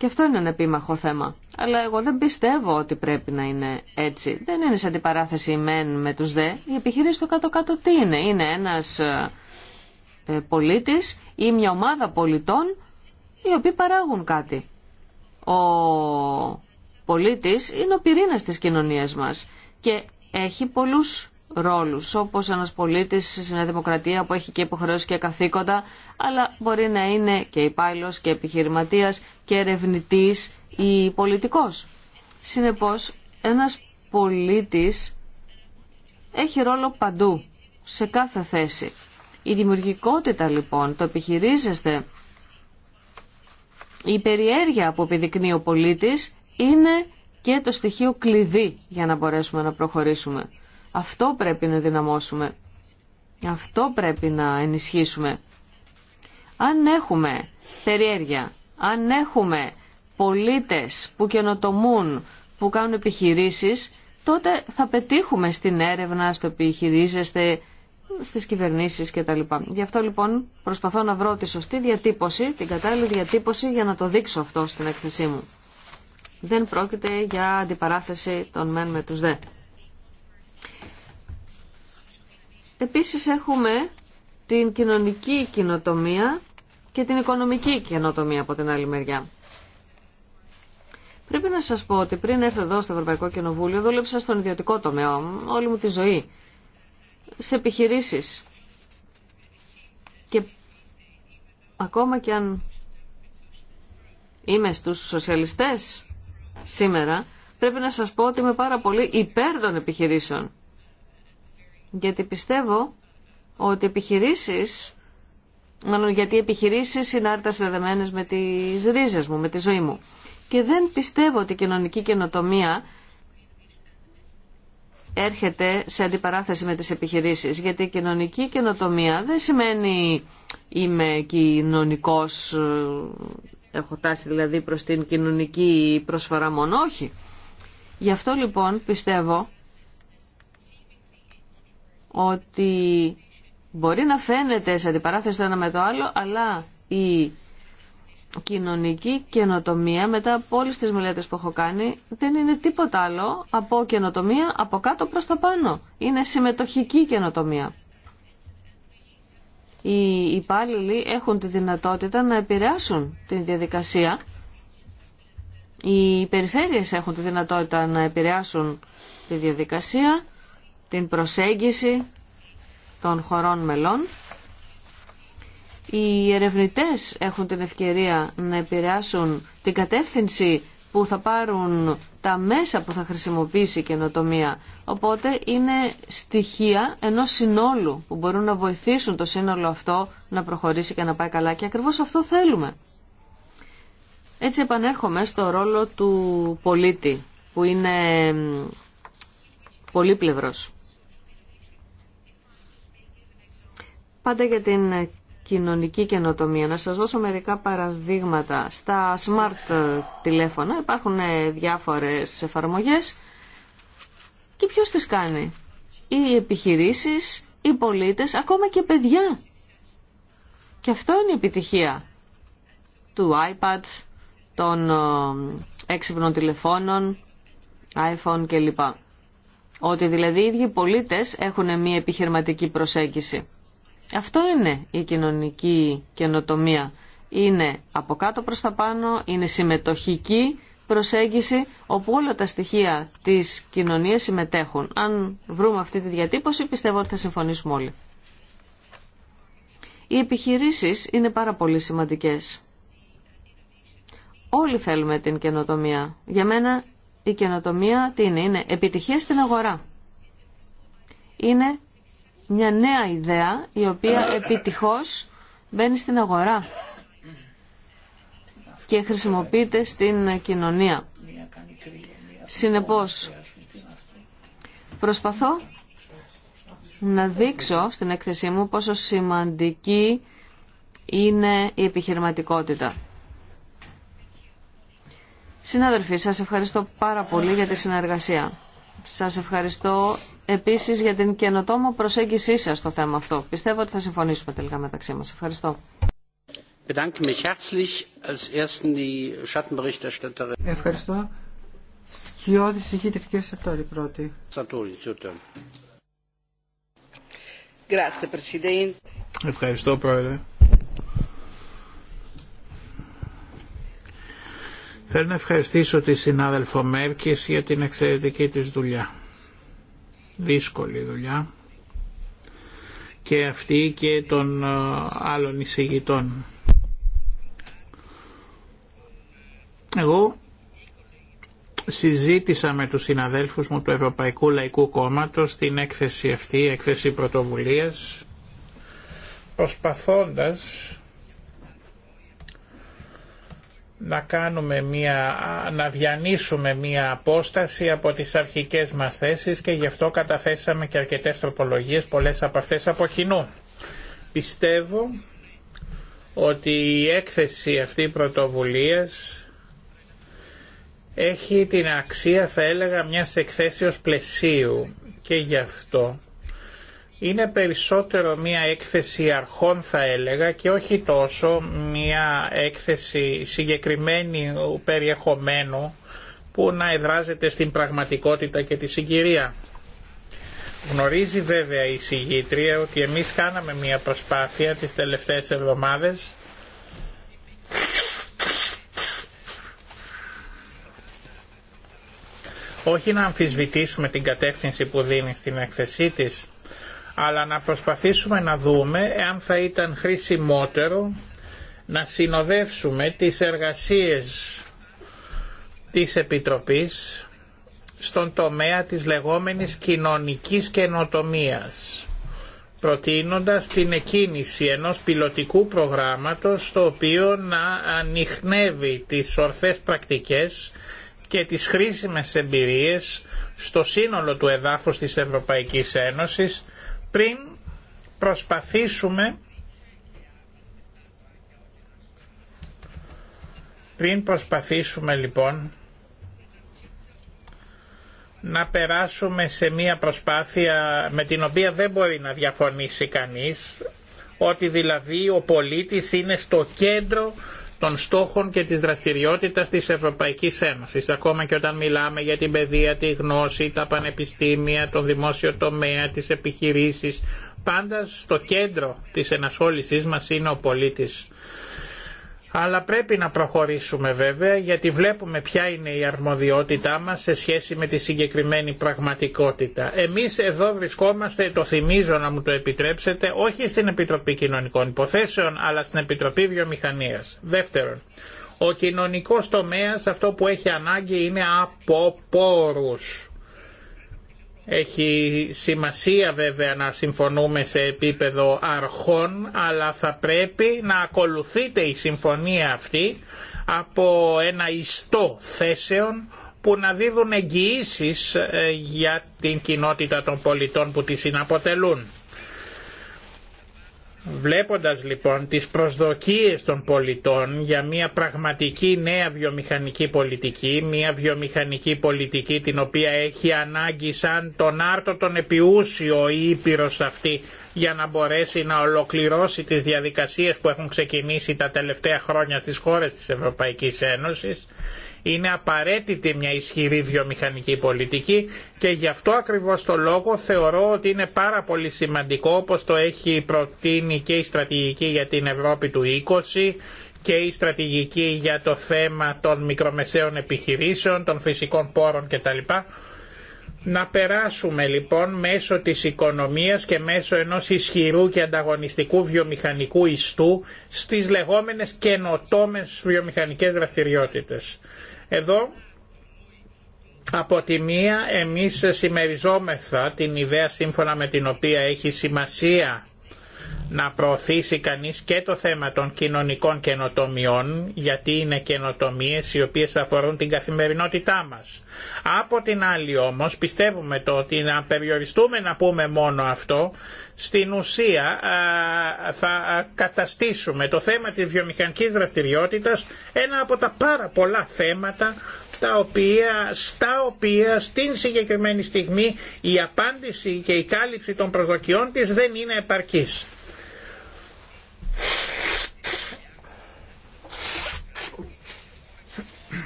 C: Και αυτό είναι ένα επίμαχο θέμα. Αλλά εγώ δεν πιστεύω ότι πρέπει να είναι έτσι. Δεν είναι σε αντιπαράθεση μεν με τους δε. Η επιχείρηση στο κάτω-κάτω τι είναι. Είναι ένας ε, ε, πολίτης ή μια ομάδα πολιτών οι οποίοι παράγουν κάτι. Ο πολίτης είναι ο πυρήνας της κοινωνίας μας και έχει πολλούς ρόλους, όπως ένας πολίτης σε μια δημοκρατία που έχει και υποχρεώσεις και καθήκοντα, αλλά μπορεί να είναι και υπάλληλο και επιχειρηματίας και ερευνητής ή πολιτικός. Συνεπώς, ένας πολίτης έχει ρόλο παντού, σε κάθε θέση. Η δημιουργικότητα λοιπόν, το επιχειρίζεστε, η περιέργεια που επιδεικνύει ο πολίτης είναι και το στοιχείο κλειδί για να μπορέσουμε να προχωρήσουμε. Αυτό πρέπει να δυναμώσουμε. Αυτό πρέπει να ενισχύσουμε. Αν έχουμε περιέργεια, αν έχουμε πολίτες που καινοτομούν, που κάνουν επιχειρήσεις, τότε θα πετύχουμε στην έρευνα, στο επιχειρίζεστε, στις κυβερνήσεις κτλ. Γι' αυτό λοιπόν προσπαθώ να βρω τη σωστή διατύπωση, την κατάλληλη διατύπωση για να το δείξω αυτό στην έκθεσή μου. Δεν πρόκειται για αντιπαράθεση των μεν με τους δε. Επίσης έχουμε την κοινωνική κοινοτομία και την οικονομική καινοτομία από την άλλη μεριά. Πρέπει να σα πω ότι πριν έρθω εδώ στο Ευρωπαϊκό Κοινοβούλιο δούλεψα στον ιδιωτικό τομέα όλη μου τη ζωή, σε επιχειρήσει. Και ακόμα και αν είμαι στους σοσιαλιστές σήμερα, πρέπει να σας πω ότι είμαι πάρα πολύ υπέρ των επιχειρήσεων. Γιατί πιστεύω ότι επιχειρήσεις μάλλον γιατί οι επιχειρήσεις είναι άρτα συνδεδεμένε με τις ρίζες μου, με τη ζωή μου. Και δεν πιστεύω ότι η κοινωνική καινοτομία έρχεται σε αντιπαράθεση με τις επιχειρήσεις, γιατί η κοινωνική καινοτομία δεν σημαίνει είμαι κοινωνικός, ε, έχω τάση δηλαδή προς την κοινωνική προσφορά μόνο, όχι. Γι' αυτό λοιπόν πιστεύω ότι Μπορεί να φαίνεται σε αντιπαράθεση το ένα με το άλλο, αλλά η κοινωνική καινοτομία μετά από όλες τις μελέτες που έχω κάνει δεν είναι τίποτα άλλο από καινοτομία από κάτω προς τα πάνω. Είναι συμμετοχική καινοτομία. Οι υπάλληλοι έχουν τη δυνατότητα να επηρεάσουν την διαδικασία. Οι περιφέρειες έχουν τη δυνατότητα να επηρεάσουν τη διαδικασία, την προσέγγιση των χωρών μελών. Οι ερευνητές έχουν την ευκαιρία να επηρεάσουν την κατεύθυνση που θα πάρουν τα μέσα που θα χρησιμοποιήσει η καινοτομία. Οπότε είναι στοιχεία ενός συνόλου που μπορούν να βοηθήσουν το σύνολο αυτό να προχωρήσει και να πάει καλά και ακριβώς αυτό θέλουμε. Έτσι επανέρχομαι στο ρόλο του πολίτη που είναι πολύπλευρος. Πάντα για την κοινωνική καινοτομία. Να σας δώσω μερικά παραδείγματα. Στα smart ε, τηλέφωνα υπάρχουν ε, διάφορες εφαρμογές και ποιος τις κάνει. Οι επιχειρήσεις, οι πολίτες, ακόμα και παιδιά. Και αυτό είναι η επιτυχία του iPad, των ε, έξυπνων τηλεφώνων, iPhone κλπ. Ότι δηλαδή οι ίδιοι πολίτες έχουν μια επιχειρηματική προσέγγιση. Αυτό είναι η κοινωνική καινοτομία. Είναι από κάτω προς τα πάνω, είναι συμμετοχική προσέγγιση όπου όλα τα στοιχεία της κοινωνίας συμμετέχουν. Αν βρούμε αυτή τη διατύπωση πιστεύω ότι θα συμφωνήσουμε όλοι. Οι επιχειρήσεις είναι πάρα πολύ σημαντικές. Όλοι θέλουμε την καινοτομία. Για μένα η καινοτομία τι είναι, είναι επιτυχία στην αγορά. Είναι μια νέα ιδέα η οποία επιτυχώς μπαίνει στην αγορά και χρησιμοποιείται στην κοινωνία. Συνεπώς, προσπαθώ να δείξω στην έκθεσή μου πόσο σημαντική είναι η επιχειρηματικότητα. Συνάδελφοι, σας ευχαριστώ πάρα πολύ για τη συνεργασία. Σας ευχαριστώ επίσης για την καινοτόμο προσέγγισή σας στο θέμα αυτό. Πιστεύω ότι θα συμφωνήσουμε τελικά μεταξύ μας. Ευχαριστώ.
A: Ευχαριστώ. Σκιώδη κύριε Σατόρη πρώτη. Ευχαριστώ πρόεδρε.
D: Θέλω να ευχαριστήσω τη συνάδελφο Μέρκης για την εξαιρετική της δουλειά. Δύσκολη δουλειά και αυτή και των ε, άλλων εισηγητών. Εγώ συζήτησα με τους συναδέλφους μου του Ευρωπαϊκού Λαϊκού Κόμματος την έκθεση αυτή, έκθεση πρωτοβουλίας, προσπαθώντας να κάνουμε μια, να διανύσουμε μια απόσταση από τις αρχικές μας θέσεις και γι' αυτό καταθέσαμε και αρκετές τροπολογίες, πολλές από αυτές από κοινού. Πιστεύω ότι η έκθεση αυτή πρωτοβουλίας έχει την αξία θα έλεγα μιας εκθέσεως πλαισίου και γι' αυτό είναι περισσότερο μία έκθεση αρχών θα έλεγα και όχι τόσο μία έκθεση συγκεκριμένου περιεχομένου που να εδράζεται στην πραγματικότητα και τη συγκυρία. Γνωρίζει βέβαια η συγγήτρια ότι εμείς κάναμε μία προσπάθεια τις τελευταίες εβδομάδες όχι να αμφισβητήσουμε την κατεύθυνση που δίνει στην έκθεσή της, αλλά να προσπαθήσουμε να δούμε εάν θα ήταν χρήσιμότερο να συνοδεύσουμε τις εργασίες της Επιτροπής στον τομέα της λεγόμενης κοινωνικής καινοτομίας προτείνοντας την εκκίνηση ενός πιλωτικού προγράμματος το οποίο να ανοιχνεύει τις ορθές πρακτικές και τις χρήσιμες εμπειρίες στο σύνολο του εδάφους της Ευρωπαϊκής Ένωσης πριν προσπαθήσουμε πριν προσπαθήσουμε λοιπόν να περάσουμε σε μία προσπάθεια με την οποία δεν μπορεί να διαφωνήσει κανείς ότι δηλαδή ο πολίτης είναι στο κέντρο των στόχων και της δραστηριότητας της Ευρωπαϊκής Ένωσης, ακόμα και όταν μιλάμε για την παιδεία, τη γνώση, τα πανεπιστήμια, τον δημόσιο τομέα, τις επιχειρήσεις. Πάντα στο κέντρο της ενασχόλησής μας είναι ο πολίτης αλλά πρέπει να προχωρήσουμε βέβαια γιατί βλέπουμε ποια είναι η αρμοδιότητά μας σε σχέση με τη συγκεκριμένη πραγματικότητα. Εμείς εδώ βρισκόμαστε, το θυμίζω να μου το επιτρέψετε, όχι στην Επιτροπή Κοινωνικών Υποθέσεων αλλά στην Επιτροπή Βιομηχανίας. Δεύτερον, ο κοινωνικός τομέας αυτό που έχει ανάγκη είναι από πόρους. Έχει σημασία βέβαια να συμφωνούμε σε επίπεδο αρχών, αλλά θα πρέπει να ακολουθείται η συμφωνία αυτή από ένα ιστό θέσεων που να δίδουν εγγυήσει ε, για την κοινότητα των πολιτών που τη συναποτελούν. Βλέποντας λοιπόν τις προσδοκίες των πολιτών για μια πραγματική νέα βιομηχανική πολιτική, μια βιομηχανική πολιτική την οποία έχει ανάγκη σαν τον άρτο τον επιούσιο η Ήπειρος αυτή για να μπορέσει να ολοκληρώσει τις διαδικασίες που έχουν ξεκινήσει τα τελευταία χρόνια στις χώρες της Ευρωπαϊκής Ένωσης, είναι απαραίτητη μια ισχυρή βιομηχανική πολιτική και γι' αυτό ακριβώς το λόγο θεωρώ ότι είναι πάρα πολύ σημαντικό όπως το έχει προτείνει και η στρατηγική για την Ευρώπη του 20 και η στρατηγική για το θέμα των μικρομεσαίων επιχειρήσεων, των φυσικών πόρων κτλ. Να περάσουμε λοιπόν μέσω της οικονομίας και μέσω ενός ισχυρού και ανταγωνιστικού βιομηχανικού ιστού στις λεγόμενες καινοτόμες βιομηχανικές δραστηριότητες. Εδώ από τη μία εμείς συμμεριζόμεθα την ιδέα σύμφωνα με την οποία έχει σημασία να προωθήσει κανείς και το θέμα των κοινωνικών καινοτομιών, γιατί είναι καινοτομίε οι οποίες αφορούν την καθημερινότητά μας. Από την άλλη όμως πιστεύουμε το ότι να περιοριστούμε να πούμε μόνο αυτό, στην ουσία θα καταστήσουμε το θέμα της βιομηχανικής δραστηριότητας ένα από τα πάρα πολλά θέματα τα οποία, στα οποία στην συγκεκριμένη στιγμή η απάντηση και η κάλυψη των προσδοκιών της δεν είναι επαρκής.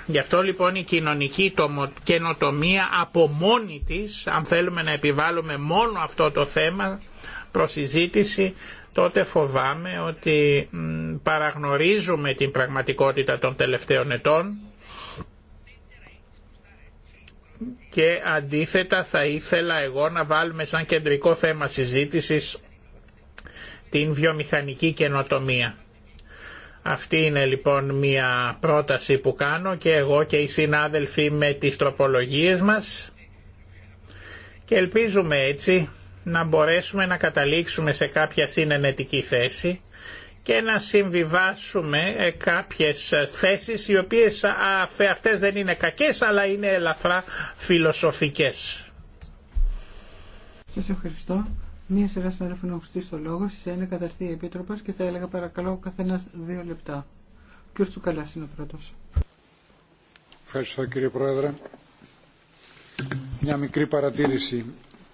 D: Γι' αυτό λοιπόν η κοινωνική καινοτομία από μόνη της, αν θέλουμε να επιβάλλουμε μόνο αυτό το θέμα προς συζήτηση, τότε φοβάμαι ότι παραγνωρίζουμε την πραγματικότητα των τελευταίων ετών και αντίθετα θα ήθελα εγώ να βάλουμε σαν κεντρικό θέμα συζήτησης την βιομηχανική καινοτομία. Αυτή είναι λοιπόν μια πρόταση που κάνω και εγώ και οι συνάδελφοι με τις τροπολογίες μας και ελπίζουμε έτσι να μπορέσουμε να καταλήξουμε σε κάποια συνενετική θέση και να συμβιβάσουμε ε, κάποιες θέσεις οι οποίες αυτές δεν είναι κακές αλλά είναι ελαφρά φιλοσοφικές.
A: Σας ευχαριστώ. Μία σειρά συνάδελφων έχουν στήσει το λόγο. Στι είναι καταρθεί η Επίτροπο και θα έλεγα παρακαλώ ο καθένα δύο λεπτά. Ο κ. Τσουκαλά είναι ο πρώτο.
E: Ευχαριστώ κύριε Πρόεδρε. Μια μικρή παρατήρηση.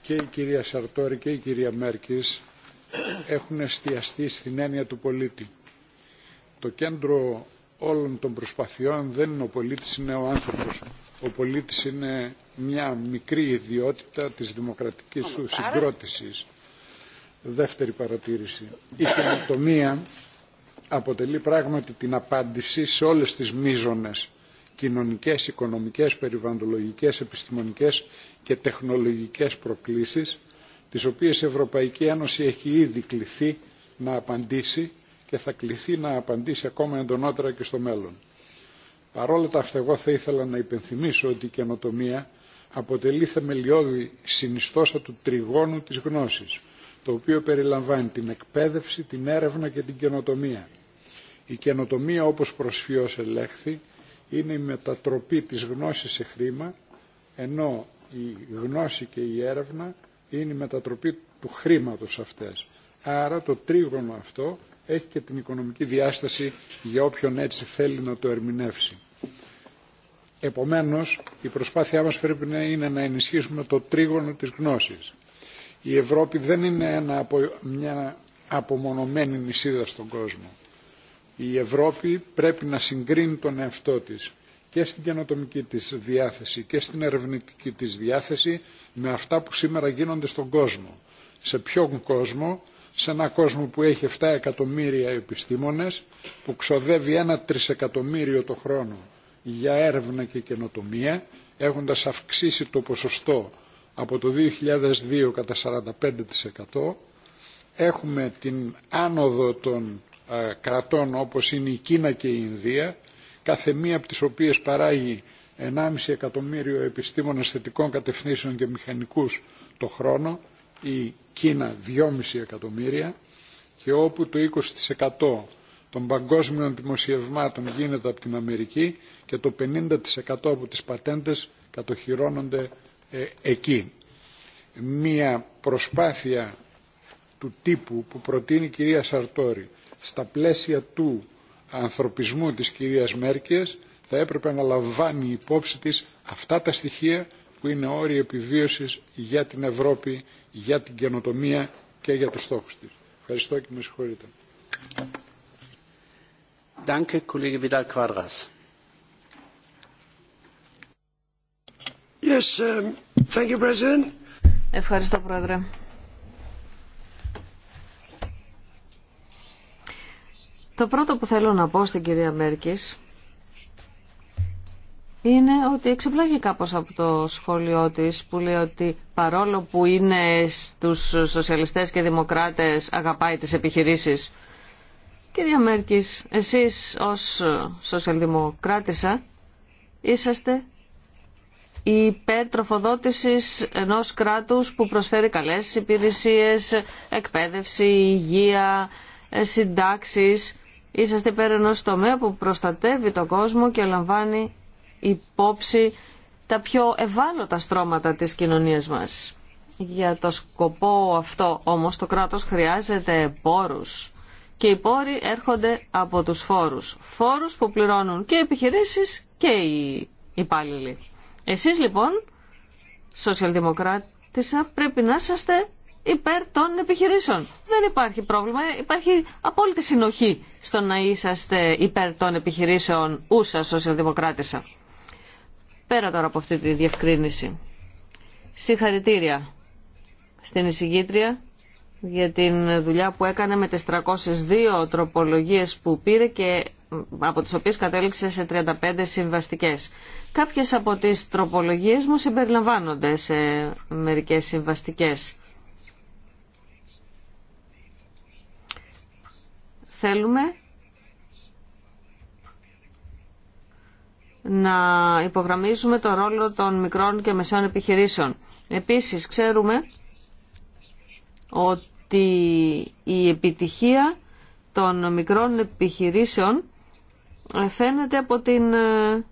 E: Και η κυρία Σαρτόρη και η κυρία Μέρκης έχουν εστιαστεί στην έννοια του πολίτη. Το κέντρο όλων των προσπαθειών δεν είναι ο πολίτης, είναι ο άνθρωπος. Ο πολίτης είναι μια μικρή ιδιότητα της δημοκρατικής σου συγκρότησης. Δεύτερη παρατήρηση. Η καινοτομία αποτελεί πράγματι την απάντηση σε όλες τις μίζωνες κοινωνικές, οικονομικές, περιβαλλοντολογικές, επιστημονικές και τεχνολογικές προκλήσεις, τις οποίες η Ευρωπαϊκή Ένωση έχει ήδη κληθεί να απαντήσει και θα κληθεί να απαντήσει ακόμα εντονότερα και στο μέλλον. Παρόλα τα αυτά, εγώ θα ήθελα να υπενθυμίσω ότι η καινοτομία αποτελεί θεμελιώδη συνιστόσα του τριγώνου της γνώσης το οποίο περιλαμβάνει την εκπαίδευση, την έρευνα και την καινοτομία. Η καινοτομία, όπως προσφυώς ελέγχθη, είναι η μετατροπή της γνώσης σε χρήμα, ενώ η γνώση και η έρευνα είναι η μετατροπή του χρήματος αυτές. Άρα το τρίγωνο αυτό έχει και την οικονομική διάσταση για όποιον έτσι θέλει να το ερμηνεύσει. Επομένως, η προσπάθειά μας πρέπει να είναι να ενισχύσουμε το τρίγωνο της γνώσης η Ευρώπη δεν είναι μια απομονωμένη νησίδα στον κόσμο. Η Ευρώπη πρέπει να συγκρίνει τον εαυτό της και στην καινοτομική της διάθεση και στην ερευνητική της διάθεση με αυτά που σήμερα γίνονται στον κόσμο. Σε ποιον κόσμο, σε ένα κόσμο που έχει 7 εκατομμύρια επιστήμονες, που ξοδεύει ένα τρισεκατομμύριο το χρόνο για έρευνα και καινοτομία, έχοντας αυξήσει το ποσοστό από το 2002 κατά 45%. Έχουμε την άνοδο των ε, κρατών όπως είναι η Κίνα και η Ινδία, κάθε μία από τις οποίες παράγει 1,5 εκατομμύριο επιστήμονες θετικών κατευθύνσεων και μηχανικούς το χρόνο, η Κίνα 2,5 εκατομμύρια και όπου το 20% των παγκόσμιων δημοσιευμάτων γίνεται από την Αμερική και το 50% από τις πατέντες κατοχυρώνονται ε, εκεί. Μία προσπάθεια του τύπου που προτείνει η κυρία Σαρτόρη στα πλαίσια του ανθρωπισμού της κυρίας Μέρκες θα έπρεπε να λαμβάνει υπόψη της αυτά τα στοιχεία που είναι όροι επιβίωσης για την Ευρώπη, για την καινοτομία και για τους στόχους της. Ευχαριστώ και με συγχωρείτε. Danke, Kollege
C: Um, Ευχαριστώ, Πρόεδρε. Το πρώτο που θέλω να πω στην κυρία Μέρκης είναι ότι εξεπλάγει κάπως από το σχόλιο της που λέει ότι παρόλο που είναι στους σοσιαλιστές και δημοκράτες αγαπάει τις επιχειρήσεις. Κυρία Μέρκης, εσείς ως σοσιαλδημοκράτησα είσαστε υπερτροφοδότησης ενός κράτους που προσφέρει καλές υπηρεσίες, εκπαίδευση, υγεία, ε, συντάξεις. Είσαστε υπέρ ενός τομέα που προστατεύει τον κόσμο και λαμβάνει υπόψη τα πιο ευάλωτα στρώματα της κοινωνίας μας. Για το σκοπό αυτό όμως το κράτος χρειάζεται πόρους και οι πόροι έρχονται από τους φόρους. Φόρους που πληρώνουν και οι επιχειρήσεις και οι υπάλληλοι. Εσείς λοιπόν, σοσιαλδημοκράτησα, πρέπει να είσαστε υπέρ των επιχειρήσεων. Δεν υπάρχει πρόβλημα, υπάρχει απόλυτη συνοχή στο να είσαστε υπέρ των επιχειρήσεων ούσα σοσιαλδημοκράτησα. Πέρα τώρα από αυτή τη διευκρίνηση. Συγχαρητήρια στην εισηγήτρια για την δουλειά που έκανε με τις 302 τροπολογίες που πήρε και από τις οποίες κατέληξε σε 35 συμβαστικές. Κάποιες από τις τροπολογίες μου συμπεριλαμβάνονται σε μερικές συμβαστικές. Θέλουμε να υπογραμμίζουμε το ρόλο των μικρών και μεσαίων επιχειρήσεων. Επίσης, ξέρουμε ότι η επιτυχία των μικρών επιχειρήσεων φαίνεται από την ε,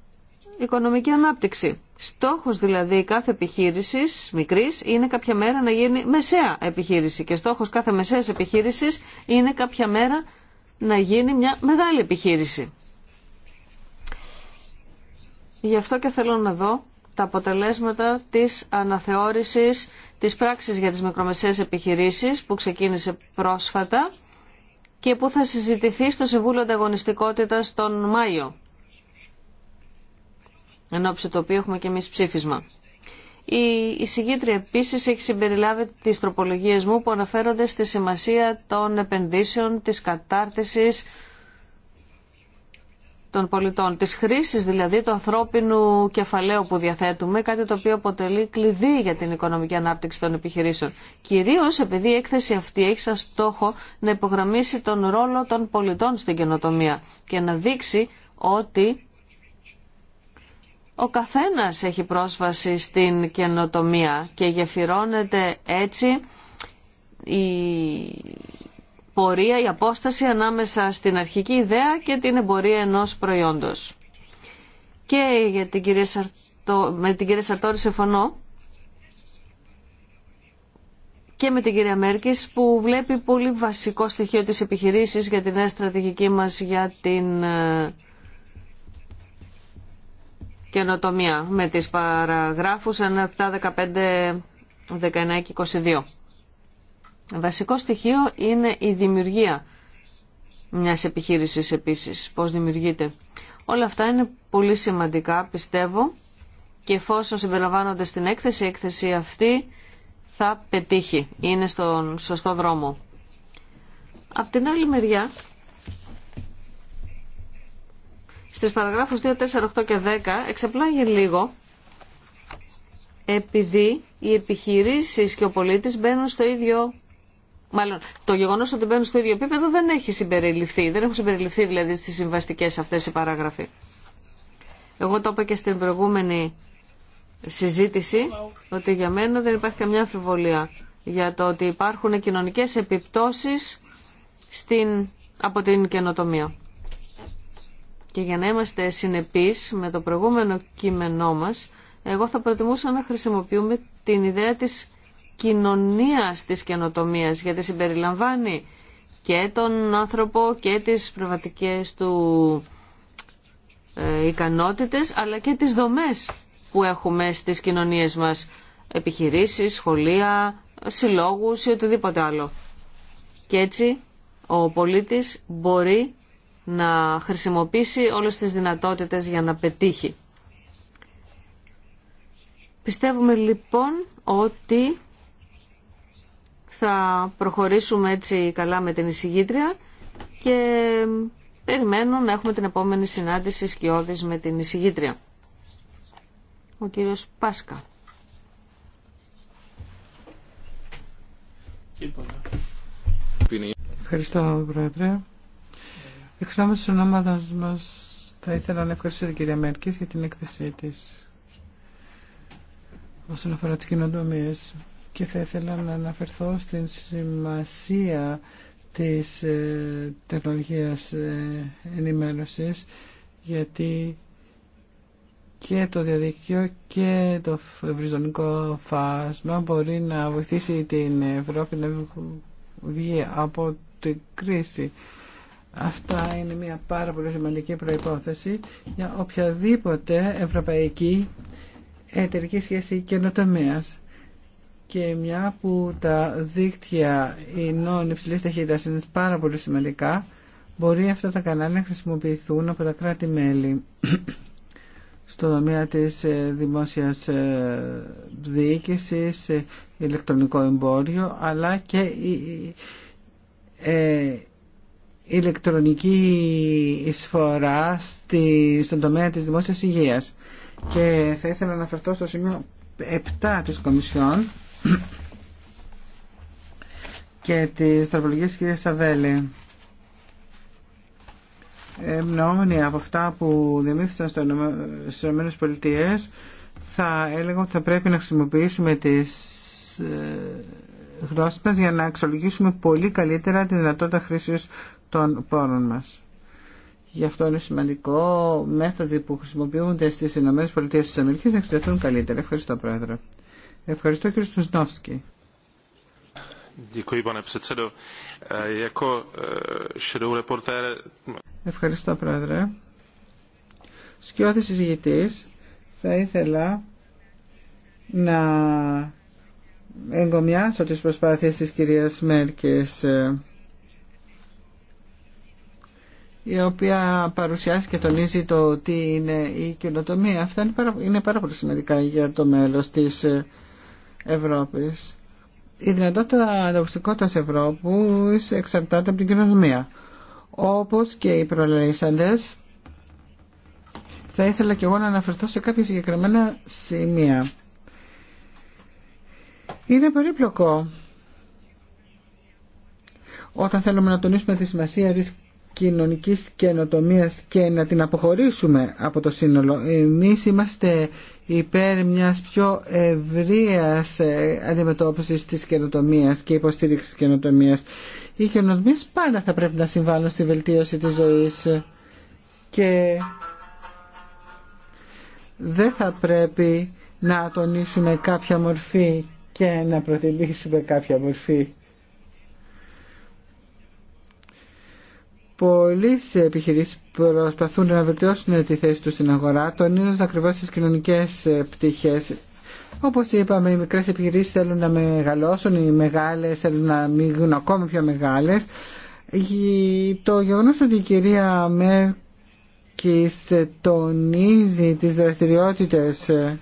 C: οικονομική ανάπτυξη. Στόχος δηλαδή κάθε επιχείρησης μικρής είναι κάποια μέρα να γίνει μεσαία επιχείρηση και στόχος κάθε μεσαίας επιχείρησης είναι κάποια μέρα να γίνει μια μεγάλη επιχείρηση. Γι' αυτό και θέλω να δω τα αποτελέσματα της αναθεώρησης της πράξης για τις μικρομεσαίες επιχειρήσεις που ξεκίνησε πρόσφατα και που θα συζητηθεί στο Συμβούλιο Ανταγωνιστικότητας τον Μάιο, ενώ το οποίο έχουμε και εμείς ψήφισμα. Η εισηγήτρια επίσης έχει συμπεριλάβει τι τροπολογίε μου που αναφέρονται στη σημασία των επενδύσεων, τη κατάρτιση των πολιτών, της χρήσης δηλαδή του ανθρώπινου κεφαλαίου που διαθέτουμε, κάτι το οποίο αποτελεί κλειδί για την οικονομική ανάπτυξη των επιχειρήσεων. Κυρίως επειδή η έκθεση αυτή έχει σαν στόχο να υπογραμμίσει τον ρόλο των πολιτών στην καινοτομία και να δείξει ότι ο καθένας έχει πρόσβαση στην καινοτομία και γεφυρώνεται έτσι η πορεία, η απόσταση ανάμεσα στην αρχική ιδέα και την εμπορία ενός προϊόντος. Και για την κυρία Σαρτο... με την κυρία Σαρτόρη συμφωνώ και με την κυρία Μέρκης που βλέπει πολύ βασικό στοιχείο της επιχειρήσης για την νέα στρατηγική μας για την ε, καινοτομία με τις παραγράφους 1, 7, 15, 19 και 22. Βασικό στοιχείο είναι η δημιουργία μιας επιχείρησης επίσης, πώς δημιουργείται. Όλα αυτά είναι πολύ σημαντικά, πιστεύω, και εφόσον συμπεριλαμβάνονται στην έκθεση, η έκθεση αυτή θα πετύχει. Είναι στον σωστό δρόμο. Απ' την άλλη μεριά, στις παραγράφους 2, 4, 8 και 10 εξαπλάγει λίγο επειδή οι επιχειρήσεις και ο πολίτης μπαίνουν στο ίδιο Μάλλον το γεγονό ότι μπαίνουν στο ίδιο επίπεδο δεν έχει συμπεριληφθεί. Δεν έχουν συμπεριληφθεί δηλαδή στι συμβαστικέ αυτέ οι παράγραφοι. Εγώ το είπα και στην προηγούμενη συζήτηση ότι για μένα δεν υπάρχει καμιά αμφιβολία για το ότι υπάρχουν κοινωνικέ επιπτώσει στην, από την καινοτομία. Και για να είμαστε συνεπείς με το προηγούμενο κείμενό μας, εγώ θα προτιμούσα να χρησιμοποιούμε την ιδέα της κοινωνίας της καινοτομίας γιατί συμπεριλαμβάνει και τον άνθρωπο και τις πνευματικές του ε, ικανότητες αλλά και τις δομές που έχουμε στις κοινωνίες μας επιχειρήσεις, σχολεία, συλλόγους ή οτιδήποτε άλλο. Και έτσι ο πολίτης μπορεί να χρησιμοποιήσει όλες τις δυνατότητες για να πετύχει. Πιστεύουμε λοιπόν ότι θα προχωρήσουμε έτσι καλά με την εισηγήτρια και περιμένω να έχουμε την επόμενη συνάντηση σκιώδης με την εισηγήτρια. Ο κύριος Πάσκα.
A: Ευχαριστώ, Πρόεδρε. Εξ ονόματος της μας θα ήθελα να ευχαριστήσω την κυρία Μέρκης για την έκθεσή της όσον αφορά τις κοινοτομίες και θα ήθελα να αναφερθώ στην σημασία της ε, τεχνολογίας ε, ενημέρωσης γιατί και το διαδίκτυο και το ευρυζωνικό φάσμα μπορεί να βοηθήσει την Ευρώπη να βγει από την κρίση. Αυτά είναι μια πάρα πολύ σημαντική προϋπόθεση για οποιαδήποτε ευρωπαϊκή εταιρική σχέση καινοτομίας και μια που τα δίκτυα ενών υψηλή ταχύτητα είναι πάρα πολύ σημαντικά, μπορεί αυτά τα κανάλια να χρησιμοποιηθούν από τα κράτη-μέλη στο τομέα της ε, δημόσιας ε, διοίκησης, ε, ηλεκτρονικό εμπόριο, αλλά και η ηλεκτρονική εισφορά στον τομέα της δημόσιας υγείας. Και θα ήθελα να αναφερθώ στο σημείο 7 της Κομισιόν, και τις τη κυρία Σαβέλη. Εμπνεόμενοι από αυτά που διαμήθησαν στις ΗΠΑ θα έλεγα ότι θα πρέπει να χρησιμοποιήσουμε τις ε, γνώσει μα για να αξιολογήσουμε πολύ καλύτερα τη δυνατότητα χρήση των πόρων μας. Γι' αυτό είναι σημαντικό μέθοδοι που χρησιμοποιούνται στις ΗΠΑ να εξεταθούν καλύτερα. Ευχαριστώ Πρόεδρε. Ευχαριστώ κύριε Στουσνόφσκι.
D: E, e,
A: Ευχαριστώ πρόεδρε. Σκιώδης συζητητής θα ήθελα να εγκομιάσω τις προσπάθειες της κυρίας Μέρκης ε, η οποία παρουσιάζει και τονίζει το τι είναι η καινοτομία. Αυτά είναι πάρα, πολύ σημαντικά για το μέλος της ε, Ευρώπης. Η δυνατότητα ανταγωνιστικότητας Ευρώπης εξαρτάται από την κοινωνία. Όπως και οι προλαλήσαντες, θα ήθελα και εγώ να αναφερθώ σε κάποια συγκεκριμένα σημεία. Είναι περίπλοκο όταν θέλουμε να τονίσουμε τη σημασία της κοινωνικής καινοτομίας και να την αποχωρήσουμε από το σύνολο. Εμείς είμαστε υπέρ μιας πιο ευρείας ε, αντιμετώπισης της καινοτομίας και υποστήριξης της καινοτομίας. Οι καινοτομίες πάντα θα πρέπει να συμβάλλουν στη βελτίωση της ζωής και δεν θα πρέπει να τονίσουμε κάποια μορφή και να προτελήσουμε κάποια μορφή. σε επιχειρήσεις προσπαθούν να βελτιώσουν τη θέση τους στην αγορά, τονίζοντας ακριβώς τις κοινωνικές ε, πτυχές. Όπως είπαμε, οι μικρές επιχειρήσεις θέλουν να μεγαλώσουν, οι μεγάλες θέλουν να μείνουν ακόμα πιο μεγάλες. Το γεγονός ότι η κυρία Μέρκης τονίζει τις δραστηριότητες ε,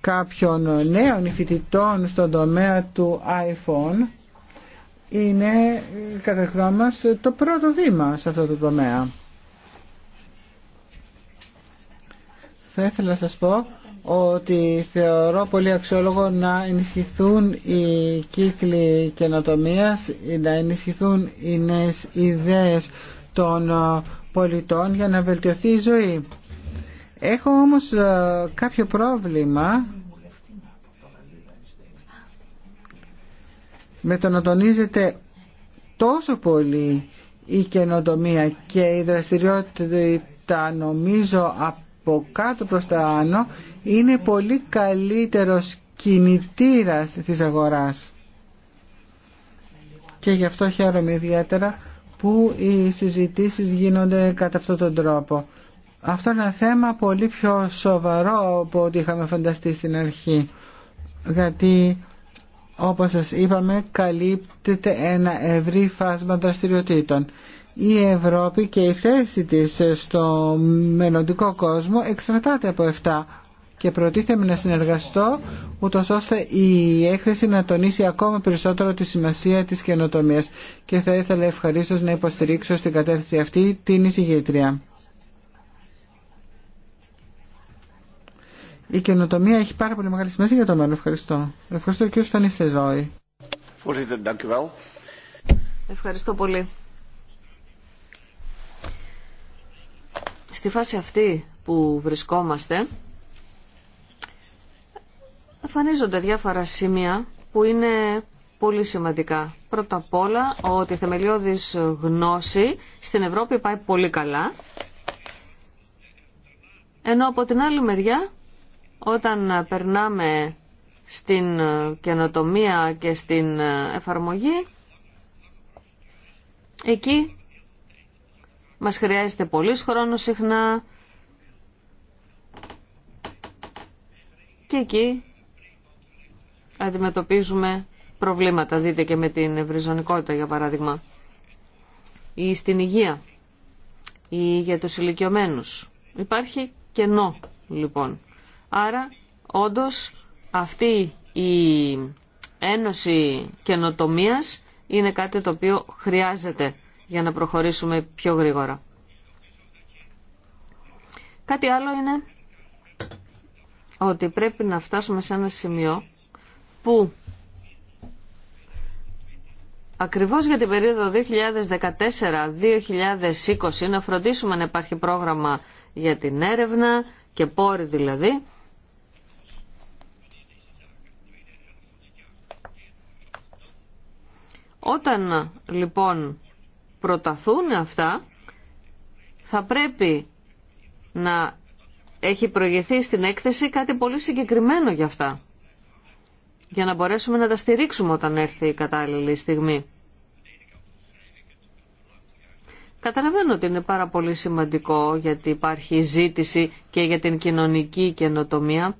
A: κάποιων νέων φοιτητών στον τομέα του iPhone είναι κατά μας το πρώτο βήμα σε αυτό το τομέα. Θα ήθελα να σας πω ότι θεωρώ πολύ αξιόλογο να ενισχυθούν οι κύκλοι καινοτομίας, να ενισχυθούν οι νέες ιδέες των πολιτών για να βελτιωθεί η ζωή. Έχω όμως ε, κάποιο πρόβλημα με το να τονίζεται τόσο πολύ η καινοτομία και η δραστηριότητα νομίζω από κάτω προς τα άνω είναι πολύ καλύτερος κινητήρας της αγοράς. Και γι' αυτό χαίρομαι ιδιαίτερα που οι συζητήσεις γίνονται κατά αυτόν τον τρόπο. Αυτό είναι ένα θέμα πολύ πιο σοβαρό από ό,τι είχαμε φανταστεί στην αρχή. Γιατί όπως σας είπαμε καλύπτεται ένα ευρύ φάσμα δραστηριοτήτων. Η Ευρώπη και η θέση της στο μελλοντικό κόσμο εξαρτάται από αυτά και προτίθεμαι να συνεργαστώ ούτως ώστε η έκθεση να τονίσει ακόμα περισσότερο τη σημασία της καινοτομίας και θα ήθελα ευχαρίστως να υποστηρίξω στην κατεύθυνση αυτή την εισηγήτρια. η καινοτομία έχει πάρα πολύ μεγάλη σημασία για το μέλλον. Ευχαριστώ. Ευχαριστώ και είστε εδώ.
C: Ευχαριστώ πολύ. Στη φάση αυτή που βρισκόμαστε εμφανίζονται διάφορα σημεία που είναι πολύ σημαντικά. Πρώτα απ' όλα ότι η θεμελιώδης γνώση στην Ευρώπη πάει πολύ καλά, ενώ από την άλλη μεριά όταν περνάμε στην καινοτομία και στην εφαρμογή, εκεί μας χρειάζεται πολύς χρόνος συχνά και εκεί αντιμετωπίζουμε προβλήματα. Δείτε και με την ευρυζωνικότητα για παράδειγμα ή στην υγεία ή για τους ηλικιωμένους. Υπάρχει κενό λοιπόν. Άρα, όντω αυτή η ένωση καινοτομία είναι κάτι το οποίο χρειάζεται για να προχωρήσουμε πιο γρήγορα. Κάτι άλλο είναι ότι πρέπει να φτάσουμε σε ένα σημείο που ακριβώς για την περίοδο 2014-2020 να φροντίσουμε να υπάρχει πρόγραμμα για την έρευνα και πόρη δηλαδή Όταν λοιπόν προταθούν αυτά, θα πρέπει να έχει προηγηθεί στην έκθεση κάτι πολύ συγκεκριμένο για αυτά, για να μπορέσουμε να τα στηρίξουμε όταν έρθει η κατάλληλη στιγμή. Καταλαβαίνω ότι είναι πάρα πολύ σημαντικό γιατί υπάρχει ζήτηση και για την κοινωνική καινοτομία.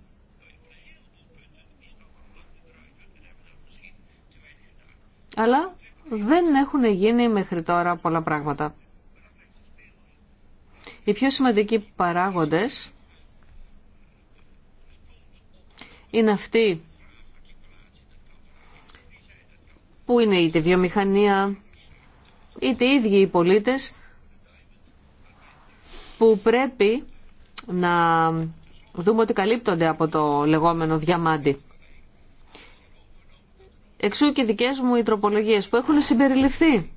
C: αλλά δεν έχουν γίνει μέχρι τώρα πολλά πράγματα. Οι πιο σημαντικοί παράγοντες είναι αυτοί που είναι είτε βιομηχανία, είτε οι ίδιοι οι πολίτες που πρέπει να δούμε ότι καλύπτονται από το λεγόμενο διαμάντι. Εξού και δικές μου οι τροπολογίες που έχουν συμπεριληφθεί.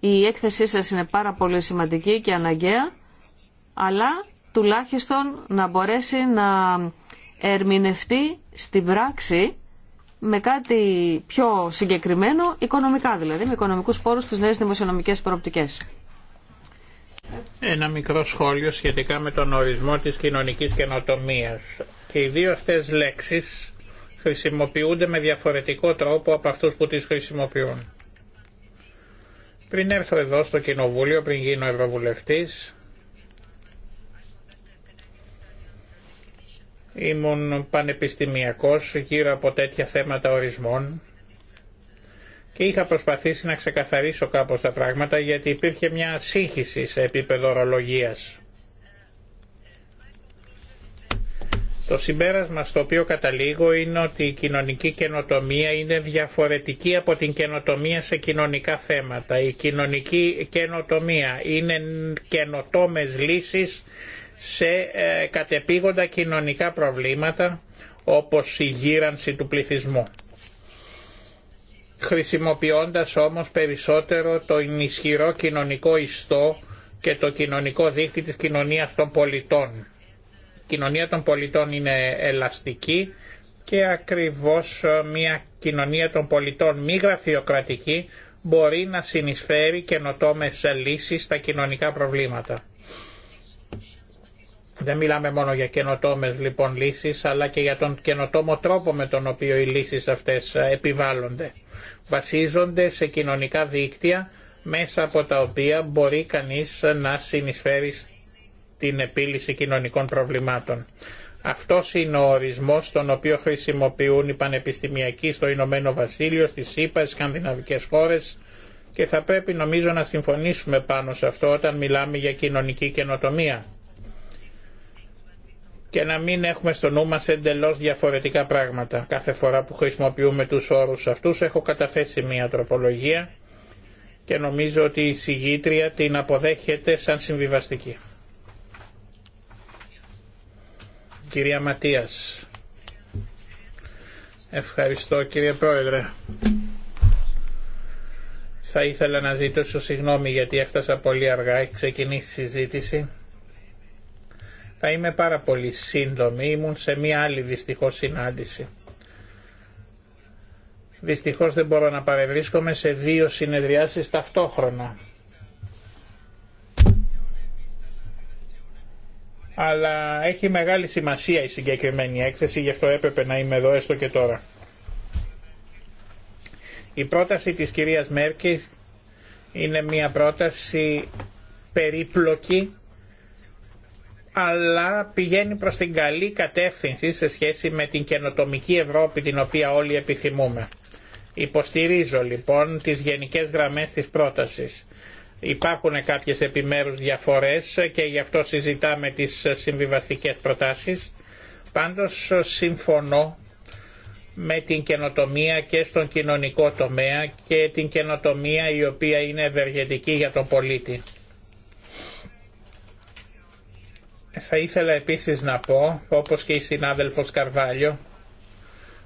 C: Η έκθεσή σας είναι πάρα πολύ σημαντική και αναγκαία, αλλά τουλάχιστον να μπορέσει να ερμηνευτεί στην πράξη με κάτι πιο συγκεκριμένο, οικονομικά δηλαδή, με οικονομικούς πόρους στις νέες δημοσιονομικές προοπτικές.
D: Ένα μικρό σχόλιο σχετικά με τον ορισμό της κοινωνικής καινοτομίας. Και οι δύο αυτές λέξεις χρησιμοποιούνται με διαφορετικό τρόπο από αυτούς που τις χρησιμοποιούν. Πριν έρθω εδώ στο Κοινοβούλιο, πριν γίνω Ευρωβουλευτής, ήμουν πανεπιστημιακός γύρω από τέτοια θέματα ορισμών και είχα προσπαθήσει να ξεκαθαρίσω κάπως τα πράγματα γιατί υπήρχε μια σύγχυση σε επίπεδο ορολογίας. Το συμπέρασμα στο οποίο καταλήγω είναι ότι η κοινωνική καινοτομία είναι διαφορετική από την καινοτομία σε κοινωνικά θέματα. Η κοινωνική καινοτομία είναι καινοτόμες λύσεις σε ε, κατεπήγοντα κοινωνικά προβλήματα όπως η γύρανση του πληθυσμού χρησιμοποιώντας όμως περισσότερο το ισχυρό κοινωνικό ιστό και το κοινωνικό δίκτυ της κοινωνίας των πολιτών. Η κοινωνία των πολιτών είναι ελαστική και ακριβώς ε, μια κοινωνία των πολιτών μη γραφειοκρατική μπορεί να συνεισφέρει καινοτόμες λύσεις στα κοινωνικά προβλήματα. Δεν μιλάμε μόνο για καινοτόμε λοιπόν λύσει, αλλά και για τον καινοτόμο τρόπο με τον οποίο οι λύσει αυτέ ε, επιβάλλονται. Βασίζονται σε κοινωνικά δίκτυα μέσα από τα οποία μπορεί κανείς ε, να συνεισφέρει την επίλυση κοινωνικών προβλημάτων. Αυτό είναι ο ορισμό τον οποίο χρησιμοποιούν οι πανεπιστημιακοί στο Ηνωμένο Βασίλειο, στι ΣΥΠΑ, στι σκανδιναβικέ χώρε, και θα πρέπει νομίζω να συμφωνήσουμε πάνω σε αυτό όταν μιλάμε για κοινωνική καινοτομία και να μην έχουμε στο νου μας εντελώς διαφορετικά πράγματα. Κάθε φορά που χρησιμοποιούμε τους όρους αυτούς έχω καταθέσει μια τροπολογία και νομίζω ότι η συγγήτρια την αποδέχεται σαν συμβιβαστική. Κυρία Ματίας. Ευχαριστώ κύριε Πρόεδρε. Θα ήθελα να ζητήσω συγγνώμη γιατί έφτασα πολύ αργά, έχει ξεκινήσει η συζήτηση. Θα είμαι πάρα πολύ σύντομη, ήμουν σε μία άλλη δυστυχώς συνάντηση. Δυστυχώς δεν μπορώ να παρευρίσκομαι σε δύο συνεδριάσεις ταυτόχρονα. Αλλά έχει μεγάλη σημασία η συγκεκριμένη έκθεση, γι' αυτό έπρεπε να είμαι εδώ έστω και τώρα. Η πρόταση της κυρίας Μέρκη είναι μια πρόταση περίπλοκη αλλά πηγαίνει προς την καλή κατεύθυνση σε σχέση με την καινοτομική Ευρώπη την οποία όλοι επιθυμούμε. Υποστηρίζω λοιπόν τις γενικές γραμμές της πρότασης. Υπάρχουν κάποιες επιμέρους διαφορές και γι' αυτό συζητάμε τις συμβιβαστικές προτάσεις. Πάντως συμφωνώ με την καινοτομία και στον κοινωνικό τομέα και την καινοτομία η οποία είναι ευεργετική για τον πολίτη. Ε, θα ήθελα επίσης να πω, όπως και η συνάδελφος Καρβάλιο,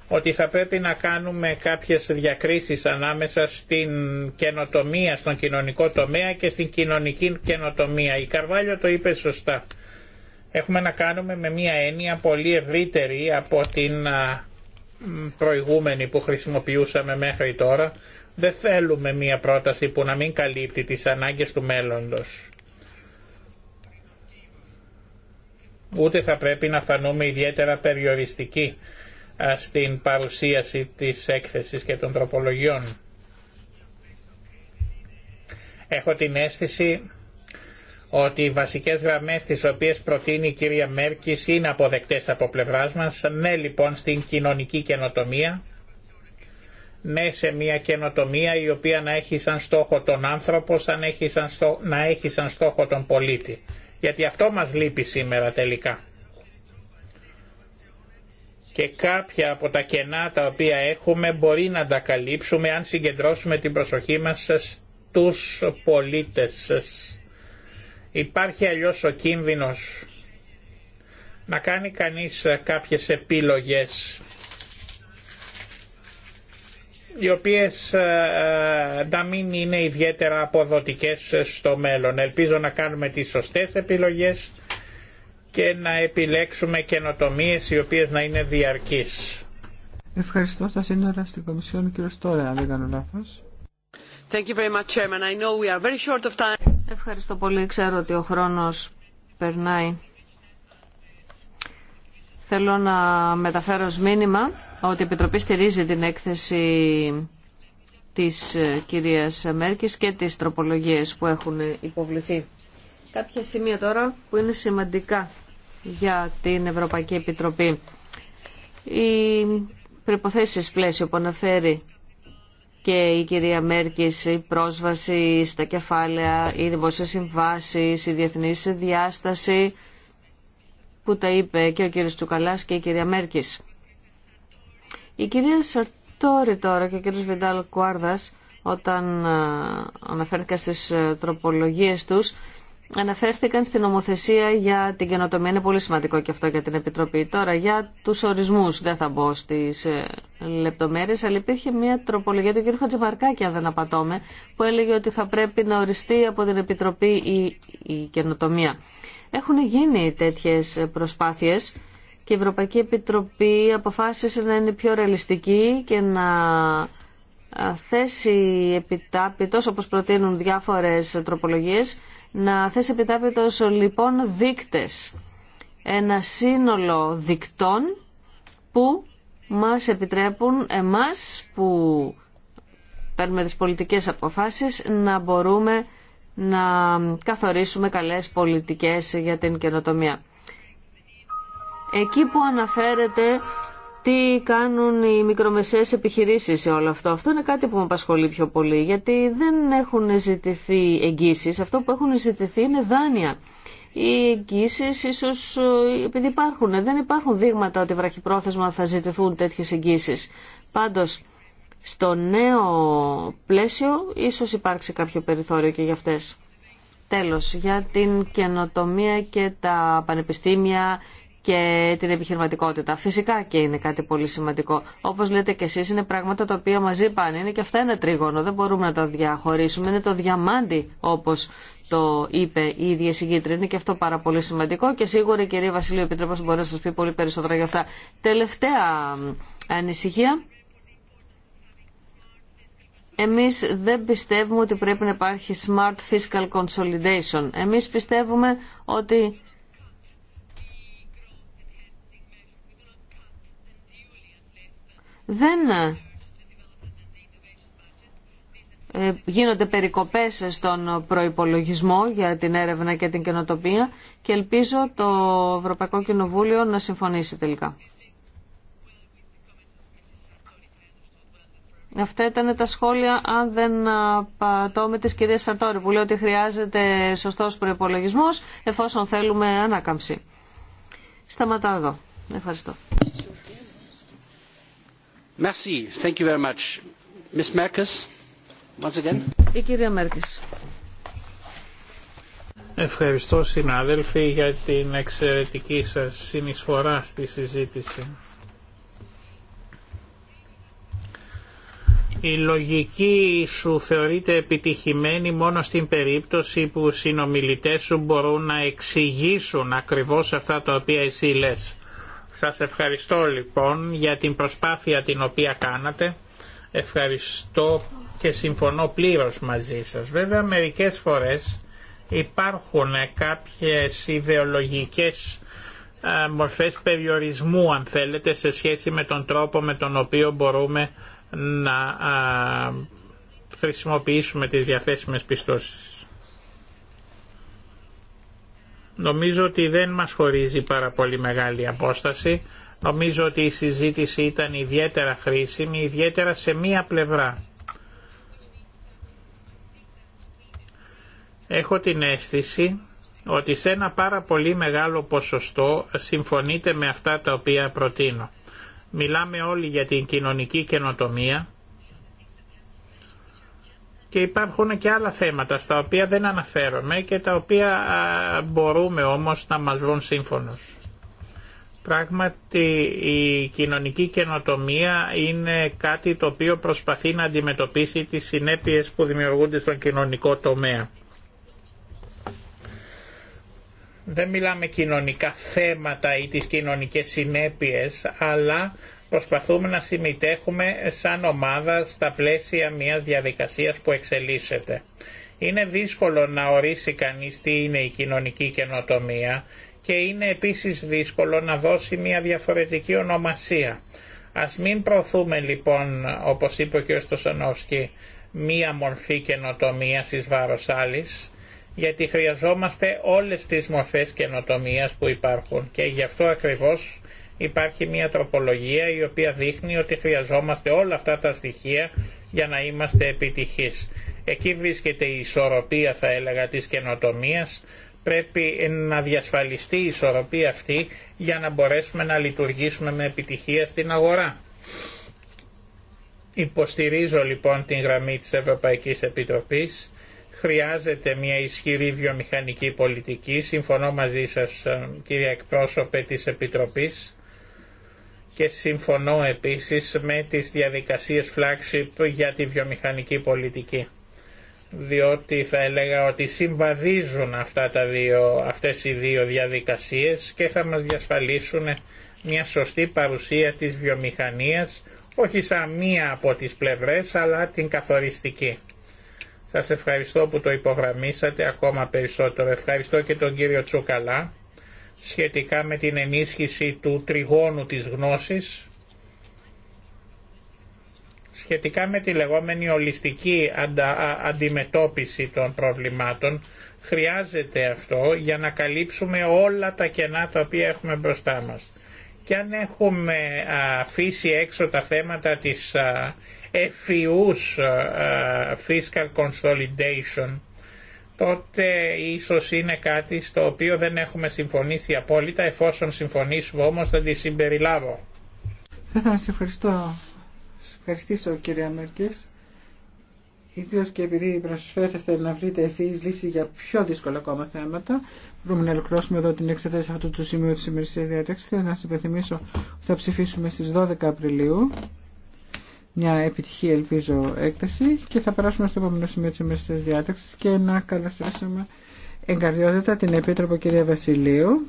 D: ότι θα πρέπει να κάνουμε κάποιες διακρίσεις ανάμεσα στην καινοτομία, στον κοινωνικό τομέα και στην κοινωνική καινοτομία. Η Καρβάλιο το είπε σωστά. Έχουμε να κάνουμε με μία έννοια πολύ ευρύτερη από την προηγούμενη που χρησιμοποιούσαμε μέχρι τώρα. Δεν θέλουμε μία πρόταση που να μην καλύπτει τις ανάγκες του μέλλοντος. ούτε θα πρέπει να φανούμε ιδιαίτερα περιοριστικοί στην παρουσίαση της έκθεσης και των τροπολογιών. Έχω την αίσθηση ότι οι βασικές γραμμές τις οποίες προτείνει η κυρία Μέρκης είναι αποδεκτές από πλευράς μας. Ναι λοιπόν στην κοινωνική καινοτομία, ναι σε μια καινοτομία η οποία να έχει σαν στόχο τον άνθρωπο, σαν έχει σαν στόχο, να έχει σαν στόχο τον πολίτη γιατί αυτό μας λείπει σήμερα τελικά. Και κάποια από τα κενά τα οποία έχουμε μπορεί να τα καλύψουμε αν συγκεντρώσουμε την προσοχή μας στους πολίτες. Υπάρχει αλλιώς ο κίνδυνος να κάνει κανείς κάποιες επιλογές οι οποίες ε, ε, να μην είναι ιδιαίτερα αποδοτικές στο μέλλον. Ελπίζω να κάνουμε τις σωστές επιλογές και να επιλέξουμε καινοτομίε, οι οποίες να είναι διαρκείς.
A: Ευχαριστώ.
C: Στα σύνορα στην Κομισιόν, κύριο Στόρε, αν δεν κάνω λάθος. Thank you very much, Chairman. I know we are very short of time. Ευχαριστώ πολύ. Ξέρω ότι ο χρόνος περνάει. Θέλω να μεταφέρω ως μήνυμα ότι η Επιτροπή στηρίζει την έκθεση της ε, κυρίας Μέρκης και τις τροπολογίες που έχουν ε, υποβληθεί. Κάποια σημεία τώρα που είναι σημαντικά για την Ευρωπαϊκή Επιτροπή. Οι προϋποθέσεις πλαίσιο που αναφέρει και η κυρία Μέρκης, η πρόσβαση στα κεφάλαια, οι δημοσίες συμβάσεις, η διεθνής διάσταση, που τα είπε και ο κύριος Τσουκαλάς και η κυρία Μέρκης. Η κυρία Σαρτόρη τώρα και ο κύριος Βιντάλ Κουάρδας όταν ε, αναφέρθηκαν στις ε, τροπολογίες τους αναφέρθηκαν στην νομοθεσία για την καινοτομία. Είναι πολύ σημαντικό και αυτό για την Επιτροπή. Τώρα για τους ορισμούς δεν θα μπω στις ε, λεπτομέρειες, αλλά υπήρχε μια τροπολογία του κ. Χατζημαρκάκη, αν δεν απατώμε, που έλεγε ότι θα πρέπει να οριστεί από την Επιτροπή η, η καινοτομία. Έχουν γίνει τέτοιες προσπάθειες και η Ευρωπαϊκή Επιτροπή αποφάσισε να είναι πιο ρεαλιστική και να θέσει επιτάπητος, όπως προτείνουν διάφορες τροπολογίες, να θέσει επιτάπητος λοιπόν δίκτες. Ένα σύνολο δικτών που μας επιτρέπουν εμάς που παίρνουμε τις πολιτικές αποφάσεις να μπορούμε να καθορίσουμε καλές πολιτικές για την καινοτομία. Εκεί που αναφέρεται τι κάνουν οι μικρομεσαίες επιχειρήσεις σε όλο αυτό. Αυτό είναι κάτι που με απασχολεί πιο πολύ, γιατί δεν έχουν ζητηθεί εγγύσεις. Αυτό που έχουν ζητηθεί είναι δάνεια. Οι εγγύσει ίσως ε, επειδή υπάρχουν, δεν υπάρχουν δείγματα ότι βραχυπρόθεσμα θα ζητηθούν τέτοιες εγγύσει. Πάντως, στο νέο πλαίσιο ίσως υπάρξει κάποιο περιθώριο και για αυτές. Τέλος, για την καινοτομία και τα πανεπιστήμια και την επιχειρηματικότητα. Φυσικά και είναι κάτι πολύ σημαντικό. Όπως λέτε και εσείς είναι πράγματα τα οποία μαζί πάνε. Είναι και αυτά ένα τρίγωνο, δεν μπορούμε να τα διαχωρίσουμε. Είναι το διαμάντι όπως το είπε η ίδια συγκήτρια. Είναι και αυτό πάρα πολύ σημαντικό και σίγουρα η κυρία Βασιλείου Επιτρέπος μπορεί να σας πει πολύ περισσότερα για αυτά. Τελευταία ανησυχία εμείς δεν πιστεύουμε ότι πρέπει να υπάρχει smart fiscal consolidation. Εμείς πιστεύουμε ότι δεν ε, γίνονται περικοπές στον προϋπολογισμό για την έρευνα και την καινοτοπία και ελπίζω το Ευρωπαϊκό Κοινοβούλιο να συμφωνήσει τελικά. Αυτά ήταν τα σχόλια, αν δεν πατώ με τις κυρίες Σαρτόρη, που λέει ότι χρειάζεται σωστός προπολογισμό εφόσον θέλουμε ανάκαμψη. Σταματάω εδώ. Ευχαριστώ.
E: Merci. Thank you very much. Ms. Merkes, once again.
C: Η κυρία
D: Ευχαριστώ συνάδελφοι για την εξαιρετική σας συνεισφορά στη συζήτηση. Η λογική σου θεωρείται επιτυχημένη μόνο στην περίπτωση που οι συνομιλητές σου μπορούν να εξηγήσουν ακριβώς αυτά τα οποία εσύ λες. Σας ευχαριστώ λοιπόν για την προσπάθεια την οποία κάνατε. Ευχαριστώ και συμφωνώ πλήρως μαζί σας. Βέβαια μερικές φορές υπάρχουν κάποιες ιδεολογικές ε, μορφές περιορισμού αν θέλετε σε σχέση με τον τρόπο με τον οποίο μπορούμε να χρησιμοποιήσουμε τις διαθέσιμες πιστώσεις. Νομίζω ότι δεν μας χωρίζει πάρα πολύ μεγάλη απόσταση. Νομίζω ότι η συζήτηση ήταν ιδιαίτερα χρήσιμη, ιδιαίτερα σε μία πλευρά. Έχω την αίσθηση ότι σε ένα πάρα πολύ μεγάλο ποσοστό συμφωνείτε με αυτά τα οποία προτείνω. Μιλάμε όλοι για την κοινωνική καινοτομία και υπάρχουν και άλλα θέματα στα οποία δεν αναφέρομαι και τα οποία μπορούμε όμως να μας βρουν σύμφωνος. Πράγματι η κοινωνική καινοτομία είναι κάτι το οποίο προσπαθεί να αντιμετωπίσει τις συνέπειες που δημιουργούνται στον κοινωνικό τομέα. Δεν μιλάμε κοινωνικά θέματα ή τις κοινωνικές συνέπειες, αλλά προσπαθούμε να συμμετέχουμε σαν ομάδα στα πλαίσια μιας διαδικασίας που εξελίσσεται. Είναι δύσκολο να ορίσει κανείς τι είναι η κοινωνική καινοτομία και είναι επίσης δύσκολο να δώσει μια διαφορετική ονομασία. Ας μην προωθούμε λοιπόν, όπως είπε ο κ. μία μορφή καινοτομία εις βάρος άλλης, γιατί χρειαζόμαστε όλες τις μορφές καινοτομίας που υπάρχουν και γι' αυτό ακριβώς υπάρχει μια τροπολογία η οποία δείχνει ότι χρειαζόμαστε όλα αυτά τα στοιχεία για να είμαστε επιτυχείς. Εκεί βρίσκεται η ισορροπία θα έλεγα της καινοτομίας, πρέπει να διασφαλιστεί η ισορροπία αυτή για να μπορέσουμε να λειτουργήσουμε με επιτυχία στην αγορά. Υποστηρίζω λοιπόν την γραμμή της Ευρωπαϊκής Επιτροπής Χρειάζεται μια ισχυρή βιομηχανική πολιτική. Συμφωνώ μαζί σας ε, κύριε εκπρόσωπε της Επιτροπής και συμφωνώ επίσης με τις διαδικασίες flagship για τη βιομηχανική πολιτική διότι θα έλεγα ότι συμβαδίζουν αυτά τα δύο, αυτές οι δύο διαδικασίες και θα μας διασφαλίσουν μια σωστή παρουσία της βιομηχανίας όχι σαν μία από τις πλευρές αλλά την καθοριστική. Σας ευχαριστώ που το υπογραμμίσατε ακόμα περισσότερο. Ευχαριστώ και τον κύριο Τσουκαλά σχετικά με την ενίσχυση του τριγώνου της γνώσης σχετικά με τη λεγόμενη ολιστική αντιμετώπιση των προβλημάτων χρειάζεται αυτό για να καλύψουμε όλα τα κενά τα οποία έχουμε μπροστά μας. Και αν έχουμε αφήσει έξω τα θέματα της ευφυούς ε, fiscal consolidation τότε ίσως είναι κάτι στο οποίο δεν έχουμε συμφωνήσει απόλυτα, εφόσον συμφωνήσουμε όμως θα τη συμπεριλάβω.
A: Θα ήθελα να σε ευχαριστώ. Σας ευχαριστήσω κυρία Μέρκες. Ιδίω και επειδή προσφέρεστε να βρείτε ευφυεί λύση για πιο δύσκολα ακόμα θέματα, μπορούμε να ολοκληρώσουμε εδώ την εξέταση αυτού του σημείου τη ημερησία διάταξη. Θέλω να σα υπενθυμίσω ότι θα ψηφίσουμε στι 12 Απριλίου μια επιτυχή ελπίζω έκταση και θα περάσουμε στο επόμενο σημείο της μέσα της διάταξης και να καλωσορίσουμε εγκαρδιότητα την Επίτροπο κυρία Βασιλείου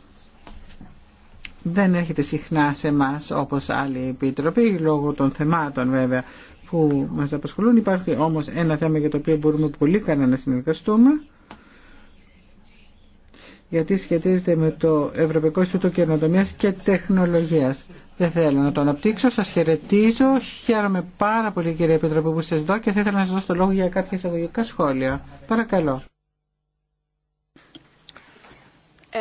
A: δεν έρχεται συχνά σε εμά όπως άλλοι επίτροποι λόγω των θεμάτων βέβαια που μας απασχολούν υπάρχει όμως ένα θέμα για το οποίο μπορούμε πολύ καλά να συνεργαστούμε γιατί σχετίζεται με το Ευρωπαϊκό Ινστιτούτο Καινοτομία και Τεχνολογία. Δεν θέλω να το αναπτύξω. Σα χαιρετίζω. Χαίρομαι πάρα πολύ, κύριε Επιτροπή, που σα δω και θα ήθελα να σα δώσω το λόγο για κάποια εισαγωγικά σχόλια. Παρακαλώ.
B: Ε,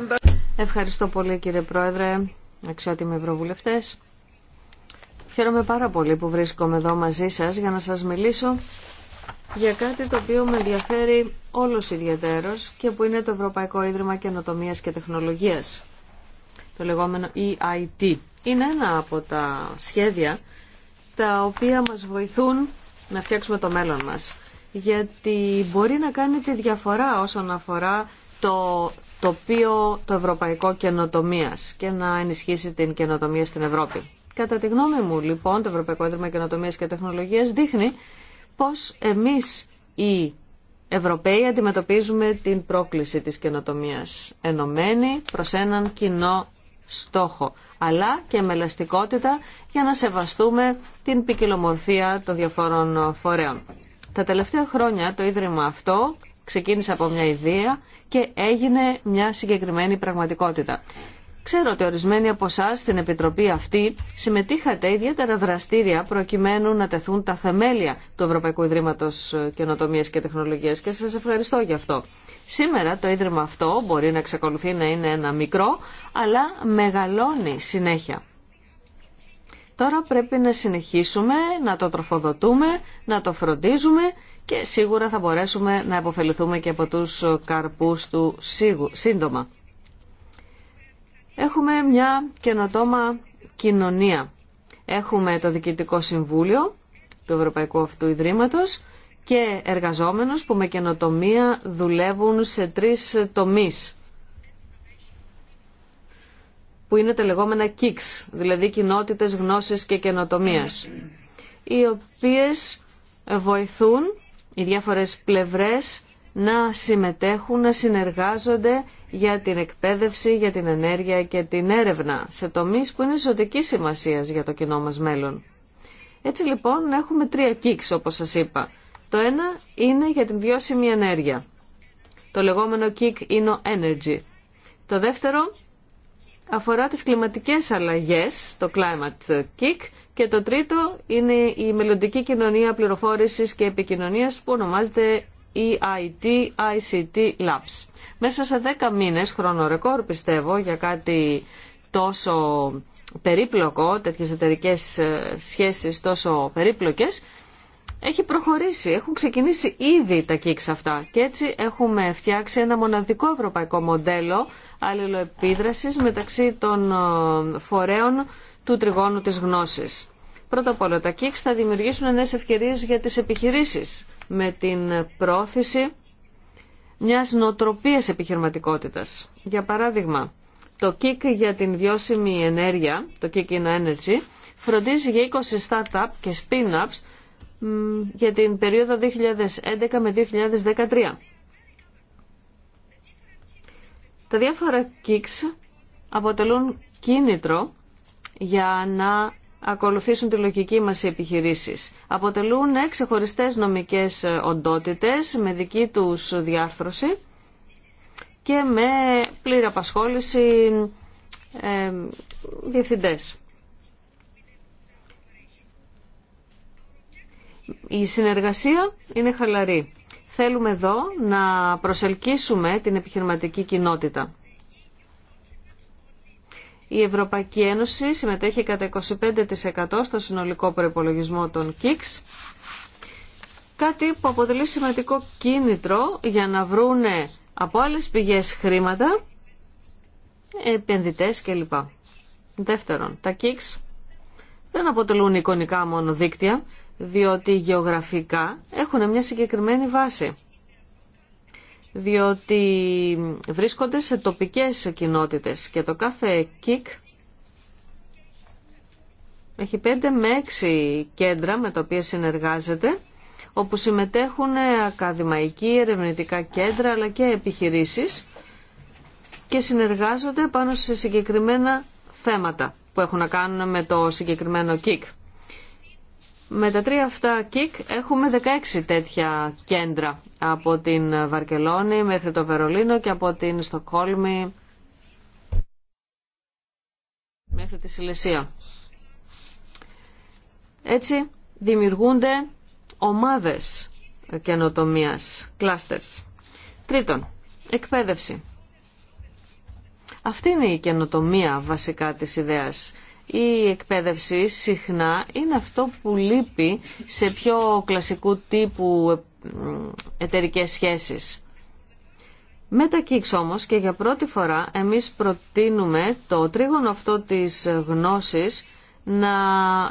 B: uh,
C: Ευχαριστώ πολύ, κύριε Πρόεδρε, αξιότιμοι ευρωβουλευτέ. Χαίρομαι πάρα πολύ που βρίσκομαι εδώ μαζί σας για να σας μιλήσω για κάτι το οποίο με ενδιαφέρει όλος ιδιαίτερος και που είναι το Ευρωπαϊκό Ίδρυμα Καινοτομίας και Τεχνολογίας, το λεγόμενο EIT. Είναι ένα από τα σχέδια τα οποία μας βοηθούν να φτιάξουμε το μέλλον μας. Γιατί μπορεί να κάνει τη διαφορά όσον αφορά το τοπίο το ευρωπαϊκό καινοτομία και να ενισχύσει την καινοτομία στην Ευρώπη. Κατά τη γνώμη μου, λοιπόν, το Ευρωπαϊκό Ίδρυμα Καινοτομία και Τεχνολογία δείχνει πώς εμείς οι Ευρωπαίοι αντιμετωπίζουμε την πρόκληση της καινοτομίας ενωμένη προς έναν κοινό στόχο, αλλά και με ελαστικότητα για να σεβαστούμε την ποικιλομορφία των διαφόρων φορέων. Τα τελευταία χρόνια το Ίδρυμα αυτό ξεκίνησε από μια ιδέα και έγινε μια συγκεκριμένη πραγματικότητα. Ξέρω ότι ορισμένοι από εσά στην Επιτροπή αυτή συμμετείχατε ιδιαίτερα δραστήρια προκειμένου να τεθούν τα θεμέλια του Ευρωπαϊκού Ιδρύματο Καινοτομία και Τεχνολογία και σα ευχαριστώ γι' αυτό. Σήμερα το Ίδρυμα αυτό μπορεί να εξακολουθεί να είναι ένα μικρό, αλλά μεγαλώνει συνέχεια. Τώρα πρέπει να συνεχίσουμε να το τροφοδοτούμε, να το φροντίζουμε και σίγουρα θα μπορέσουμε να υποφεληθούμε και από τους καρπούς του σύντομα. Έχουμε μια καινοτόμα κοινωνία. Έχουμε το Διοικητικό Συμβούλιο του Ευρωπαϊκού Αυτού Ιδρύματος και εργαζόμενους που με καινοτομία δουλεύουν σε τρεις τομείς που είναι τα λεγόμενα KICS, δηλαδή κοινότητες γνώσης και καινοτομίας, οι οποίες βοηθούν οι διάφορες πλευρές να συμμετέχουν, να συνεργάζονται για την εκπαίδευση, για την ενέργεια και την έρευνα σε τομείς που είναι ζωτική σημασία για το κοινό μας μέλλον. Έτσι λοιπόν έχουμε τρία κικς όπως σας είπα. Το ένα είναι για την βιώσιμη ενέργεια. Το λεγόμενο κικ είναι energy. Το δεύτερο αφορά τις κλιματικές αλλαγές, το climate kick. Και το τρίτο είναι η μελλοντική κοινωνία πληροφόρησης και επικοινωνίας που ονομάζεται EIT ICT Labs. Μέσα σε 10 μήνες, χρόνο ρεκόρ πιστεύω, για κάτι τόσο περίπλοκο, τέτοιες εταιρικέ ε, σχέσεις τόσο περίπλοκες, έχει προχωρήσει, έχουν ξεκινήσει ήδη τα κίξ αυτά και έτσι έχουμε φτιάξει ένα μοναδικό ευρωπαϊκό μοντέλο αλληλοεπίδρασης μεταξύ των ε, φορέων του τριγώνου της γνώσης. Πρώτα απ' όλα τα ΚΙΚΣ θα δημιουργήσουν νέες ευκαιρίες για τις επιχειρήσεις με την πρόθεση μιας νοτροπίας επιχειρηματικότητας. Για παράδειγμα, το ΚΙΚ για την βιώσιμη ενέργεια, το ΚΙΚ in Energy, φροντίζει για 20 startup και spin-ups για την περίοδο 2011 με 2013. Τα διάφορα kicks αποτελούν κίνητρο για να ακολουθήσουν τη λογική μας οι επιχειρήσεις. Αποτελούν ε, ξεχωριστές νομικές ε, οντότητες με δική τους διάρθρωση και με πλήρη απασχόληση ε, διευθυντές. Η συνεργασία είναι χαλαρή. Θέλουμε εδώ να προσελκύσουμε την επιχειρηματική κοινότητα. Η Ευρωπαϊκή Ένωση συμμετέχει κατά 25% στο συνολικό προϋπολογισμό των ΚΙΚΣ, κάτι που αποτελεί σημαντικό κίνητρο για να βρούνε από άλλες πηγές χρήματα, επενδυτές κλπ. Δεύτερον, τα ΚΙΚΣ δεν αποτελούν εικονικά μόνο δίκτυα, διότι γεωγραφικά έχουν μια συγκεκριμένη βάση διότι βρίσκονται σε τοπικές κοινότητες και το κάθε ΚΙΚ έχει 5 με 6 κέντρα με τα οποία συνεργάζεται όπου συμμετέχουν ακαδημαϊκοί, ερευνητικά κέντρα αλλά και επιχειρήσεις και συνεργάζονται πάνω σε συγκεκριμένα θέματα που έχουν να κάνουν με το συγκεκριμένο ΚΙΚ. Με τα τρία αυτά ΚΙΚ έχουμε 16 τέτοια κέντρα από την Βαρκελόνη μέχρι το Βερολίνο και από την Στοκόλμη μέχρι τη Σιλεσία. Έτσι δημιουργούνται ομάδες καινοτομίας, clusters. Τρίτον, εκπαίδευση. Αυτή είναι η καινοτομία βασικά της ιδέας. Η εκπαίδευση συχνά είναι αυτό που λείπει σε πιο κλασικού τύπου εταιρικές σχέσεις. Με τα όμως και για πρώτη φορά εμείς προτείνουμε το τρίγωνο αυτό της γνώσης να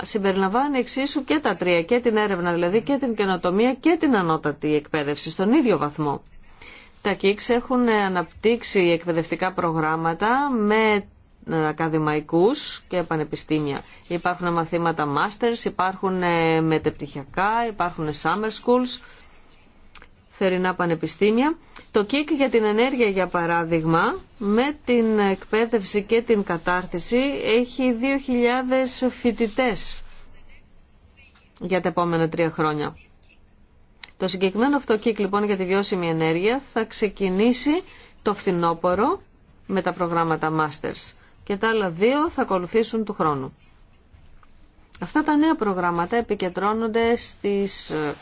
C: συμπεριλαμβάνει εξίσου και τα τρία, και την έρευνα δηλαδή και την καινοτομία και την ανώτατη εκπαίδευση στον ίδιο βαθμό. Τα ΚΙΚΣ έχουν αναπτύξει εκπαιδευτικά προγράμματα με ε, ακαδημαϊκούς και πανεπιστήμια. Υπάρχουν μαθήματα masters, υπάρχουν ε, μετεπτυχιακά, υπάρχουν summer schools θερινά πανεπιστήμια. Το ΚΙΚ για την ενέργεια, για παράδειγμα, με την εκπαίδευση και την κατάρτιση έχει 2.000 φοιτητές για τα επόμενα τρία χρόνια. Το συγκεκριμένο αυτό ΚΙΚ λοιπόν για τη βιώσιμη ενέργεια θα ξεκινήσει το φθινόπωρο με τα προγράμματα Masters και τα άλλα δύο θα ακολουθήσουν του χρόνου. Αυτά τα νέα προγράμματα επικεντρώνονται στις ε,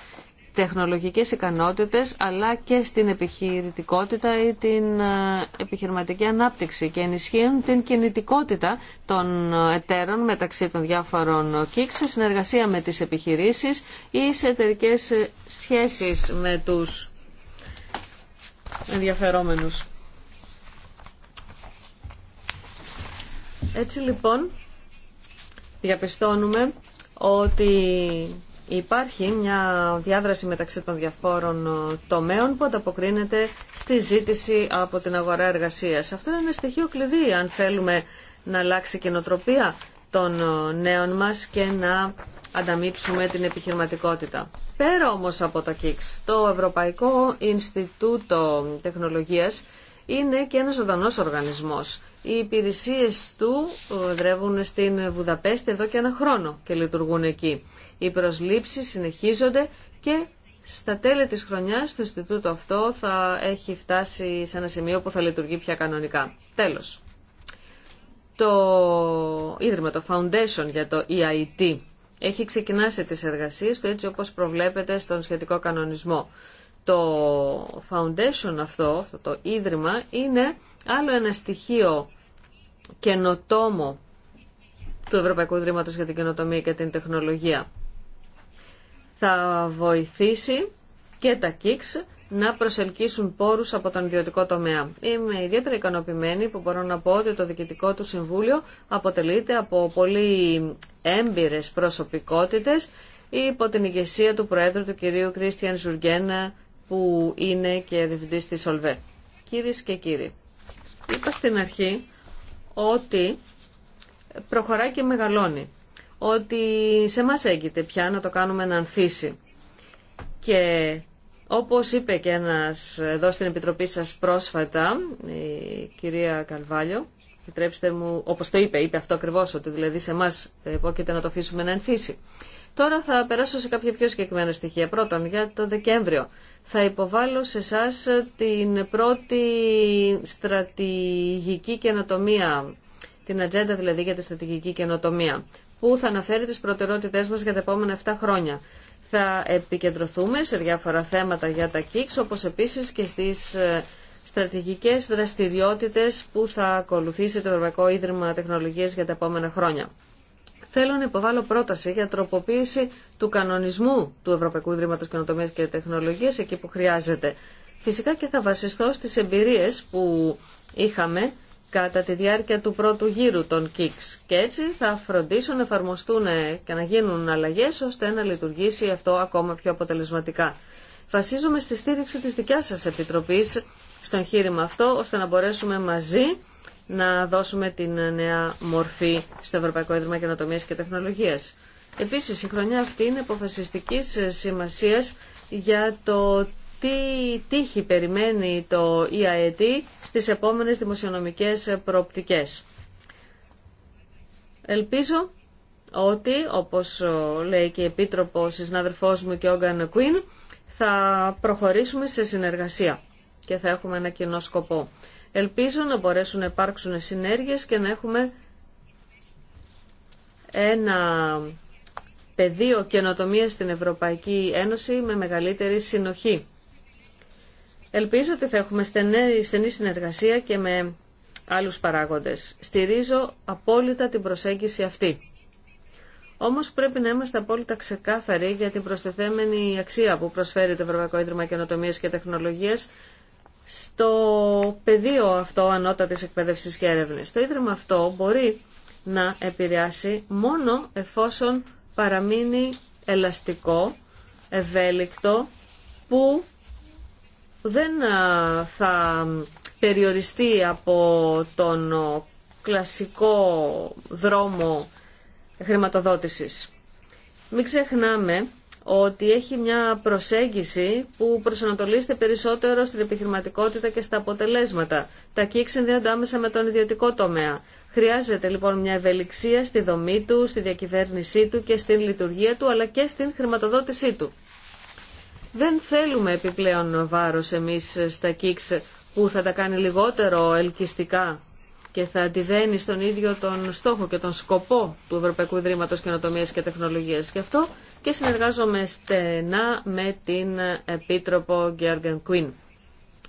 C: τεχνολογικές ικανότητες αλλά και στην επιχειρητικότητα ή την ε, επιχειρηματική ανάπτυξη και ενισχύουν την κινητικότητα των εταίρων μεταξύ των διάφορων ΚΙΚ σε συνεργασία με τις επιχειρήσεις ή σε εταιρικέ σχέσεις με τους ενδιαφερόμενους. Έτσι λοιπόν διαπιστώνουμε ότι Υπάρχει μια διάδραση μεταξύ των διαφόρων ε, τομέων που ανταποκρίνεται στη ζήτηση από την αγορά εργασίας. Αυτό είναι ένα στοιχείο κλειδί αν θέλουμε να αλλάξει καινοτροπία των ε, νέων μας και να ανταμείψουμε την επιχειρηματικότητα. Πέρα όμως από τα ΚΙΚΣ, το Ευρωπαϊκό Ινστιτούτο Τεχνολογίας είναι και ένας ζωντανό οργανισμός. Οι υπηρεσίες του ε, δρεύουν στην Βουδαπέστη εδώ και ένα χρόνο και λειτουργούν εκεί. Οι προσλήψεις συνεχίζονται και στα τέλη της χρονιάς το Ινστιτούτο αυτό θα έχει φτάσει σε ένα σημείο που θα λειτουργεί πια κανονικά. Τέλος, το Ίδρυμα, το Foundation για το EIT έχει ξεκινάσει τις εργασίες του έτσι όπως προβλέπεται στον σχετικό κανονισμό. Το Foundation αυτό, το Ίδρυμα, είναι άλλο ένα στοιχείο καινοτόμο του Ευρωπαϊκού Ιδρύματος για την Καινοτομία και την Τεχνολογία θα βοηθήσει και τα ΚΙΚΣ να προσελκύσουν πόρους από τον ιδιωτικό τομέα. Είμαι ιδιαίτερα ικανοποιημένη που μπορώ να πω ότι το Διοικητικό του Συμβούλιο αποτελείται από πολύ έμπειρες προσωπικότητες υπό την ηγεσία του Προέδρου του κυρίου Κρίστιαν Ζουργένα που είναι και διευθυντής της ΟΛΒΕ. Κυρίες και κύριοι, είπα στην αρχή ότι προχωράει και μεγαλώνει ότι σε μας έγκυται πια να το κάνουμε να ανθίσει. Και όπως είπε και ένας εδώ στην Επιτροπή σας πρόσφατα, η κυρία Καλβάλιο, επιτρέψτε μου, όπως το είπε, είπε αυτό ακριβώς, ότι δηλαδή σε εμά επόκειται να το αφήσουμε να ενθύσει. Τώρα θα περάσω σε κάποια πιο συγκεκριμένα στοιχεία. Πρώτον, για το Δεκέμβριο. Θα υποβάλω σε εσά την πρώτη στρατηγική καινοτομία, την ατζέντα δηλαδή για τη στρατηγική καινοτομία που θα αναφέρει τις προτεραιότητές μας για τα επόμενα 7 χρόνια. Θα επικεντρωθούμε σε διάφορα θέματα για τα ΚΙΚΣ, όπως επίσης και στις ε, στρατηγικές δραστηριότητες που θα ακολουθήσει το Ευρωπαϊκό Ίδρυμα Τεχνολογίας για τα επόμενα χρόνια. Θέλω να υποβάλω πρόταση για τροποποίηση του κανονισμού του Ευρωπαϊκού Ιδρύματος Καινοτομίας και Τεχνολογίας εκεί που χρειάζεται. Φυσικά και θα βασιστώ στις εμπειρίες που είχαμε κατά τη διάρκεια του πρώτου γύρου των ΚΙΚΣ και έτσι θα φροντίσουν να εφαρμοστούν και να γίνουν αλλαγές ώστε να λειτουργήσει αυτό ακόμα πιο αποτελεσματικά. Βασίζομαι στη στήριξη της δικιάς σας Επιτροπής στο εγχείρημα αυτό ώστε να μπορέσουμε μαζί να δώσουμε την νέα μορφή στο Ευρωπαϊκό Ίδρυμα Καινοτομίας και Τεχνολογία. Επίσης, η χρονιά αυτή είναι αποφασιστική σημασίας για το τι τύχη περιμένει το ΙΑΕΤ e στις επόμενες δημοσιονομικές προοπτικές. Ελπίζω ότι, όπως λέει και η Επίτροπος, η συνάδελφός μου και ο Γκαν Κουίν, θα προχωρήσουμε σε συνεργασία και θα έχουμε ένα κοινό σκοπό. Ελπίζω να μπορέσουν να υπάρξουν συνέργειες και να έχουμε ένα πεδίο καινοτομία στην Ευρωπαϊκή Ένωση με μεγαλύτερη συνοχή. Ελπίζω ότι θα έχουμε στενή, στενή συνεργασία και με άλλους παράγοντες. Στηρίζω απόλυτα την προσέγγιση αυτή. Όμως πρέπει να είμαστε απόλυτα ξεκάθαροι για την προσθεθέμενη αξία που προσφέρει το Ευρωπαϊκό Ίδρυμα καινοτομία και Τεχνολογίας στο πεδίο αυτό ανώτατης εκπαίδευσης και έρευνης. Το Ίδρυμα αυτό μπορεί να επηρεάσει μόνο εφόσον παραμείνει ελαστικό, ευέλικτο, που δεν θα περιοριστεί από τον κλασικό δρόμο χρηματοδότησης. Μην ξεχνάμε ότι έχει μια προσέγγιση που προσανατολίζεται περισσότερο στην επιχειρηματικότητα και στα αποτελέσματα. Τα ΚΙΚ συνδέονται άμεσα με τον ιδιωτικό τομέα. Χρειάζεται λοιπόν μια ευελιξία στη δομή του, στη διακυβέρνησή του και στην λειτουργία του, αλλά και στην χρηματοδότησή του. Δεν θέλουμε επιπλέον βάρος εμείς στα ΚΙΚΣ που θα τα κάνει λιγότερο ελκυστικά και θα αντιβαίνει στον ίδιο τον στόχο και τον σκοπό του Ευρωπαϊκού Ιδρύματος Καινοτομίας και Τεχνολογίας γι' αυτό και συνεργάζομαι στενά με την Επίτροπο Γκέργεν Κουίν.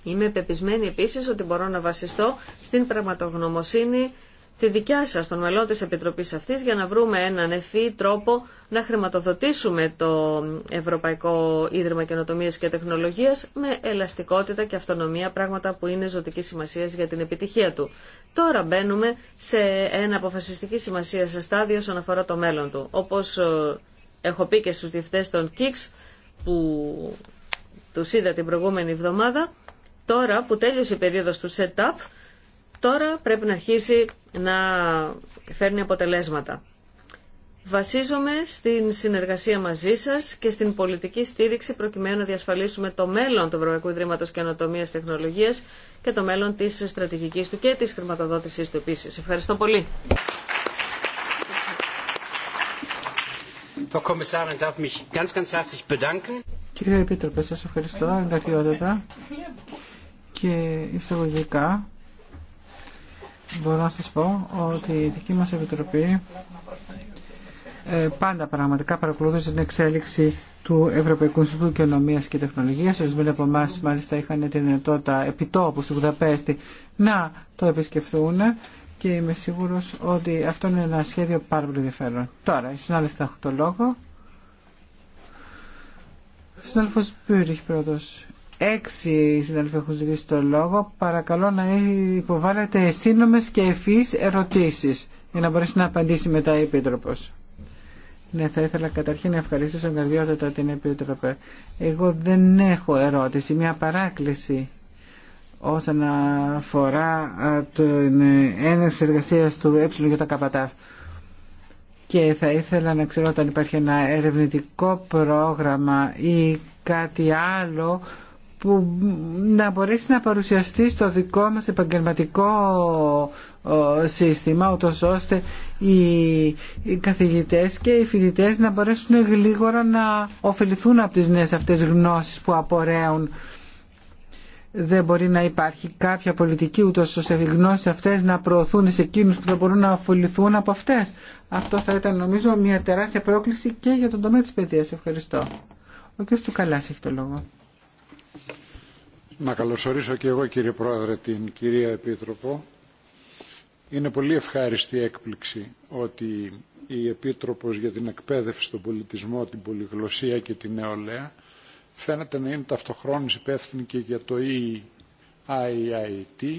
C: Είμαι πεπισμένη επίσης ότι μπορώ να βασιστώ στην πραγματογνωμοσύνη τη δικιά σας, των μελών της Επιτροπής αυτής, για να βρούμε έναν ευφύ τρόπο να χρηματοδοτήσουμε το Ευρωπαϊκό Ίδρυμα Καινοτομίας και Τεχνολογίας με ελαστικότητα και αυτονομία, πράγματα που είναι ζωτική σημασία για την επιτυχία του. Τώρα μπαίνουμε σε ένα αποφασιστική σημασία σε στάδιο όσον αφορά το μέλλον του. Όπως ε, έχω πει και στους διευθές των ΚΙΚΣ, που τους είδα την προηγούμενη εβδομάδα, τώρα που τέλειωσε η περίοδος του setup, Τώρα πρέπει να αρχίσει να φέρνει αποτελέσματα. Βασίζομαι στην συνεργασία μαζί σας και στην πολιτική στήριξη προκειμένου να διασφαλίσουμε το μέλλον του Ευρωπαϊκού Ιδρύματος Καινοτομία Τεχνολογίας και το μέλλον της στρατηγικής του και της χρηματοδότησής του επίσης. Ευχαριστώ πολύ.
A: Κύριε Επίτροπε, σας ευχαριστώ και εισαγωγικά μπορώ να σας πω ότι η δική μας Επιτροπή ε, πάντα πραγματικά παρακολουθούσε την εξέλιξη του Ευρωπαϊκού Ινστιτούτου Οικονομία και Τεχνολογία. Ορισμένοι από εμά μάλιστα είχαν τη δυνατότητα επιτόπου στη Βουδαπέστη να το επισκεφθούν και είμαι σίγουρο ότι αυτό είναι ένα σχέδιο πάρα πολύ ενδιαφέρον. Τώρα, η συνάδελφοι θα έχω το λόγο. Συνάδελφο Μπύρη, πρώτο. Έξι συνάδελφοι έχουν ζητήσει το λόγο. Παρακαλώ να υποβάλλετε σύντομε και εφής ερωτήσεις για να μπορέσει να απαντήσει μετά η Επίτροπο. Ναι, θα ήθελα καταρχήν να ευχαριστήσω καρδιότατα την Επίτροπε. Εγώ δεν έχω ερώτηση, μια παράκληση όσον αφορά την έναρξη εργασία του ε για τα ΚΑΠΑΤΑΦ. Και θα ήθελα να ξέρω αν υπάρχει ένα ερευνητικό πρόγραμμα ή κάτι άλλο που να μπορέσει να παρουσιαστεί στο δικό μας επαγγελματικό σύστημα, ούτως ώστε οι καθηγητές και οι φοιτητές να μπορέσουν γλίγορα να ωφεληθούν από τις νέες αυτές γνώσεις που απορρέουν. Δεν μπορεί να υπάρχει κάποια πολιτική ούτω ώστε οι γνώσει αυτές να προωθούν σε εκείνου που θα μπορούν να ωφεληθούν από αυτέ. Αυτό θα ήταν νομίζω μια τεράστια πρόκληση και για τον τομέα τη παιδεία. Ευχαριστώ. Ο κ. Τσουκαλά έχει το
E: λόγο. Να καλωσορίσω και εγώ κύριε Πρόεδρε την κυρία Επίτροπο. Είναι πολύ ευχάριστη έκπληξη ότι η Επίτροπος για την εκπαίδευση, στον πολιτισμό, την πολυγλωσία και την νεολαία φαίνεται να είναι ταυτοχρόνως υπεύθυνη και για το EIIT,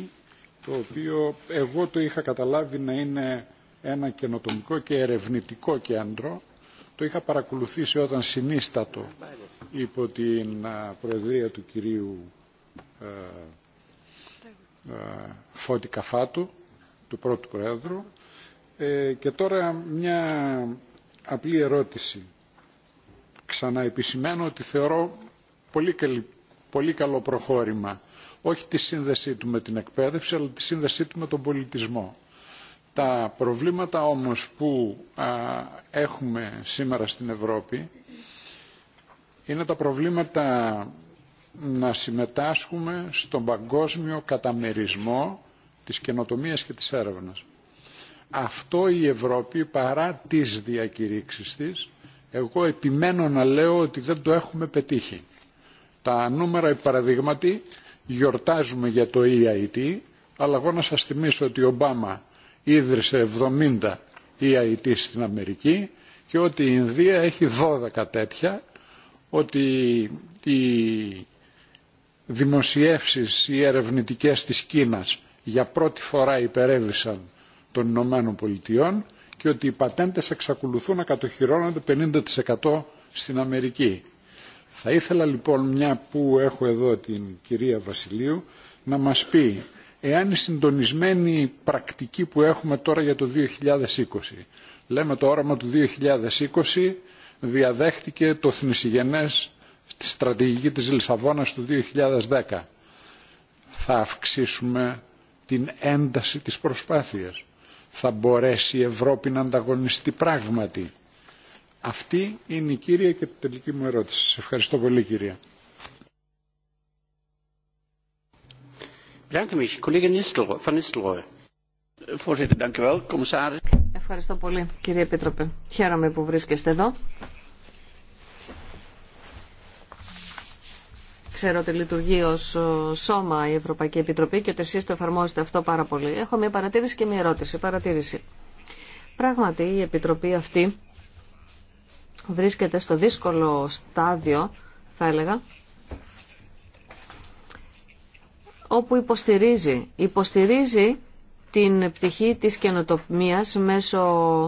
E: το οποίο εγώ το είχα καταλάβει να είναι ένα καινοτομικό και ερευνητικό κέντρο το είχα παρακολουθήσει όταν συνίστατο υπό την προεδρία του κυρίου ε, ε, Φώτη Καφάτου, του πρώτου πρόεδρου. Ε, και τώρα μια απλή ερώτηση. Ξανά ότι θεωρώ πολύ, πολύ καλό προχώρημα όχι τη σύνδεσή του με την εκπαίδευση, αλλά τη σύνδεσή του με τον πολιτισμό. Τα προβλήματα όμως που έχουμε σήμερα στην Ευρώπη είναι τα προβλήματα να συμμετάσχουμε στον παγκόσμιο καταμερισμό της καινοτομίας και της έρευνας. Αυτό η Ευρώπη παρά τις διακηρύξεις της, εγώ επιμένω να λέω ότι δεν το έχουμε πετύχει. Τα νούμερα παραδείγματι γιορτάζουμε για το EIT, αλλά εγώ να σας θυμίσω ότι ο Ομπάμα ίδρυσε 70 EIT στην Αμερική και ότι η Ινδία έχει 12 τέτοια, ότι οι δημοσιεύσεις, οι ερευνητικές της Κίνας για πρώτη φορά υπερέβησαν των Ηνωμένων Πολιτειών και ότι οι πατέντες εξακολουθούν να κατοχυρώνονται 50% στην Αμερική. Θα ήθελα λοιπόν, μια που έχω εδώ την κυρία Βασιλείου, να μας πει εάν η συντονισμένη πρακτική που έχουμε τώρα για το 2020, λέμε το όραμα του 2020 διαδέχτηκε το θνησιγενές στη στρατηγική της Λισαβόνας του 2010. Θα αυξήσουμε την ένταση της προσπάθειας. Θα μπορέσει η Ευρώπη να ανταγωνιστεί πράγματι. Αυτή είναι η κύρια και τελική μου ερώτηση. Σας ευχαριστώ πολύ κυρία.
C: Ευχαριστώ πολύ κύριε Επίτροπε. Χαίρομαι που βρίσκεστε εδώ. Ξέρω ότι λειτουργεί ω ε, σώμα η Ευρωπαϊκή Επιτροπή και ότι εσεί το εφαρμόζετε αυτό πάρα πολύ. Έχω μια παρατήρηση και μια ερώτηση. Παρατήρηση. Πράγματι η Επιτροπή αυτή βρίσκεται στο δύσκολο στάδιο, θα έλεγα, όπου υποστηρίζει. Υποστηρίζει την πτυχή της καινοτομίας μέσω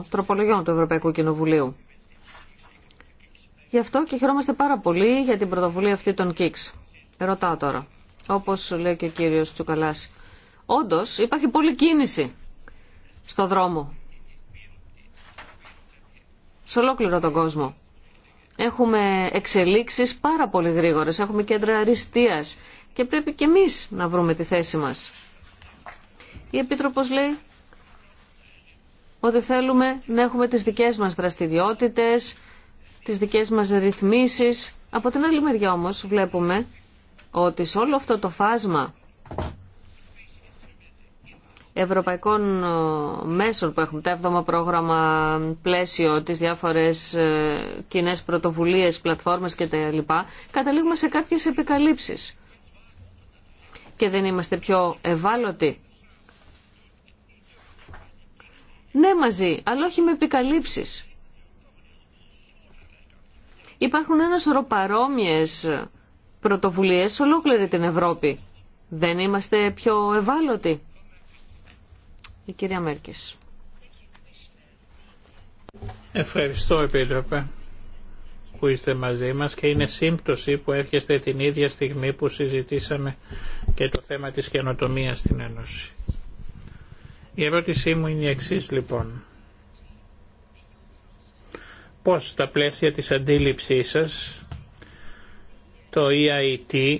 C: τροπολογιών του Ευρωπαϊκού Κοινοβουλίου. Γι' αυτό και χαιρόμαστε πάρα πολύ για την πρωτοβουλία αυτή των ΚΙΚΣ. Ρωτάω τώρα, όπως λέει και ο κύριος Τσουκαλάς, όντως υπάρχει πολλή κίνηση στο δρόμο, σε ολόκληρο τον κόσμο. Έχουμε εξελίξεις πάρα πολύ γρήγορες, έχουμε κέντρα αριστείας, και πρέπει και εμείς να βρούμε τη θέση μας. Η Επίτροπος λέει ότι θέλουμε να έχουμε τις δικές μας δραστηριότητες, τις δικές μας ρυθμίσεις. Από την άλλη μεριά όμως βλέπουμε ότι σε όλο αυτό το φάσμα ευρωπαϊκών ε, μέσων που έχουμε, το 7ο πρόγραμμα πλαίσιο, τις διάφορες ε, κοινέ πρωτοβουλίες, πλατφόρμες κτλ. Καταλήγουμε σε κάποιες επικαλύψεις και δεν είμαστε πιο ευάλωτοι. Ναι μαζί, αλλά όχι με επικαλύψεις. Υπάρχουν ένα σωρό παρόμοιες πρωτοβουλίες σε ολόκληρη την Ευρώπη. Δεν είμαστε πιο ευάλωτοι. Η κυρία Μέρκης.
D: Ευχαριστώ, Επίτροπε που είστε μαζί μας και είναι σύμπτωση που έρχεστε την ίδια στιγμή που συζητήσαμε και το θέμα της καινοτομίας στην Ένωση. Η ερώτησή μου είναι η εξής λοιπόν. Πώς στα πλαίσια της αντίληψής σας το EIT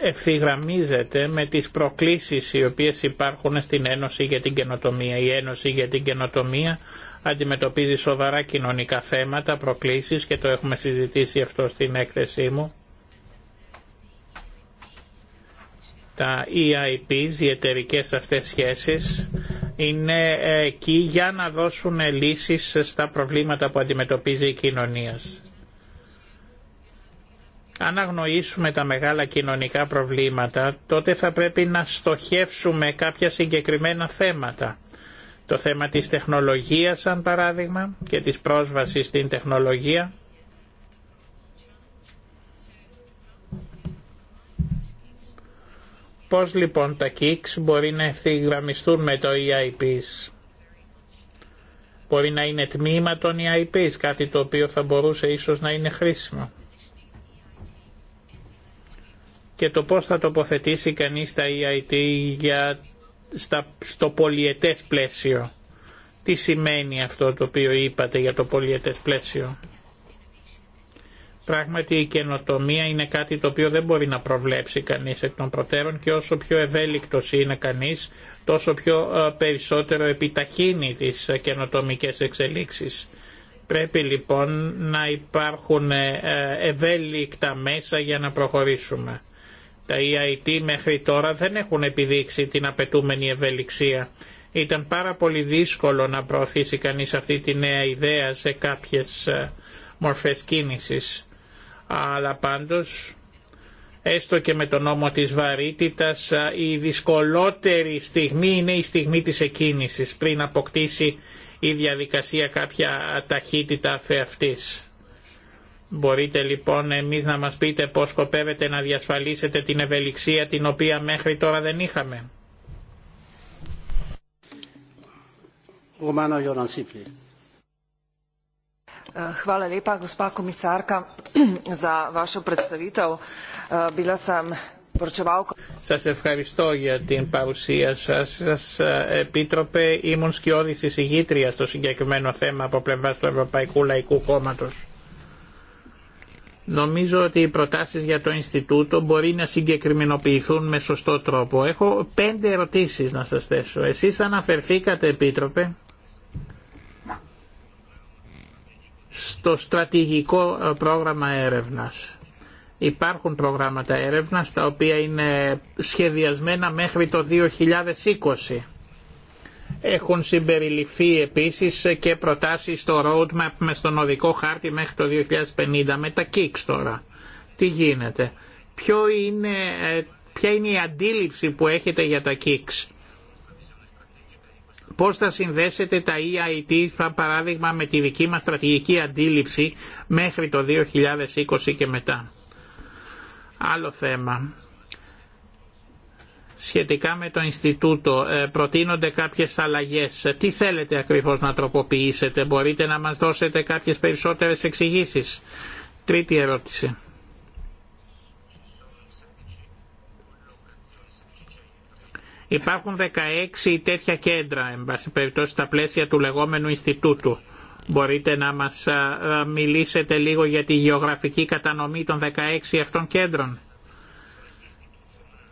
D: ευθυγραμμίζεται με τις προκλήσεις οι οποίες υπάρχουν στην Ένωση για την Καινοτομία. Η Ένωση για την Καινοτομία αντιμετωπίζει σοβαρά κοινωνικά θέματα, προκλήσεις και το έχουμε συζητήσει αυτό στην έκθεσή μου. Τα EIPs, οι εταιρικέ αυτές σχέσεις, είναι εκεί για να δώσουν λύσεις στα προβλήματα που αντιμετωπίζει η κοινωνία αν αγνοήσουμε τα μεγάλα κοινωνικά προβλήματα, τότε θα πρέπει να στοχεύσουμε κάποια συγκεκριμένα θέματα. Το θέμα της τεχνολογίας, σαν παράδειγμα, και της πρόσβασης στην τεχνολογία. Πώς λοιπόν τα ΚΙΚΣ μπορεί να ευθυγραμμιστούν με το EIPs. Μπορεί να είναι τμήμα των EIPs, κάτι το οποίο θα μπορούσε ίσως να είναι χρήσιμο και το πώς θα τοποθετήσει κανείς τα EIT για, στο πολιετές πλαίσιο. Τι σημαίνει αυτό το οποίο είπατε για το πολιετές πλαίσιο. Πράγματι η καινοτομία είναι κάτι το οποίο δεν μπορεί να προβλέψει κανείς εκ των προτέρων και όσο πιο ευέλικτος είναι κανείς τόσο πιο ε, περισσότερο επιταχύνει τις ε, καινοτομικές εξελίξεις. Πρέπει λοιπόν να υπάρχουν ε, ευέλικτα μέσα για να προχωρήσουμε. Τα EIT μέχρι τώρα δεν έχουν επιδείξει την απαιτούμενη ευελιξία. Ήταν πάρα πολύ δύσκολο να προωθήσει κανείς αυτή τη νέα ιδέα σε κάποιες ε, μορφές κίνησης. Αλλά πάντως, έστω και με τον νόμο της βαρύτητας, ε, η δυσκολότερη στιγμή είναι η στιγμή της εκκίνησης, πριν αποκτήσει η διαδικασία κάποια ταχύτητα αφεαυτής. Μπορείτε λοιπόν εμείς να μας πείτε πώς σκοπεύετε να διασφαλίσετε την ευελιξία την οποία μέχρι τώρα δεν είχαμε. Hvala σας ευχαριστώ για την παρουσία σας. Σας ε, επίτροπε, ήμουν σκιώδης εισηγήτρια στο συγκεκριμένο θέμα από πλευράς του Ευρωπαϊκού Λαϊκού Κόμματος. Νομίζω ότι οι προτάσεις για το Ινστιτούτο μπορεί να συγκεκριμενοποιηθούν με σωστό τρόπο. Έχω πέντε ερωτήσεις να σας θέσω. Εσείς αναφερθήκατε, Επίτροπε, στο στρατηγικό ε, πρόγραμμα έρευνας. Υπάρχουν προγράμματα έρευνας τα οποία είναι σχεδιασμένα μέχρι το 2020 έχουν συμπεριληφθεί επίσης και προτάσεις στο roadmap με στον οδικό χάρτη μέχρι το 2050 με τα kicks τώρα. Τι γίνεται. Ε, ποια είναι η αντίληψη που έχετε για τα kicks. Πώς θα συνδέσετε τα EIT, παράδειγμα, με τη δική μας στρατηγική αντίληψη μέχρι το 2020 και μετά. Άλλο θέμα σχετικά με το Ινστιτούτο ε, προτείνονται κάποιες αλλαγές. Τι θέλετε ακριβώς να τροποποιήσετε, μπορείτε να μας δώσετε κάποιες περισσότερες εξηγήσεις. Τρίτη ερώτηση. Υπάρχουν 16 τέτοια κέντρα, εν πάση περιπτώσει, στα πλαίσια του λεγόμενου Ινστιτούτου. Μπορείτε να μας ε, ε, μιλήσετε λίγο για τη γεωγραφική κατανομή των 16 αυτών κέντρων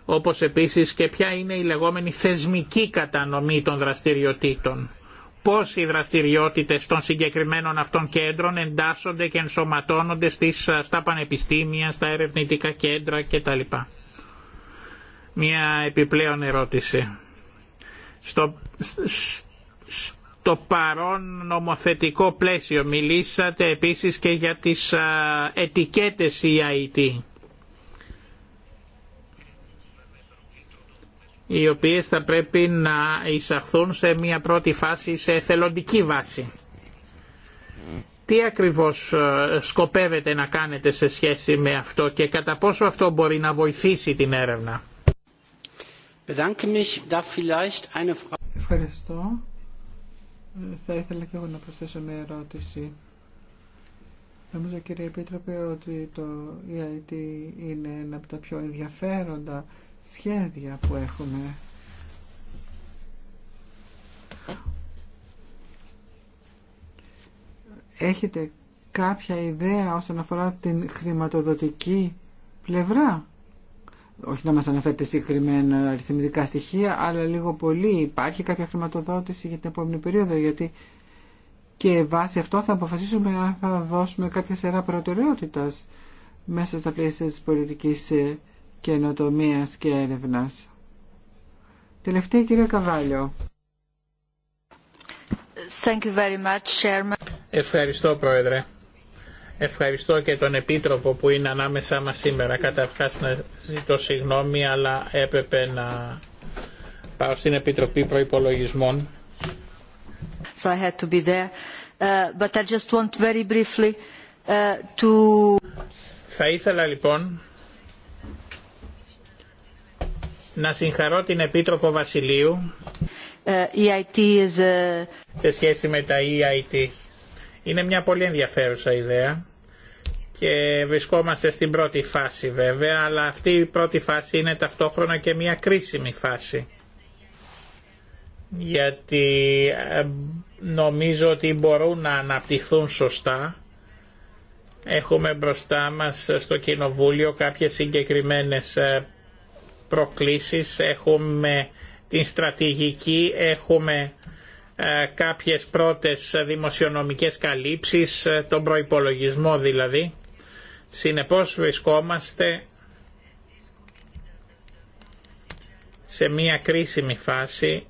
D: όπως επίσης και ποια είναι η λεγόμενη θεσμική κατανομή των δραστηριοτήτων. Πώς οι δραστηριότητες των συγκεκριμένων αυτών κέντρων εντάσσονται και ενσωματώνονται στις, στα πανεπιστήμια, στα ερευνητικά κέντρα κτλ. Μια επιπλέον ερώτηση. Στο, παρόν νομοθετικό πλαίσιο μιλήσατε επίσης και για τις ετικέτες EIT. οι οποίες θα πρέπει να εισαχθούν σε μια πρώτη φάση, σε εθελοντική βάση. Τι ακριβώς ε, σκοπεύετε να κάνετε σε σχέση με αυτό και κατά πόσο αυτό μπορεί να βοηθήσει την έρευνα.
A: Ευχαριστώ. Ε, θα ήθελα και εγώ να προσθέσω μια ερώτηση. Νομίζω κύριε Επίτροπε ότι το EIT είναι ένα από τα πιο ενδιαφέροντα σχέδια που έχουμε. Έχετε κάποια ιδέα όσον αφορά την χρηματοδοτική πλευρά. Όχι να μας αναφέρετε συγκεκριμένα αριθμητικά στοιχεία, αλλά λίγο πολύ υπάρχει κάποια χρηματοδότηση για την επόμενη περίοδο, γιατί και βάσει αυτό θα αποφασίσουμε αν θα δώσουμε κάποια σειρά προτεραιότητας μέσα στα πλαίσια της πολιτικής ε, καινοτομίας και έρευνας. Τελευταία κυρία Καβάλιο. Thank you very much, Chairman. Ευχαριστώ
D: Πρόεδρε. Ευχαριστώ και τον Επίτροπο που είναι ανάμεσά μας σήμερα. Καταρχά να ζητώ συγγνώμη αλλά έπρεπε να πάω στην Επιτροπή Προϋπολογισμών.
B: So I had to be there. Uh, but I just want very briefly uh, to...
D: Θα ήθελα λοιπόν να συγχαρώ την Επίτροπο Βασιλείου
B: ε, EIT is ε,
D: σε σχέση με τα EIT. Είναι μια πολύ ενδιαφέρουσα ιδέα και βρισκόμαστε στην πρώτη φάση βέβαια, αλλά αυτή η πρώτη φάση είναι ταυτόχρονα και μια κρίσιμη φάση. Γιατί ε, νομίζω ότι μπορούν να αναπτυχθούν σωστά. Έχουμε μπροστά μας στο Κοινοβούλιο κάποιες συγκεκριμένες προκλήσεις, έχουμε την στρατηγική, έχουμε ε, κάποιες πρώτες δημοσιονομικές καλύψεις, ε, τον προϋπολογισμό δηλαδή. Συνεπώς βρισκόμαστε σε μια κρίσιμη φάση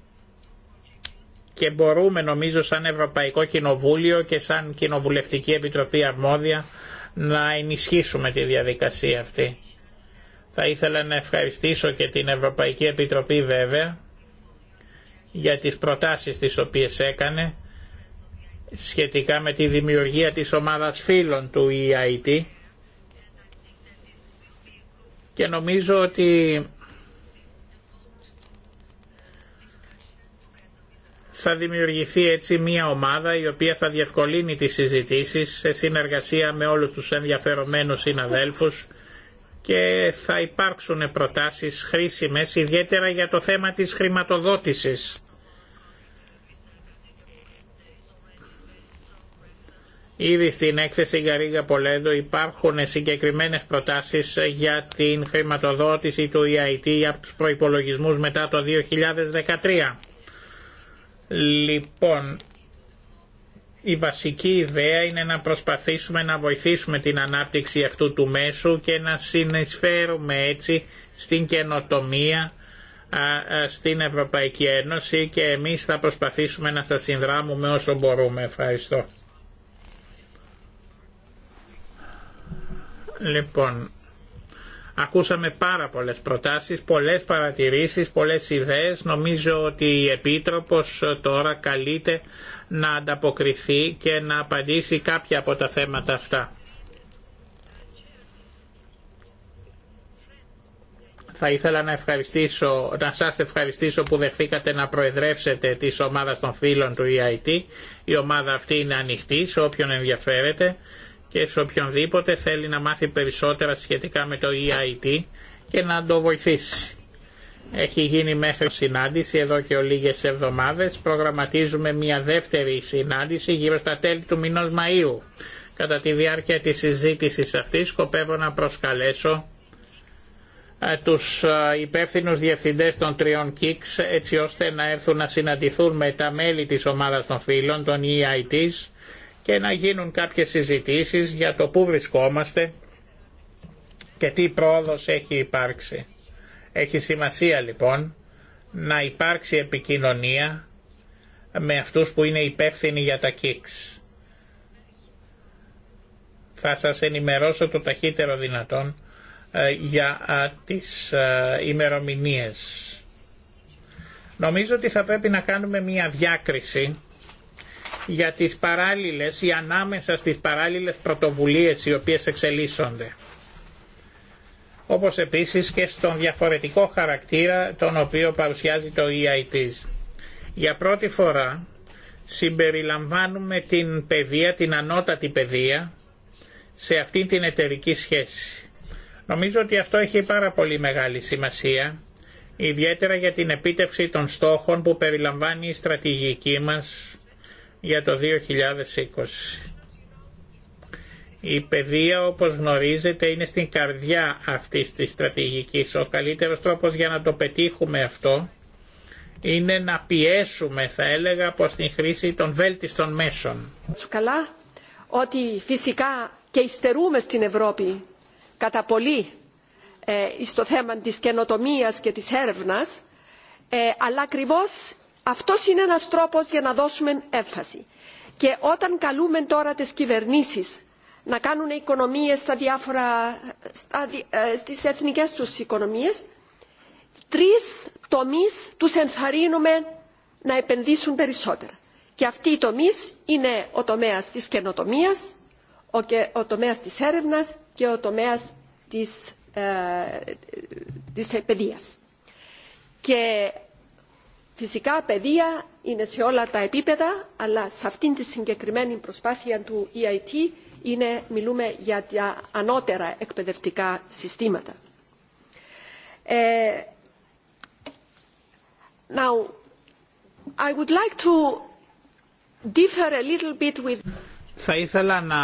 D: και μπορούμε νομίζω σαν Ευρωπαϊκό Κοινοβούλιο και σαν Κοινοβουλευτική Επιτροπή Αρμόδια να ενισχύσουμε τη διαδικασία αυτή. Θα ήθελα να ευχαριστήσω και την Ευρωπαϊκή Επιτροπή βέβαια για τις προτάσεις τις οποίες έκανε σχετικά με τη δημιουργία της ομάδας φίλων του EIT και νομίζω ότι θα δημιουργηθεί έτσι μια ομάδα η οποία θα διευκολύνει τις συζητήσεις σε συνεργασία με όλους τους ενδιαφερομένους συναδέλφους και θα υπάρξουν προτάσεις χρήσιμες ιδιαίτερα για το θέμα της χρηματοδότησης. Ήδη στην έκθεση Γαρίγα Πολέντο υπάρχουν συγκεκριμένες προτάσεις για την χρηματοδότηση του EIT από τους προϋπολογισμούς μετά το 2013. Λοιπόν, η βασική ιδέα είναι να προσπαθήσουμε να βοηθήσουμε την ανάπτυξη αυτού του μέσου και να συνεισφέρουμε έτσι στην καινοτομία στην Ευρωπαϊκή Ένωση και εμείς θα προσπαθήσουμε να σας συνδράμουμε όσο μπορούμε. Ευχαριστώ. Λοιπόν, ακούσαμε πάρα πολλές προτάσεις, πολλές παρατηρήσεις, πολλές ιδέες. Νομίζω ότι η Επίτροπος τώρα καλείται να ανταποκριθεί και να απαντήσει κάποια από τα θέματα αυτά. θα ήθελα να, ευχαριστήσω, να σας ευχαριστήσω που δεχθήκατε να προεδρεύσετε της ομάδα των φίλων του EIT. Η ομάδα αυτή είναι ανοιχτή σε όποιον ενδιαφέρεται και σε οποιονδήποτε θέλει να μάθει περισσότερα σχετικά με το EIT και να το βοηθήσει. Έχει γίνει μέχρι συνάντηση εδώ και λίγες εβδομάδες. Προγραμματίζουμε μια δεύτερη συνάντηση γύρω στα τέλη του μηνός Μαΐου. Κατά τη διάρκεια της συζήτησης αυτής σκοπεύω να προσκαλέσω ε, τους ε, υπεύθυνους διευθυντές των τριών ΚΙΚΣ έτσι ώστε να έρθουν να συναντηθούν με τα μέλη της ομάδας των φίλων, των EITs και να γίνουν κάποιες συζητήσεις για το πού βρισκόμαστε και τι πρόοδος έχει υπάρξει. Έχει σημασία λοιπόν να υπάρξει επικοινωνία με αυτούς που είναι υπεύθυνοι για τα ΚΙΚΣ. Θα σας ενημερώσω το ταχύτερο δυνατόν ε, για τις ε, ημερομηνίες. Νομίζω ότι θα πρέπει να κάνουμε μία διάκριση για τις παράλληλες ή ανάμεσα στις παράλληλες πρωτοβουλίες οι οποίες εξελίσσονται όπως επίσης και στον διαφορετικό χαρακτήρα τον οποίο παρουσιάζει το EITs. Για πρώτη φορά συμπεριλαμβάνουμε την παιδεία, την ανώτατη παιδεία, σε αυτή την εταιρική σχέση. Νομίζω ότι αυτό έχει πάρα πολύ μεγάλη σημασία, ιδιαίτερα για την επίτευξη των στόχων που περιλαμβάνει η στρατηγική μας για το 2020. Η παιδεία όπως γνωρίζετε είναι στην καρδιά αυτής της στρατηγικής. Ο καλύτερος τρόπος για να το πετύχουμε αυτό είναι να πιέσουμε θα έλεγα προς την χρήση των βέλτιστων μέσων.
B: Καλά ότι φυσικά και υστερούμε στην Ευρώπη κατά πολύ στο ε, θέμα της καινοτομίας και της έρευνας ε, αλλά ακριβώ αυτός είναι ένας τρόπος για να δώσουμε έμφαση. Και όταν καλούμε τώρα τις κυβερνήσεις να κάνουν οικονομίες στι διάφορα, του ε, στις εθνικές τους οικονομίες. Τρεις τομείς τους ενθαρρύνουμε να επενδύσουν περισσότερα. Και αυτοί οι τομείς είναι ο τομέας της καινοτομίας, ο, και, ο τομέας της έρευνας και ο τομέας της, ε, της Και φυσικά παιδεία είναι σε όλα τα επίπεδα, αλλά σε αυτήν τη συγκεκριμένη προσπάθεια του EIT είναι, μιλούμε για ανώτερα εκπαιδευτικά συστήματα. Ε,
D: Θα ήθελα να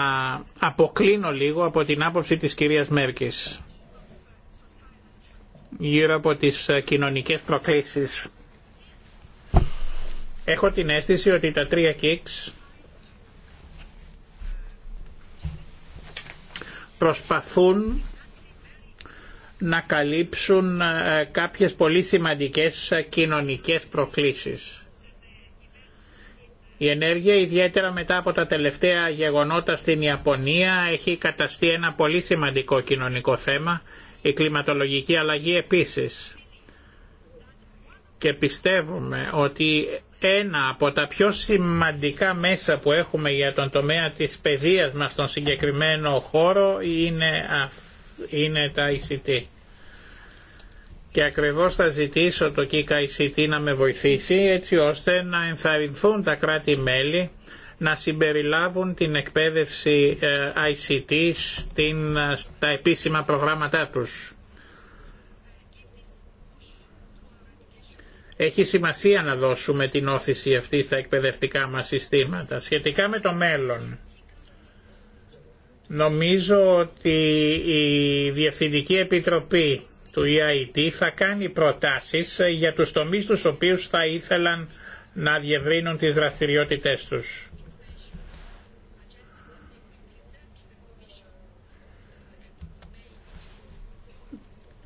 D: αποκλίνω λίγο από την άποψη της κυρίας Μέρκης γύρω από τις ε, κοινωνικές προκλήσεις. Έχω την αίσθηση ότι τα τρία κικς προσπαθούν να καλύψουν ε, κάποιες πολύ σημαντικές ε, κοινωνικές προκλήσεις. Η ενέργεια, ιδιαίτερα μετά από τα τελευταία γεγονότα στην Ιαπωνία, έχει καταστεί ένα πολύ σημαντικό κοινωνικό θέμα, η κλιματολογική αλλαγή επίσης. Και πιστεύουμε ότι ένα από τα πιο σημαντικά μέσα που έχουμε για τον τομέα της παιδείας μας στον συγκεκριμένο χώρο είναι, είναι τα ICT. Και ακριβώς θα ζητήσω το ΚΙΚΑ ICT να με βοηθήσει έτσι ώστε να ενθαρρυνθούν τα κράτη-μέλη να συμπεριλάβουν την εκπαίδευση ICT ε, στην, ε, στα επίσημα προγράμματά τους. Έχει σημασία να δώσουμε την όθηση αυτή στα εκπαιδευτικά μας συστήματα. Σχετικά με το μέλλον, νομίζω ότι η Διευθυντική Επιτροπή του EIT θα κάνει προτάσεις για τους τομείς τους οποίους θα ήθελαν να διευρύνουν τις δραστηριότητές τους.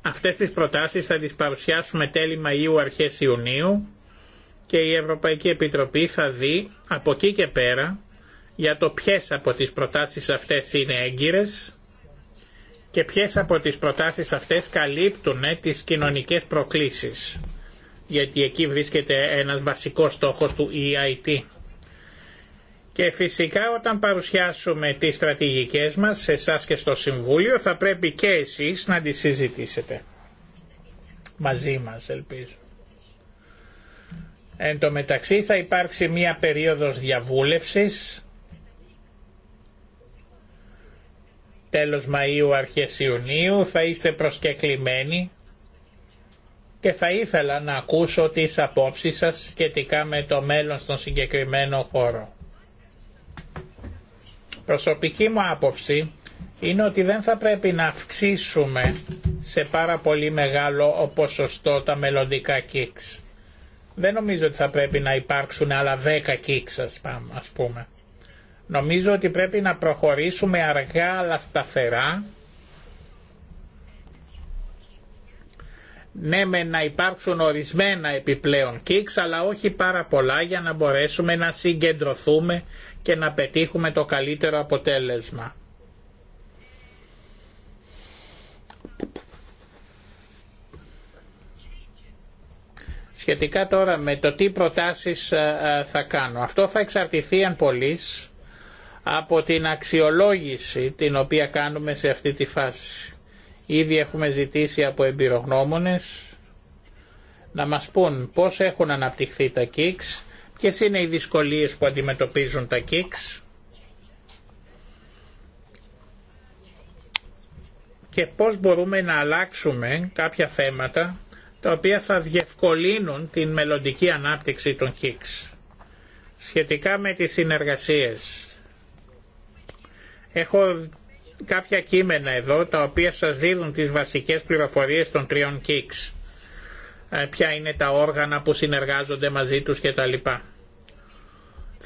D: Αυτές τις προτάσεις θα τις παρουσιάσουμε τέλη Μαΐου αρχές Ιουνίου και η Ευρωπαϊκή Επιτροπή θα δει από εκεί και πέρα για το ποιες από τις προτάσεις αυτές είναι έγκυρες και ποιες από τις προτάσεις αυτές καλύπτουν ε, τις κοινωνικές προκλήσεις γιατί εκεί βρίσκεται ένας βασικός στόχος του EIT. Και φυσικά όταν παρουσιάσουμε τις στρατηγικές μας σε εσά και στο Συμβούλιο θα πρέπει και εσείς να τις συζητήσετε. Μαζί μας ελπίζω. Εν τω μεταξύ θα υπάρξει μία περίοδος διαβούλευσης τέλος Μαΐου αρχές Ιουνίου θα είστε προσκεκλημένοι και θα ήθελα να ακούσω τις απόψεις σας σχετικά με το μέλλον στον συγκεκριμένο χώρο προσωπική μου άποψη είναι ότι δεν θα πρέπει να αυξήσουμε σε πάρα πολύ μεγάλο ποσοστό τα μελλοντικά kicks. Δεν νομίζω ότι θα πρέπει να υπάρξουν άλλα 10 kicks ας πούμε. Νομίζω ότι πρέπει να προχωρήσουμε αργά αλλά σταθερά ναι με να υπάρξουν ορισμένα επιπλέον kicks αλλά όχι πάρα πολλά για να μπορέσουμε να συγκεντρωθούμε και να πετύχουμε το καλύτερο αποτέλεσμα. Σχετικά τώρα με το τι προτάσεις ε, ε, θα κάνω. Αυτό θα εξαρτηθεί αν πολλής από την αξιολόγηση την οποία κάνουμε σε αυτή τη φάση. Ήδη έχουμε ζητήσει από εμπειρογνώμονες να μας πούν πώς έχουν αναπτυχθεί τα ΚΙΚΣ, Ποιες είναι οι δυσκολίες που αντιμετωπίζουν τα ΚΙΚΣ και πώς μπορούμε να αλλάξουμε κάποια θέματα τα οποία θα διευκολύνουν την μελλοντική ανάπτυξη των ΚΙΚΣ. Σχετικά με τις συνεργασίες, έχω κάποια κείμενα εδώ τα οποία σας δίνουν τις βασικές πληροφορίες των τριών ΚΙΚΣ. Ε, ποια είναι τα όργανα που συνεργάζονται μαζί τους κτλ.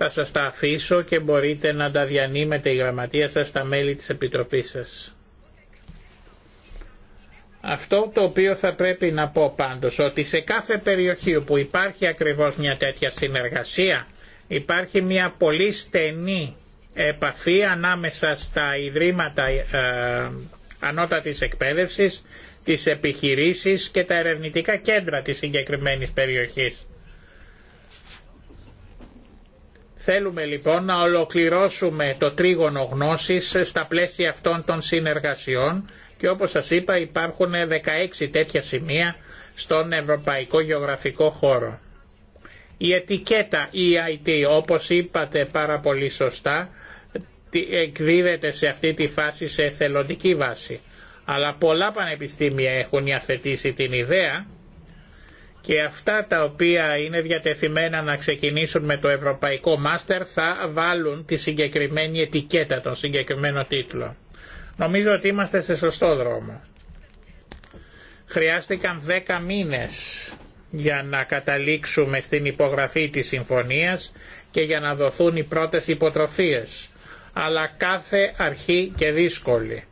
D: Θα σας τα αφήσω και μπορείτε να τα διανύμετε η γραμματεία σας στα μέλη της Επιτροπής σας. Αυτό το οποίο θα πρέπει να πω πάντως, ότι σε κάθε περιοχή όπου υπάρχει ακριβώς μια τέτοια συνεργασία, υπάρχει μια πολύ στενή επαφή ανάμεσα στα ιδρύματα ε, ανώτατης εκπαίδευσης, τις επιχειρήσεις και τα ερευνητικά κέντρα της συγκεκριμένης περιοχής. Θέλουμε λοιπόν να ολοκληρώσουμε το τρίγωνο γνώσης στα πλαίσια αυτών των συνεργασιών και όπως σας είπα υπάρχουν 16 τέτοια σημεία στον ευρωπαϊκό γεωγραφικό χώρο. Η ετικέτα EIT όπως είπατε πάρα πολύ σωστά εκδίδεται σε αυτή τη φάση σε εθελοντική βάση. Αλλά πολλά πανεπιστήμια έχουν υιοθετήσει την ιδέα και αυτά τα οποία είναι διατεθειμένα να ξεκινήσουν με το Ευρωπαϊκό Μάστερ θα βάλουν τη συγκεκριμένη ετικέτα, τον συγκεκριμένο τίτλο. Νομίζω ότι είμαστε σε σωστό δρόμο. Χρειάστηκαν 10 μήνες για να καταλήξουμε στην υπογραφή της συμφωνίας και για να δοθούν οι πρώτες υποτροφίες, αλλά κάθε αρχή και δύσκολη.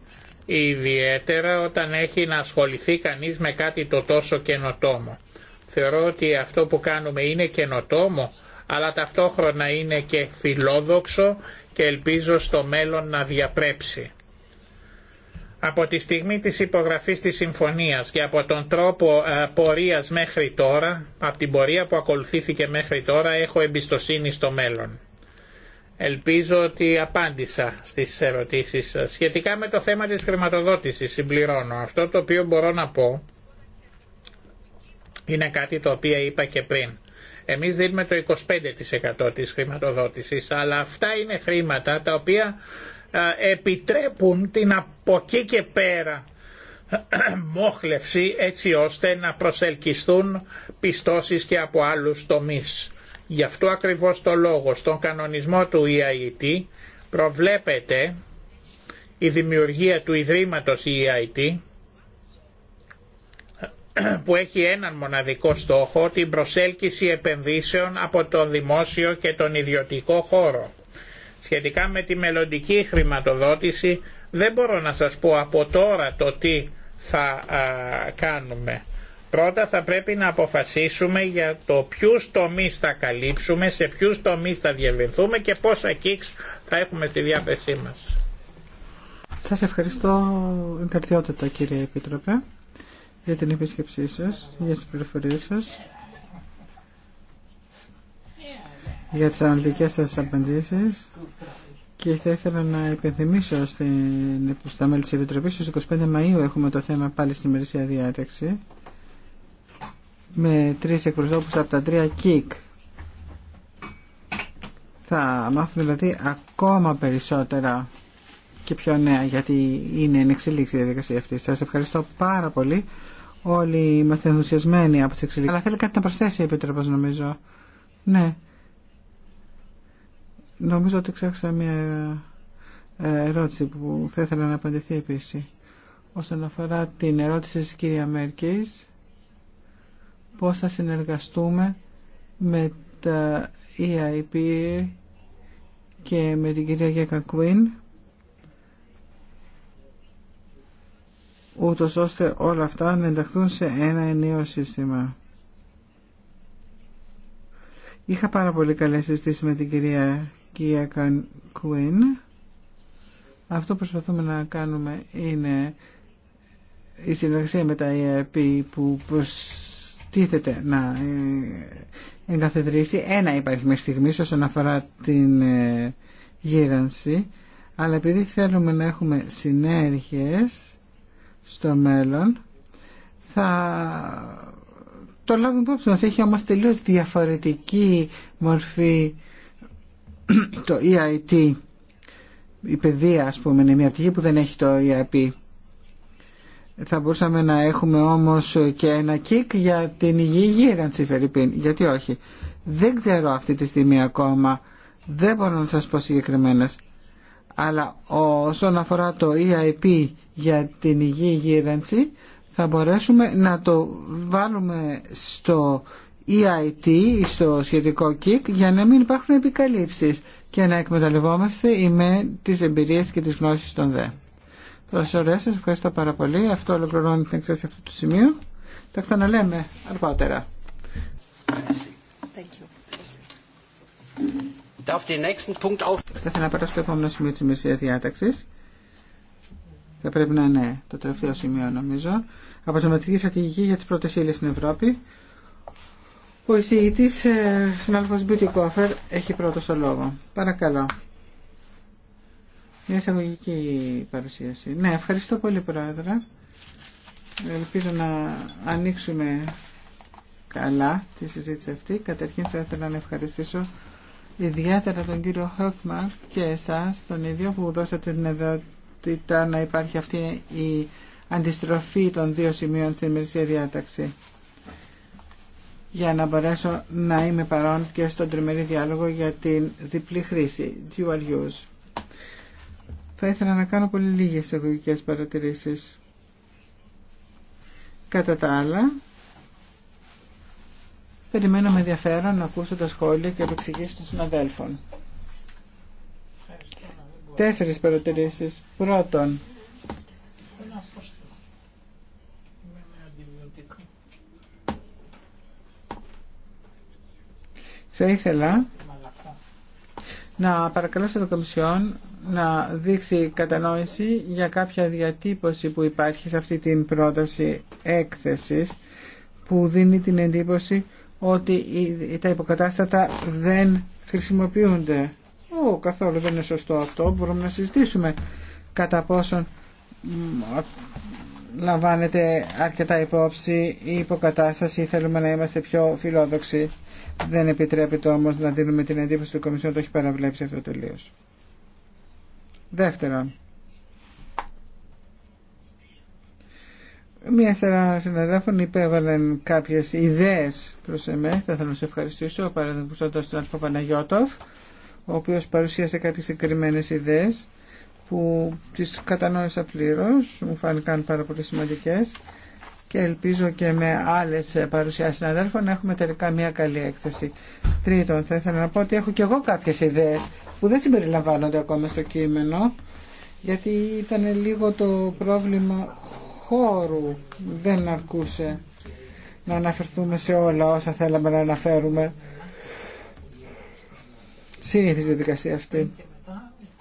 D: Ιδιαίτερα όταν έχει να ασχοληθεί κανείς με κάτι το τόσο καινοτόμο θεωρώ ότι αυτό που κάνουμε είναι καινοτόμο, αλλά ταυτόχρονα είναι και φιλόδοξο και ελπίζω στο μέλλον να διαπρέψει. Από τη στιγμή της υπογραφής της συμφωνίας και από τον τρόπο ε, πορείας μέχρι τώρα, από την πορεία που ακολουθήθηκε μέχρι τώρα, έχω εμπιστοσύνη στο μέλλον. Ελπίζω ότι απάντησα στις ερωτήσεις σας. Σχετικά με το θέμα της χρηματοδότησης συμπληρώνω. Αυτό το οποίο μπορώ να πω είναι κάτι το οποίο είπα και πριν. Εμείς δίνουμε το 25% της χρηματοδότησης, αλλά αυτά είναι χρήματα τα οποία επιτρέπουν την από εκεί και πέρα μόχλευση έτσι ώστε να προσελκυστούν πιστώσεις και από άλλους τομείς. Γι' αυτό ακριβώς το λόγο στον κανονισμό του EIT προβλέπεται η δημιουργία του Ιδρύματος EIT που έχει έναν μοναδικό στόχο την προσέλκυση επενδύσεων από το δημόσιο και τον ιδιωτικό χώρο. Σχετικά με τη μελλοντική χρηματοδότηση δεν μπορώ να σας πω από τώρα το τι θα κάνουμε. Πρώτα θα πρέπει να αποφασίσουμε για το ποιους τομείς θα καλύψουμε, σε ποιους τομείς θα διευρυνθούμε και πόσα κίξ θα έχουμε στη διάθεσή
A: μας. Σας ευχαριστώ εγκαρδιότητα κύριε Επίτροπε για την επίσκεψή σα για τις πληροφορίες σα. για τις αναλυτικές σας απαντήσεις και θα ήθελα να υπενθυμίσω στην, στα μέλη της Επιτροπής στις 25 Μαΐου έχουμε το θέμα πάλι στην ημερησία διάταξη με τρεις εκπροσώπους από τα τρία ΚΙΚ θα μάθουμε δηλαδή ακόμα περισσότερα και πιο νέα γιατί είναι εν εξελίξη η διαδικασία αυτή. Σας ευχαριστώ πάρα πολύ. Όλοι είμαστε ενθουσιασμένοι από τι εξελίξει. Αλλά θέλει κάτι να προσθέσει η Επίτροπο, νομίζω. Ναι. Νομίζω ότι ξέχασα μια ε, ερώτηση που θα ήθελα να απαντηθεί επίσης. Όσον αφορά την ερώτηση τη κυρία Μέρκη, πώς θα συνεργαστούμε με τα EIP και με την κυρία Γιέκα Κουίν ούτως ώστε όλα αυτά να ενταχθούν σε ένα ενίο σύστημα. Είχα πάρα πολύ καλές συζητήσεις με την κυρία Κία Κουίν. Αυτό που προσπαθούμε να κάνουμε είναι η συνεργασία με τα ΕΕΠ που προστίθεται να εγκαθιδρύσει. Ένα υπάρχει μέχρι στιγμή όσον αφορά την ε, γύρανση, αλλά επειδή θέλουμε να έχουμε συνέργειες, στο μέλλον θα το λάβουμε υπόψη μας. Έχει όμως τελείως διαφορετική μορφή το EIT. Η παιδεία ας πούμε είναι μια πτυχή που δεν έχει το EIP. Θα μπορούσαμε να έχουμε όμως και ένα κικ για την υγιή γύρανση Φερρυπίν. Γιατί όχι. Δεν ξέρω αυτή τη στιγμή ακόμα. Δεν μπορώ να σας πω συγκεκριμένες. Αλλά όσον αφορά το EIP για την υγιή γύρανση θα μπορέσουμε να το βάλουμε στο EIT, ή στο σχετικό ΚΙΚ, για να μην υπάρχουν επικαλύψεις και να εκμεταλλευόμαστε με τις εμπειρίες και τις γνώσεις των ΔΕ. Τόσο σας ευχαριστώ πάρα πολύ. Αυτό ολοκληρώνει την εξέταση αυτού του σημείου. Τα ξαναλέμε αργότερα. Thank θα ήθελα να πάρω στο επόμενο σημείο τη ημερησίας διάταξη. Θα πρέπει να είναι το τελευταίο σημείο νομίζω. Αποζηματική στρατηγική για τι πρώτε ύλε στην Ευρώπη. Ο εισηγητή ε, συνάδελφος Κόφερ, έχει πρώτο το λόγο. Παρακαλώ. Μια εισαγωγική παρουσίαση. Ναι, ευχαριστώ πολύ Πρόεδρε. Ελπίζω να ανοίξουμε καλά τη συζήτηση αυτή. Καταρχήν θα ήθελα να ευχαριστήσω ιδιαίτερα τον κύριο Χόκμαρ και εσάς, τον ίδιο που δώσατε την εδότητα να υπάρχει αυτή η αντιστροφή των δύο σημείων στην ημερησία διάταξη για να μπορέσω να είμαι παρόν και στον τριμερή διάλογο για την διπλή χρήση, dual use. Θα ήθελα να κάνω πολύ λίγες εγωγικές παρατηρήσεις. Κατά τα άλλα, Περιμένω με ενδιαφέρον να ακούσω τα σχόλια και επεξηγήσω των συναδέλφων. Τέσσερις παρατηρήσεις. Πρώτον, θα ήθελα να παρακαλώ το Κομισιόν να δείξει κατανόηση για κάποια διατύπωση που υπάρχει σε αυτή την πρόταση έκθεσης που δίνει την εντύπωση ότι τα υποκατάστατα δεν χρησιμοποιούνται. Ο, καθόλου δεν είναι σωστό αυτό. Μπορούμε να συζητήσουμε κατά πόσον λαμβάνεται αρκετά υπόψη η υποκατάσταση. Θέλουμε να είμαστε πιο φιλόδοξοι. Δεν επιτρέπεται όμως να δίνουμε την εντύπωση του Κομισιόν ότι έχει παραβλέψει αυτό τελείως. Δεύτερον, Μία σειρά συναδέλφων υπέβαλαν κάποιε ιδέε προ. εμέ. Θα ήθελα να σε ευχαριστήσω, παραδείγματο τον Αλφα Παναγιώτοφ, ο οποίο παρουσίασε κάποιε συγκεκριμένε ιδέε που τι κατανόησα πλήρω, μου φάνηκαν πάρα πολύ σημαντικέ και ελπίζω και με άλλε παρουσιάσει συναδέλφων να έχουμε τελικά μια καλή έκθεση. Τρίτον, θα ήθελα να πω ότι έχω και εγώ κάποιε ιδέε που δεν συμπεριλαμβάνονται ακόμα στο κείμενο γιατί ήταν λίγο το πρόβλημα χώρου δεν αρκούσε να αναφερθούμε σε όλα όσα θέλαμε να αναφέρουμε. η διαδικασία αυτή.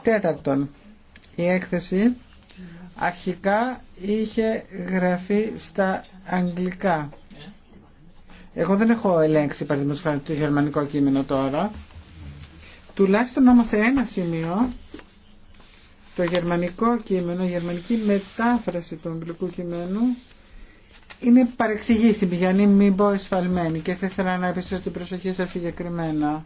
A: Τέταρτον, η έκθεση αρχικά είχε γραφεί στα αγγλικά. Εγώ δεν έχω ελέγξει παραδείγματος χάρη το γερμανικό κείμενο τώρα. Τουλάχιστον όμως σε ένα σημείο το γερμανικό κείμενο, η γερμανική μετάφραση του αγγλικού κειμένου είναι παρεξηγήσιμη για να μην πω εσφαλμένη και θα ήθελα να επιστρέψω την προσοχή σας συγκεκριμένα.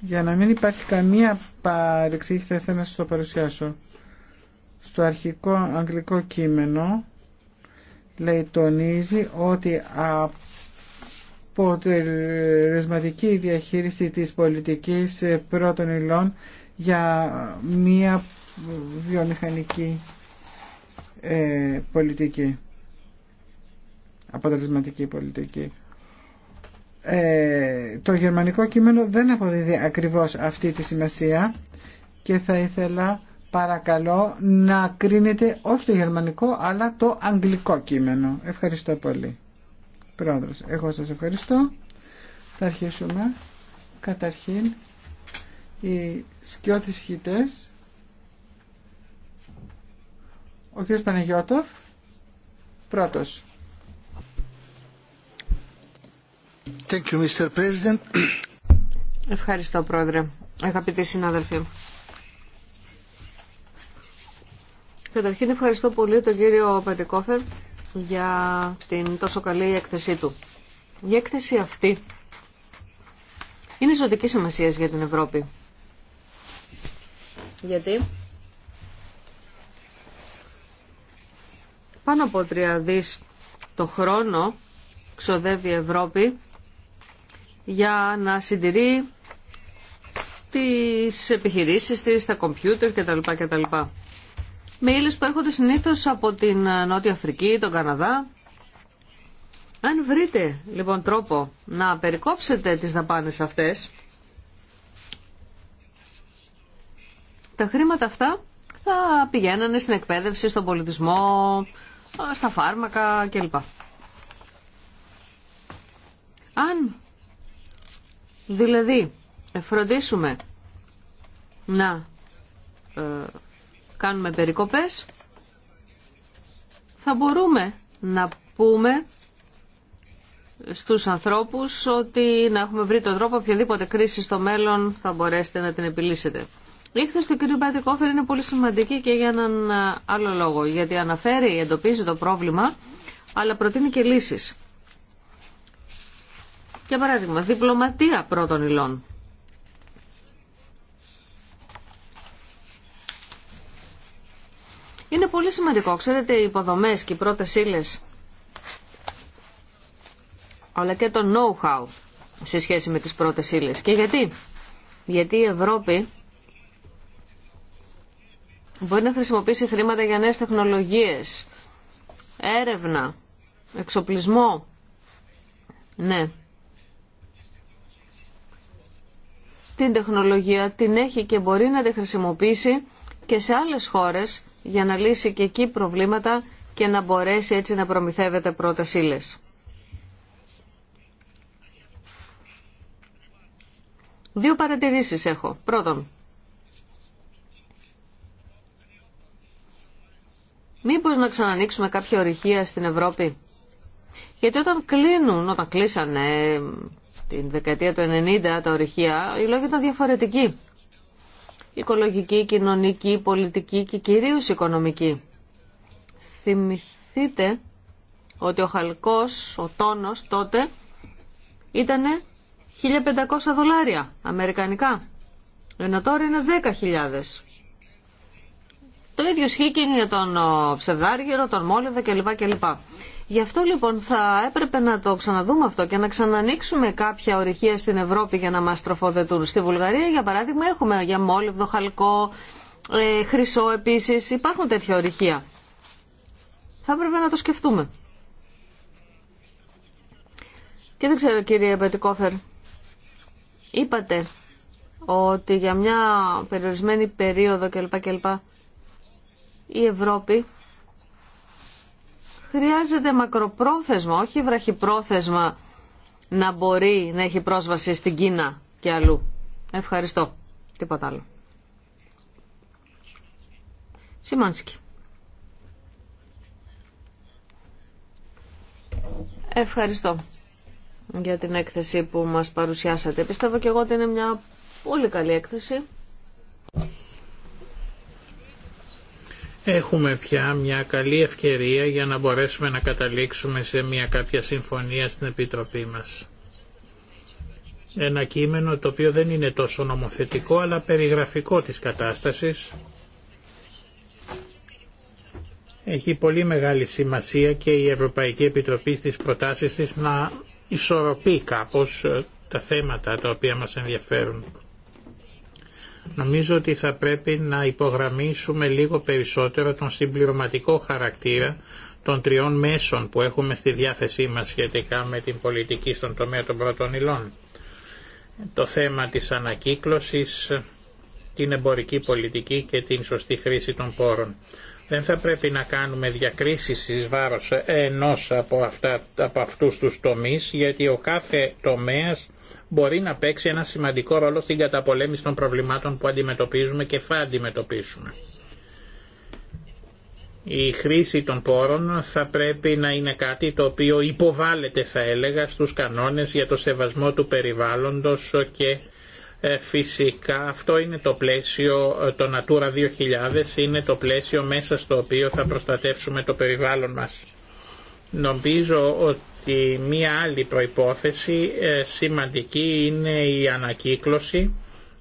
A: Για να μην υπάρχει καμία παρεξήγηση θα ήθελα να σας το παρουσιάσω. Στο αρχικό αγγλικό κείμενο λέει τονίζει ότι από αποτελεσματική διαχείριση της πολιτικής ε, πρώτων υλών για μία βιομηχανική ε, πολιτική, αποτελεσματική πολιτική. Ε, το γερμανικό κείμενο δεν αποδίδει ακριβώς αυτή τη σημασία και θα ήθελα παρακαλώ να κρίνετε όχι το γερμανικό αλλά το αγγλικό κείμενο. Ευχαριστώ πολύ. Πρόεδρος, εγώ σας ευχαριστώ. Θα αρχίσουμε. Καταρχήν, οι σκιώτες χιτές, ο κ. Παναγιώτοφ, πρώτος.
E: Thank you, Mr. President.
C: Ευχαριστώ, Πρόεδρε. Αγαπητοί συνάδελφοι. Καταρχήν ευχαριστώ πολύ τον κύριο Πατικόφερ για την τόσο καλή έκθεσή του. Η έκθεση αυτή είναι ζωτική σημασία για την Ευρώπη. Γιατί πάνω από τρία δις το χρόνο ξοδεύει η Ευρώπη για να συντηρεί τις επιχειρήσεις της, τα κομπιούτερ κτλ. κτλ με ύλες που έρχονται συνήθως από την ε, Νότια Αφρική, τον Καναδά. Αν βρείτε λοιπόν τρόπο να περικόψετε τις δαπάνες αυτές, τα χρήματα αυτά θα πηγαίνανε στην εκπαίδευση, στον πολιτισμό, ε, στα φάρμακα κλπ. Αν δηλαδή φροντίσουμε να ε, κάνουμε περικοπές, θα μπορούμε να πούμε στους ανθρώπους ότι να έχουμε βρει τον τρόπο οποιαδήποτε κρίση στο μέλλον θα μπορέσετε να την επιλύσετε. Η έκθεση του κ. Μπατικόφερ είναι πολύ σημαντική και για έναν άλλο λόγο, γιατί αναφέρει, εντοπίζει το πρόβλημα, αλλά προτείνει και λύσεις. Για παράδειγμα, διπλωματία πρώτων υλών. Είναι πολύ σημαντικό. Ξέρετε, οι υποδομές και οι πρώτες ύλε, αλλά και το know-how σε σχέση με τις πρώτες ύλε. Και γιατί. Γιατί η Ευρώπη μπορεί να χρησιμοποιήσει χρήματα για νέες τεχνολογίες, έρευνα, εξοπλισμό. Ναι. Την τεχνολογία την έχει και μπορεί να τη χρησιμοποιήσει και σε άλλες χώρες για να λύσει και εκεί προβλήματα και να μπορέσει έτσι να προμηθεύεται πρώτες ύλες. Δύο παρατηρήσεις έχω. Πρώτον, μήπως να ξανανοίξουμε κάποια ορυχεία στην Ευρώπη. Γιατί όταν κλείνουν, όταν κλείσανε την δεκαετία του 90 τα ορυχεία, οι λόγοι ήταν διαφορετικοί οικολογική, κοινωνική, πολιτική και κυρίως οικονομική. Θυμηθείτε ότι ο χαλκός, ο τόνος τότε ήταν 1500 δολάρια αμερικανικά, ενώ τώρα είναι 10.000. Το ίδιο σχήκε για τον ψευδάργυρο, τον μόλιδο κλπ. Γι' αυτό λοιπόν θα έπρεπε να το ξαναδούμε αυτό και να ξανανοίξουμε κάποια ορυχεία στην Ευρώπη για να μας τροφοδετούν. Στη Βουλγαρία για παράδειγμα έχουμε για μόλιβδο, χαλκό, ε, χρυσό επίσης, υπάρχουν τέτοια ορυχεία. Θα έπρεπε να το σκεφτούμε. Και δεν ξέρω κύριε Πετικόφερ, είπατε ότι για μια περιορισμένη περίοδο κλπ. κλπ η Ευρώπη χρειάζεται μακροπρόθεσμα, όχι βραχυπρόθεσμα να μπορεί να έχει πρόσβαση στην Κίνα και αλλού. Ευχαριστώ. Τίποτα άλλο. Σιμάνσκι. Ευχαριστώ για την έκθεση που μας παρουσιάσατε. Πιστεύω και εγώ ότι είναι μια πολύ καλή έκθεση
D: έχουμε πια μια καλή ευκαιρία για να μπορέσουμε να καταλήξουμε σε μια κάποια συμφωνία στην Επιτροπή μας. Ένα κείμενο το οποίο δεν είναι τόσο νομοθετικό αλλά περιγραφικό της κατάστασης έχει πολύ μεγάλη σημασία και η Ευρωπαϊκή Επιτροπή στις προτάσεις της να ισορροπεί κάπως ε, τα θέματα τα οποία μας ενδιαφέρουν. Νομίζω ότι θα πρέπει να υπογραμμίσουμε λίγο περισσότερο τον συμπληρωματικό χαρακτήρα των τριών μέσων που έχουμε στη διάθεσή μας σχετικά με την πολιτική στον τομέα των πρώτων υλών. Το θέμα της ανακύκλωσης, την εμπορική πολιτική και την σωστή χρήση των πόρων. Δεν θα πρέπει να κάνουμε διακρίσεις εις βάρος ενός από, αυτά, από αυτούς τους τομείς, γιατί ο κάθε τομέας μπορεί να παίξει ένα σημαντικό ρόλο στην καταπολέμηση των προβλημάτων που αντιμετωπίζουμε και θα αντιμετωπίσουμε. Η χρήση των πόρων θα πρέπει να είναι κάτι το οποίο υποβάλλεται θα έλεγα στους κανόνες για το σεβασμό του περιβάλλοντος και ε, φυσικά αυτό είναι το πλαίσιο, ε, το Natura 2000 είναι το πλαίσιο μέσα στο οποίο θα προστατεύσουμε το περιβάλλον μας. Νομίζω ότι ότι μία άλλη προϋπόθεση ε, σημαντική είναι η ανακύκλωση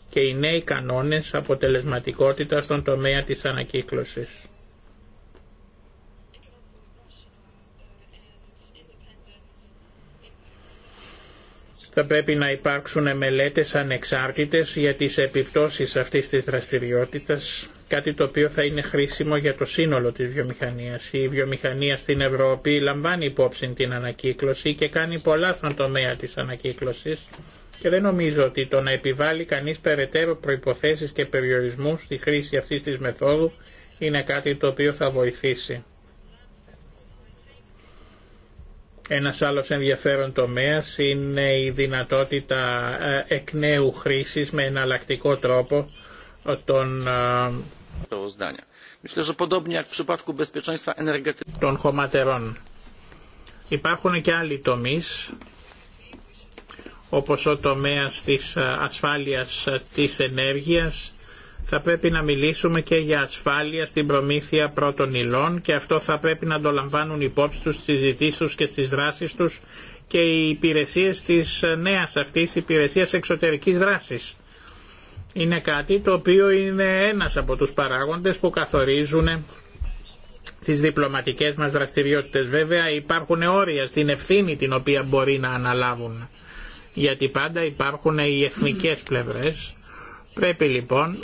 D: και οι νέοι κανόνες αποτελεσματικότητας στον τομέα της ανακύκλωσης. θα πρέπει να υπάρξουν μελέτες ανεξάρτητες για τις επιπτώσεις αυτής της δραστηριότητας κάτι το οποίο θα είναι χρήσιμο για το σύνολο της βιομηχανίας. Η βιομηχανία στην Ευρώπη λαμβάνει υπόψη την ανακύκλωση και κάνει πολλά στον τομέα της ανακύκλωσης και δεν νομίζω ότι το να επιβάλλει κανείς περαιτέρω προϋποθέσεις και περιορισμούς στη χρήση αυτής της μεθόδου είναι κάτι το οποίο θα βοηθήσει. Ένα άλλος ενδιαφέρον τομέας είναι η δυνατότητα ε, εκ νέου χρήσης με εναλλακτικό τρόπο των ε, των χωματερών. Υπάρχουν και άλλοι τομείς, όπως ο τομέας της ε, ασφάλειας ε, της ενέργειας, θα πρέπει να μιλήσουμε και για ασφάλεια στην προμήθεια πρώτων υλών και αυτό θα πρέπει να το λαμβάνουν υπόψη τους στις συζητήσεις τους και στις δράσεις τους και οι υπηρεσίες της ε, νέας αυτής υπηρεσίας εξωτερικής δράσης είναι κάτι το οποίο είναι ένας από τους παράγοντες που καθορίζουν τις διπλωματικές μας δραστηριότητες. Βέβαια υπάρχουν όρια στην ευθύνη την οποία μπορεί να αναλάβουν γιατί πάντα υπάρχουν οι εθνικές πλευρές. Πρέπει λοιπόν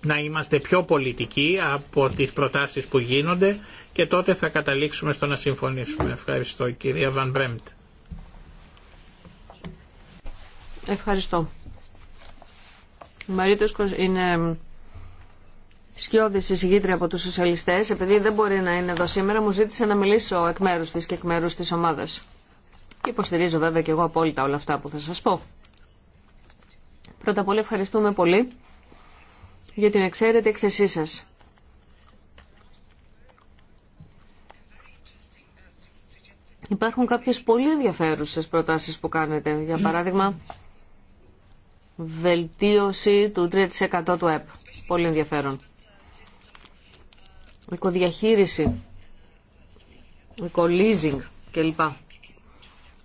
D: να είμαστε πιο πολιτικοί από τις προτάσεις που γίνονται και τότε θα καταλήξουμε στο να συμφωνήσουμε. Ευχαριστώ κυρία Βαν
C: Ευχαριστώ. Μαρίτος είναι σκιώδη συζητήτρια από τους σοσιαλιστές. Επειδή δεν μπορεί να είναι εδώ σήμερα, μου ζήτησε να μιλήσω εκ μέρους της και εκ μέρους της ομάδας. Και υποστηρίζω βέβαια και εγώ απόλυτα όλα αυτά που θα σας πω. Πρώτα απ' όλα ευχαριστούμε πολύ για την εξαίρετη εκθεσή σας. Υπάρχουν κάποιες πολύ ενδιαφέρουσες προτάσεις που κάνετε. Για παράδειγμα, βελτίωση του 3% του ΕΠ. Πολύ ενδιαφέρον. Οικοδιαχείριση, οικολίζινγκ κλπ.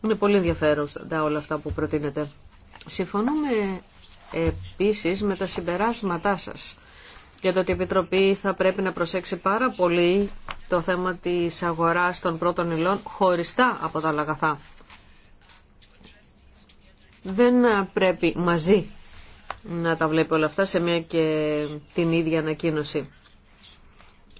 C: Είναι πολύ ενδιαφέροντα όλα αυτά που προτείνετε. Συμφωνούμε επίσης με τα συμπεράσματά σας για το ότι η Επιτροπή θα πρέπει να προσέξει πάρα πολύ το θέμα της αγοράς των πρώτων υλών χωριστά από τα λαγαθά. Δεν πρέπει μαζί να τα βλέπει όλα αυτά σε μια και την ίδια ανακοίνωση.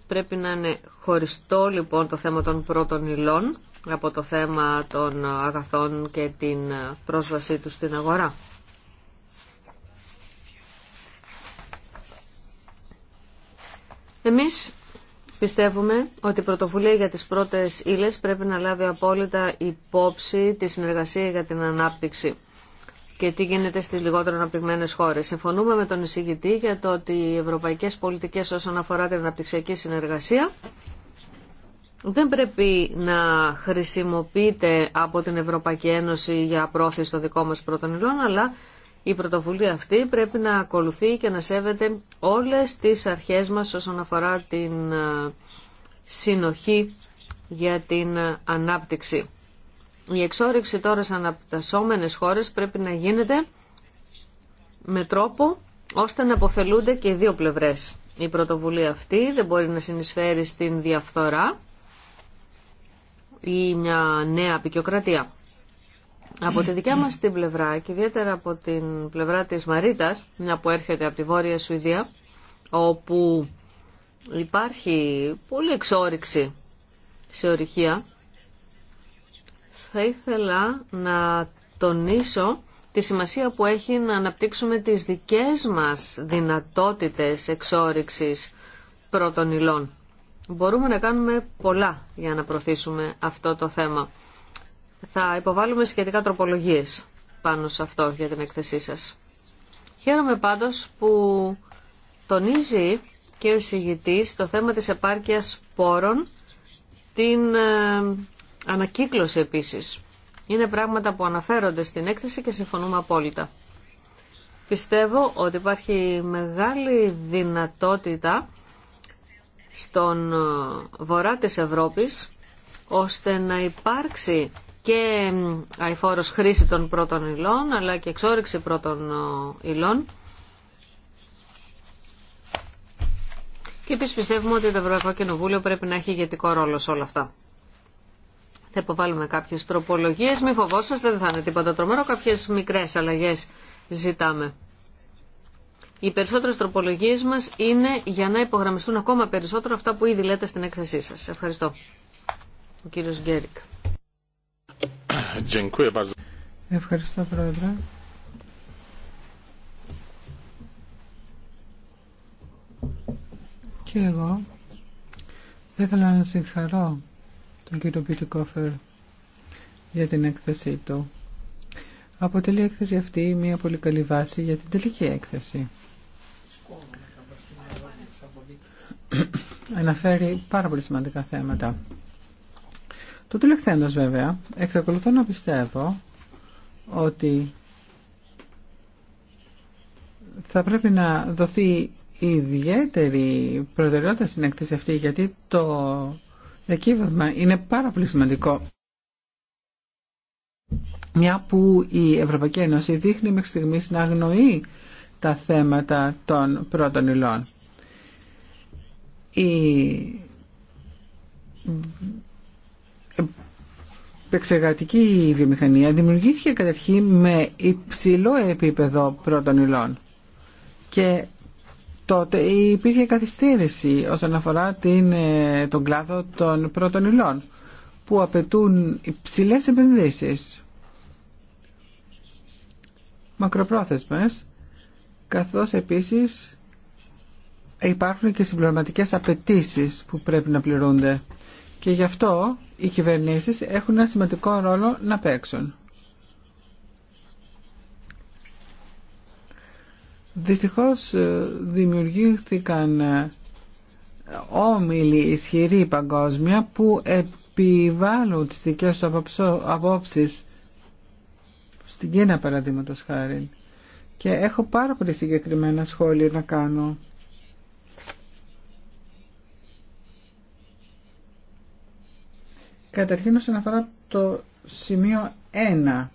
C: Πρέπει να είναι χωριστό λοιπόν το θέμα των πρώτων υλών από το θέμα των αγαθών και την πρόσβασή τους στην αγορά. Εμείς πιστεύουμε ότι η πρωτοβουλία για τις πρώτες ύλες πρέπει να λάβει απόλυτα υπόψη τη συνεργασία για την ανάπτυξη και τι γίνεται στις λιγότερο αναπτυγμένες χώρες. Συμφωνούμε με τον εισηγητή για το ότι οι ευρωπαϊκές πολιτικές όσον αφορά την αναπτυξιακή συνεργασία δεν πρέπει να χρησιμοποιείται από την Ευρωπαϊκή Ένωση για πρόθεση των δικών μας πρώτων αλλά η πρωτοβουλία αυτή πρέπει να ακολουθεί και να σέβεται όλες τις αρχές μας όσον αφορά την ε, συνοχή για την ανάπτυξη. Η εξόρυξη τώρα σαν αναπτασσόμενες χώρες πρέπει να γίνεται με τρόπο ώστε να αποφελούνται και οι δύο πλευρές. Η πρωτοβουλία αυτή δεν μπορεί να συνεισφέρει στην διαφθορά ή μια νέα απεικιοκρατία. Από τη δικιά μας την πλευρά και ιδιαίτερα από την πλευρά της Μαρίτας, μια που έρχεται από τη Βόρεια Σουηδία, όπου υπάρχει πολύ εξόριξη σε ορυχεία θα ήθελα να τονίσω τη σημασία που έχει να αναπτύξουμε τις δικές μας δυνατότητες εξόριξης πρώτων υλών. Μπορούμε να κάνουμε πολλά για να προωθήσουμε αυτό το θέμα. Θα υποβάλουμε σχετικά τροπολογίες πάνω σε αυτό για την εκθεσή σας. Χαίρομαι πάντως που τονίζει και ο συγητής το θέμα της επάρκειας πόρων την ε, Ανακύκλωση επίσης. Είναι πράγματα που αναφέρονται στην έκθεση και συμφωνούμε απόλυτα. Πιστεύω ότι υπάρχει μεγάλη δυνατότητα στον βορρά της Ευρώπης ώστε να υπάρξει και αηφόρος χρήση των πρώτων υλών αλλά και εξόριξη πρώτων υλών και επίσης πιστεύουμε ότι το Ευρωπαϊκό Κοινοβούλιο πρέπει να έχει ηγετικό ρόλο σε όλα αυτά. Θα υποβάλουμε κάποιε τροπολογίε. μη φοβόσαστε, δεν θα είναι τίποτα τρομερό. Κάποιε μικρέ αλλαγέ ζητάμε. Οι περισσότερε τροπολογίε μα είναι για να υπογραμμιστούν ακόμα περισσότερο αυτά που ήδη λέτε στην έκθεσή σα. Ευχαριστώ. Ο κύριο Γκέρικ. Ευχαριστώ, Πρόεδρε.
A: Και εγώ θα ήθελα να συγχαρώ τον κύριο για την έκθεσή του. Αποτελεί η έκθεση αυτή μια πολύ καλή βάση για την τελική έκθεση. Αναφέρει πάρα πολύ σημαντικά θέματα. Το τελευταίο βέβαια, εξακολουθώ να πιστεύω ότι θα πρέπει να δοθεί ιδιαίτερη προτεραιότητα στην έκθεση αυτή γιατί το διακύβευμα είναι πάρα πολύ σημαντικό. Μια που η Ευρωπαϊκή Ένωση δείχνει μέχρι στιγμής να αγνοεί τα θέματα των πρώτων υλών. Η επεξεργατική βιομηχανία δημιουργήθηκε καταρχήν με υψηλό επίπεδο πρώτων υλών και τότε υπήρχε καθυστέρηση όσον αφορά την, ε, τον κλάδο των πρώτων υλών που απαιτούν υψηλέ επενδύσεις μακροπρόθεσμες καθώς επίσης υπάρχουν και συμπληρωματικές απαιτήσει που πρέπει να πληρούνται και γι' αυτό οι κυβερνήσεις έχουν ένα σημαντικό ρόλο να παίξουν. Δυστυχώς ε, δημιουργήθηκαν ε, όμιλοι ισχυροί παγκόσμια που επιβάλλουν τις δικές του απόψεις στην Κίνα παραδείγματος χάρη και έχω πάρα πολύ συγκεκριμένα σχόλια να κάνω. Καταρχήν όσον αφορά το σημείο 1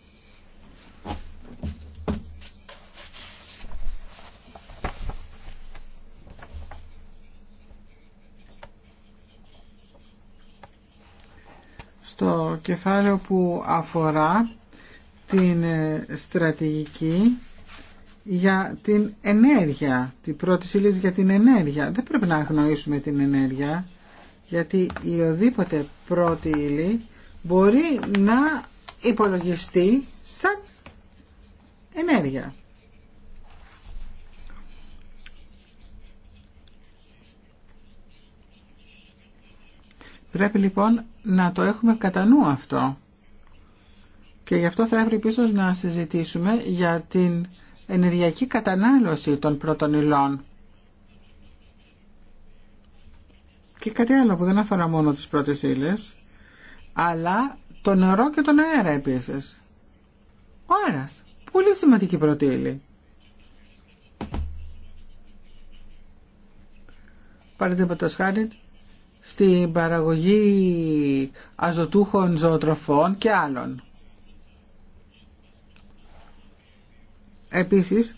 A: Το κεφάλαιο που αφορά την ε, στρατηγική για την ενέργεια, την πρώτη σύλληση για την ενέργεια. Δεν πρέπει να αγνοήσουμε την ενέργεια, γιατί η οδήποτε πρώτη ύλη μπορεί να υπολογιστεί σαν ενέργεια. Πρέπει λοιπόν να το έχουμε κατά νου αυτό. Και γι' αυτό θα έπρεπε ίσως να συζητήσουμε για την ενεργειακή κατανάλωση των πρώτων υλών. Και κάτι άλλο που δεν αφορά μόνο τις πρώτες ύλες, αλλά το νερό και τον αέρα επίσης. Ο αέρας. Πολύ σημαντική πρώτη ύλη. Παραδείγματος χάρη στην παραγωγή αζωτούχων ζωοτροφών και άλλων. Επίσης,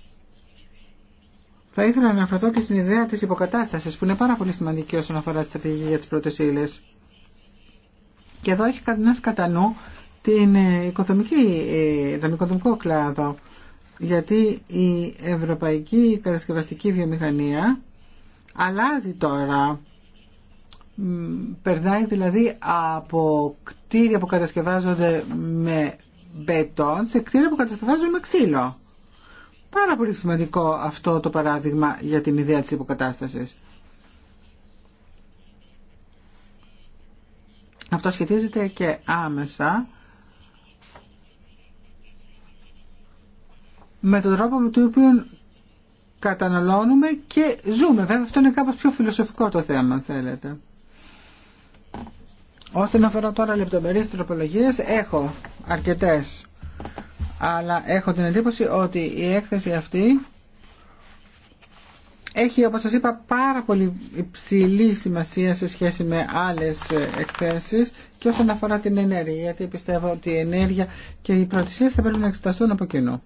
A: θα ήθελα να αναφερθώ και στην ιδέα της υποκατάστασης που είναι πάρα πολύ σημαντική όσον αφορά τη στρατηγική για τις πρώτες ύλες. Και εδώ έχει κανένα κατά νου την ε, οικοδομική, ε, τον οικοδομικό κλάδο γιατί η ευρωπαϊκή κατασκευαστική βιομηχανία αλλάζει τώρα περνάει δηλαδή από κτίρια που κατασκευάζονται με μπετόν σε κτίρια που κατασκευάζονται με ξύλο. Πάρα πολύ σημαντικό αυτό το παράδειγμα για την ιδέα της υποκατάστασης. Αυτό σχετίζεται και άμεσα με τον τρόπο με τον οποίο καταναλώνουμε και ζούμε. Βέβαια αυτό είναι κάπως πιο φιλοσοφικό το θέμα αν θέλετε. Όσον αφορά τώρα λεπτομερείς τροπολογίες, έχω αρκετές. Αλλά έχω την εντύπωση ότι η έκθεση αυτή έχει, όπως σας είπα, πάρα πολύ υψηλή σημασία σε σχέση με άλλες εκθέσεις και όσον αφορά την ενέργεια, γιατί πιστεύω ότι η ενέργεια και οι προτισίες θα πρέπει να εξεταστούν από κοινού.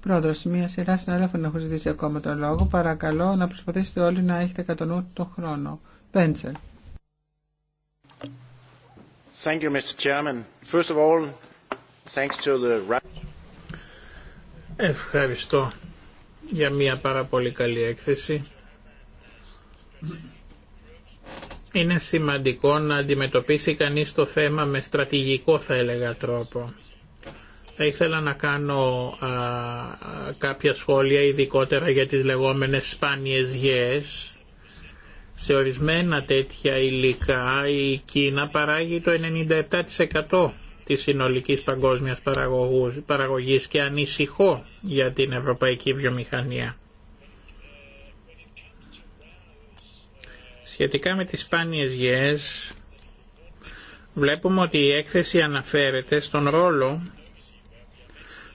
A: Πρόεδρος, μία σειρά συνάδελφων έχω ζητήσει ακόμα τον λόγο. Παρακαλώ να προσπαθήσετε όλοι να έχετε κατά νου τον χρόνο.
D: Ευχαριστώ για μια πάρα πολύ καλή έκθεση. Είναι σημαντικό να αντιμετωπίσει κανείς το θέμα με στρατηγικό θα έλεγα τρόπο. Θα ήθελα να κάνω κάποια σχόλια ειδικότερα για τις λεγόμενες σπάνιες γέες σε ορισμένα τέτοια υλικά η Κίνα παράγει το 97% της συνολικής παγκόσμιας παραγωγής και ανησυχώ για την ευρωπαϊκή βιομηχανία. Σχετικά με τις σπάνιες γεές, βλέπουμε ότι η έκθεση αναφέρεται στον ρόλο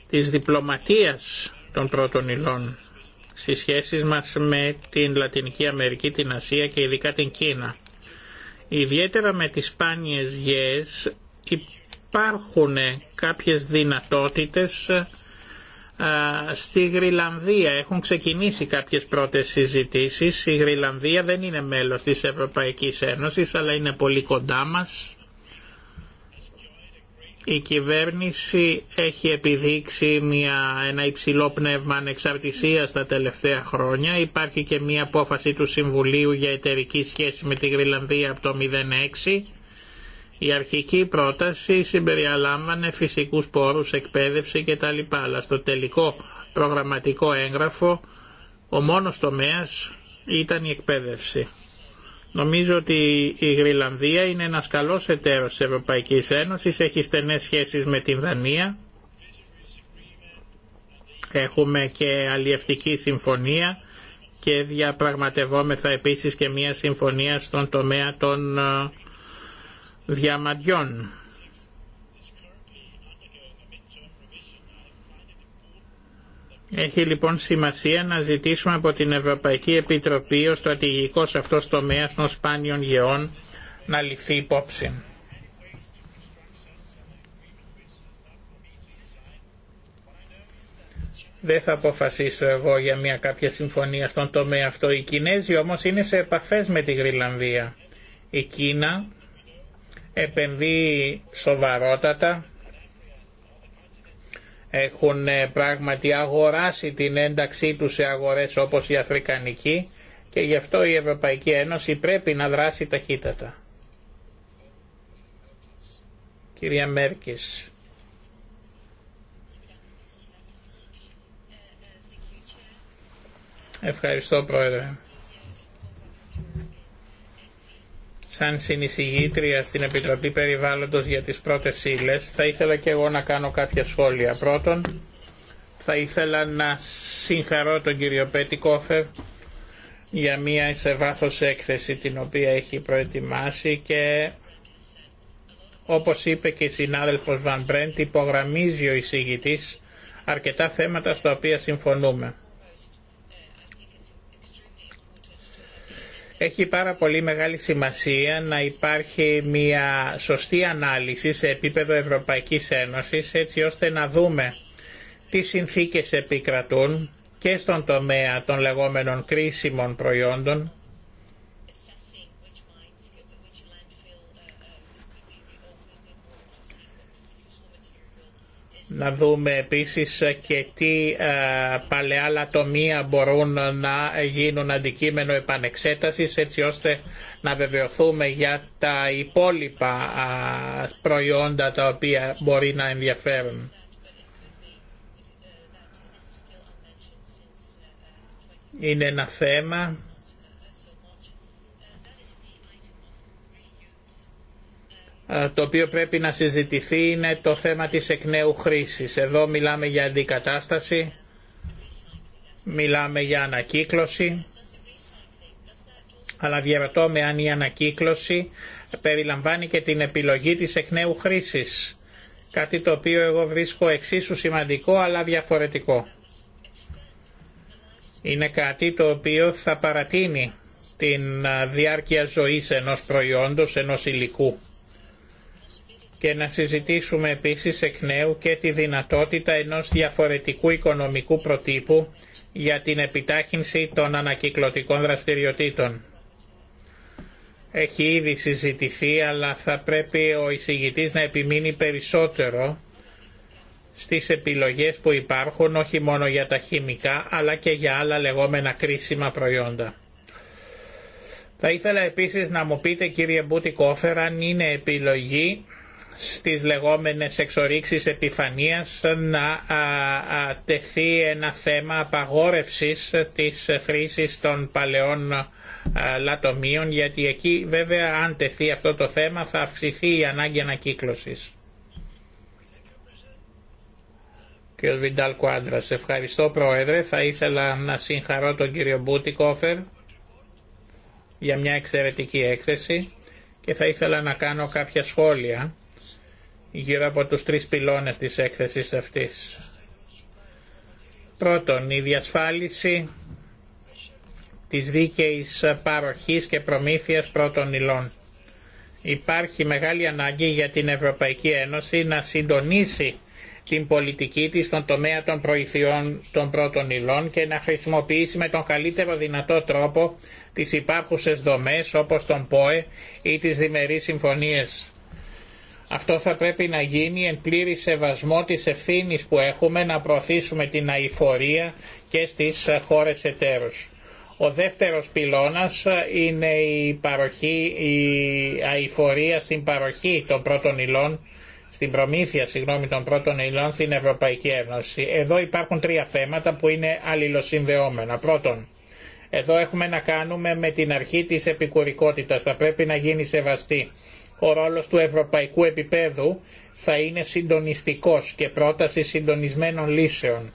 D: της διπλωματίας των πρώτων υλών στις σχέσεις μας με την Λατινική Αμερική, την Ασία και ειδικά την Κίνα. Ιδιαίτερα με τις σπάνιες γεές υπάρχουν κάποιες δυνατότητες στη Γρυλανδία. Έχουν ξεκινήσει κάποιες πρώτες συζητήσεις. Η Γρυλανδία δεν είναι μέλος της Ευρωπαϊκής Ένωσης αλλά είναι πολύ κοντά μας η κυβέρνηση έχει επιδείξει μια, ένα υψηλό πνεύμα ανεξαρτησίας τα τελευταία χρόνια. Υπάρχει και μια απόφαση του Συμβουλίου για εταιρική σχέση με τη Γρυλανδία από το 2006. Η αρχική πρόταση συμπεριλάμβανε φυσικούς πόρους, εκπαίδευση κτλ. Αλλά στο τελικό προγραμματικό έγγραφο ο μόνος τομέας ήταν η εκπαίδευση. Νομίζω ότι η Γρυλανδία είναι ένας καλός εταίρος της Ευρωπαϊκής Ένωσης, έχει στενές σχέσεις με την Δανία. Έχουμε και αλλιευτική συμφωνία και διαπραγματευόμεθα επίσης και μια συμφωνία στον τομέα των ε, διαμαντιών. Έχει λοιπόν σημασία να ζητήσουμε από την Ευρωπαϊκή Επιτροπή ο στρατηγικός αυτός τομέας των σπάνιων γεών να ληφθεί υπόψη. Δεν θα αποφασίσω εγώ για μια κάποια συμφωνία στον τομέα αυτό. Οι Κινέζοι όμως είναι σε επαφές με τη Γρυλανδία. Η Κίνα επενδύει σοβαρότατα έχουν ε, πράγματι αγοράσει την ένταξή τους σε αγορές όπως η Αφρικανική και γι' αυτό η Ευρωπαϊκή Ένωση πρέπει να δράσει ταχύτατα. Κυρία Μέρκης. Ευχαριστώ Πρόεδρε σαν συνεισηγήτρια στην Επιτροπή Περιβάλλοντος για τις πρώτες ύλε, θα ήθελα και εγώ να κάνω κάποια σχόλια. Πρώτον, θα ήθελα να συγχαρώ τον κύριο Πέτη για μία σε βάθος έκθεση την οποία έχει προετοιμάσει και όπως είπε και η συνάδελφος Βαν Μπρέντ υπογραμμίζει ο εισηγητής αρκετά θέματα στα οποία συμφωνούμε. Έχει πάρα πολύ μεγάλη σημασία να υπάρχει μια σωστή ανάλυση σε επίπεδο Ευρωπαϊκής Ένωσης έτσι ώστε να δούμε τι συνθήκες επικρατούν και στον τομέα των λεγόμενων κρίσιμων προϊόντων Να δούμε επίσης και τι ε, παλαιά λατομεία μπορούν να γίνουν αντικείμενο επανεξέτασης έτσι ώστε να βεβαιωθούμε για τα υπόλοιπα προϊόντα τα οποία μπορεί να ενδιαφέρουν. Είναι ένα θέμα Ε, το οποίο πρέπει να συζητηθεί είναι το θέμα της εκ νέου χρήσης. Εδώ μιλάμε για αντικατάσταση, μιλάμε για ανακύκλωση, αλλά διαρωτώ αν η ανακύκλωση περιλαμβάνει και την επιλογή της εκ νέου χρήσης. Κάτι το οποίο εγώ βρίσκω εξίσου σημαντικό αλλά διαφορετικό. Είναι κάτι το οποίο θα παρατείνει την ε, διάρκεια ζωής ενός προϊόντος, ενός υλικού και να συζητήσουμε επίσης εκ νέου και τη δυνατότητα ενός διαφορετικού οικονομικού προτύπου για την επιτάχυνση των ανακυκλωτικών δραστηριοτήτων. Έχει ήδη συζητηθεί αλλά θα πρέπει ο εισηγητής να επιμείνει περισσότερο στις επιλογές που υπάρχουν όχι μόνο για τα χημικά αλλά και για άλλα λεγόμενα κρίσιμα προϊόντα. Θα ήθελα επίσης να μου πείτε κύριε Μπούτι Κόφερα αν είναι επιλογή στις λεγόμενες εξορίξεις επιφανείας να τεθεί ένα θέμα απαγόρευσης της χρήσης των παλαιών λατομείων γιατί εκεί βέβαια αν τεθεί αυτό το θέμα θα αυξηθεί η ανάγκη ανακύκλωσης. Κύριο Βιντάλ Κουάντρας, ευχαριστώ Πρόεδρε. Θα ήθελα να συγχαρώ τον κύριο Μπούτικοφερ για μια εξαιρετική έκθεση και θα ήθελα να κάνω κάποια σχόλια γύρω από τους τρεις πυλώνες της έκθεσης αυτής. Πρώτον, η διασφάλιση της δίκαιης παροχής και προμήθειας πρώτων υλών. Υπάρχει μεγάλη ανάγκη για την Ευρωπαϊκή Ένωση να συντονίσει την πολιτική της στον τομέα των προηθειών των πρώτων υλών και να χρησιμοποιήσει με τον καλύτερο δυνατό τρόπο τις υπάρχουσες δομές όπως τον ΠΟΕ ή τις διμερείς συμφωνίες αυτό θα πρέπει να γίνει εν πλήρη σεβασμό της ευθύνης που έχουμε να προωθήσουμε την αηφορία και στις χώρες εταίρους. Ο δεύτερος πυλώνας είναι η, παροχή, η αηφορία στην παροχή των πρώτων υλών, στην προμήθεια συγγνώμη, των πρώτων υλών στην Ευρωπαϊκή Ένωση. Εδώ υπάρχουν τρία θέματα που είναι αλληλοσυνδεόμενα. Πρώτον, εδώ έχουμε να κάνουμε με την αρχή της επικουρικότητας. Θα πρέπει να γίνει σεβαστή ο ρόλος του ευρωπαϊκού επίπεδου θα είναι συντονιστικός και πρόταση συντονισμένων λύσεων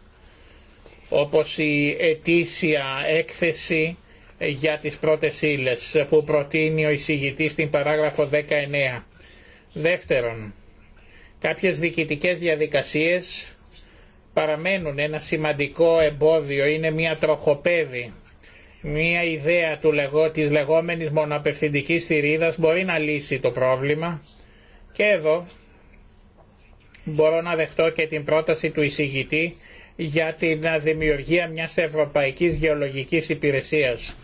D: όπως η ετήσια έκθεση για τις πρώτες ύλες που προτείνει ο εισηγητής στην παράγραφο 19. Δεύτερον, κάποιες διοικητικές διαδικασίες παραμένουν ένα σημαντικό εμπόδιο, είναι μια τροχοπέδη Μία ιδέα του λεγό, της λεγόμενης μονοαπευθυντικής θηρίδας μπορεί να λύσει το πρόβλημα και εδώ μπορώ να δεχτώ και την πρόταση του εισηγητή για την δημιουργία μιας Ευρωπαϊκής Γεωλογικής Υπηρεσίας.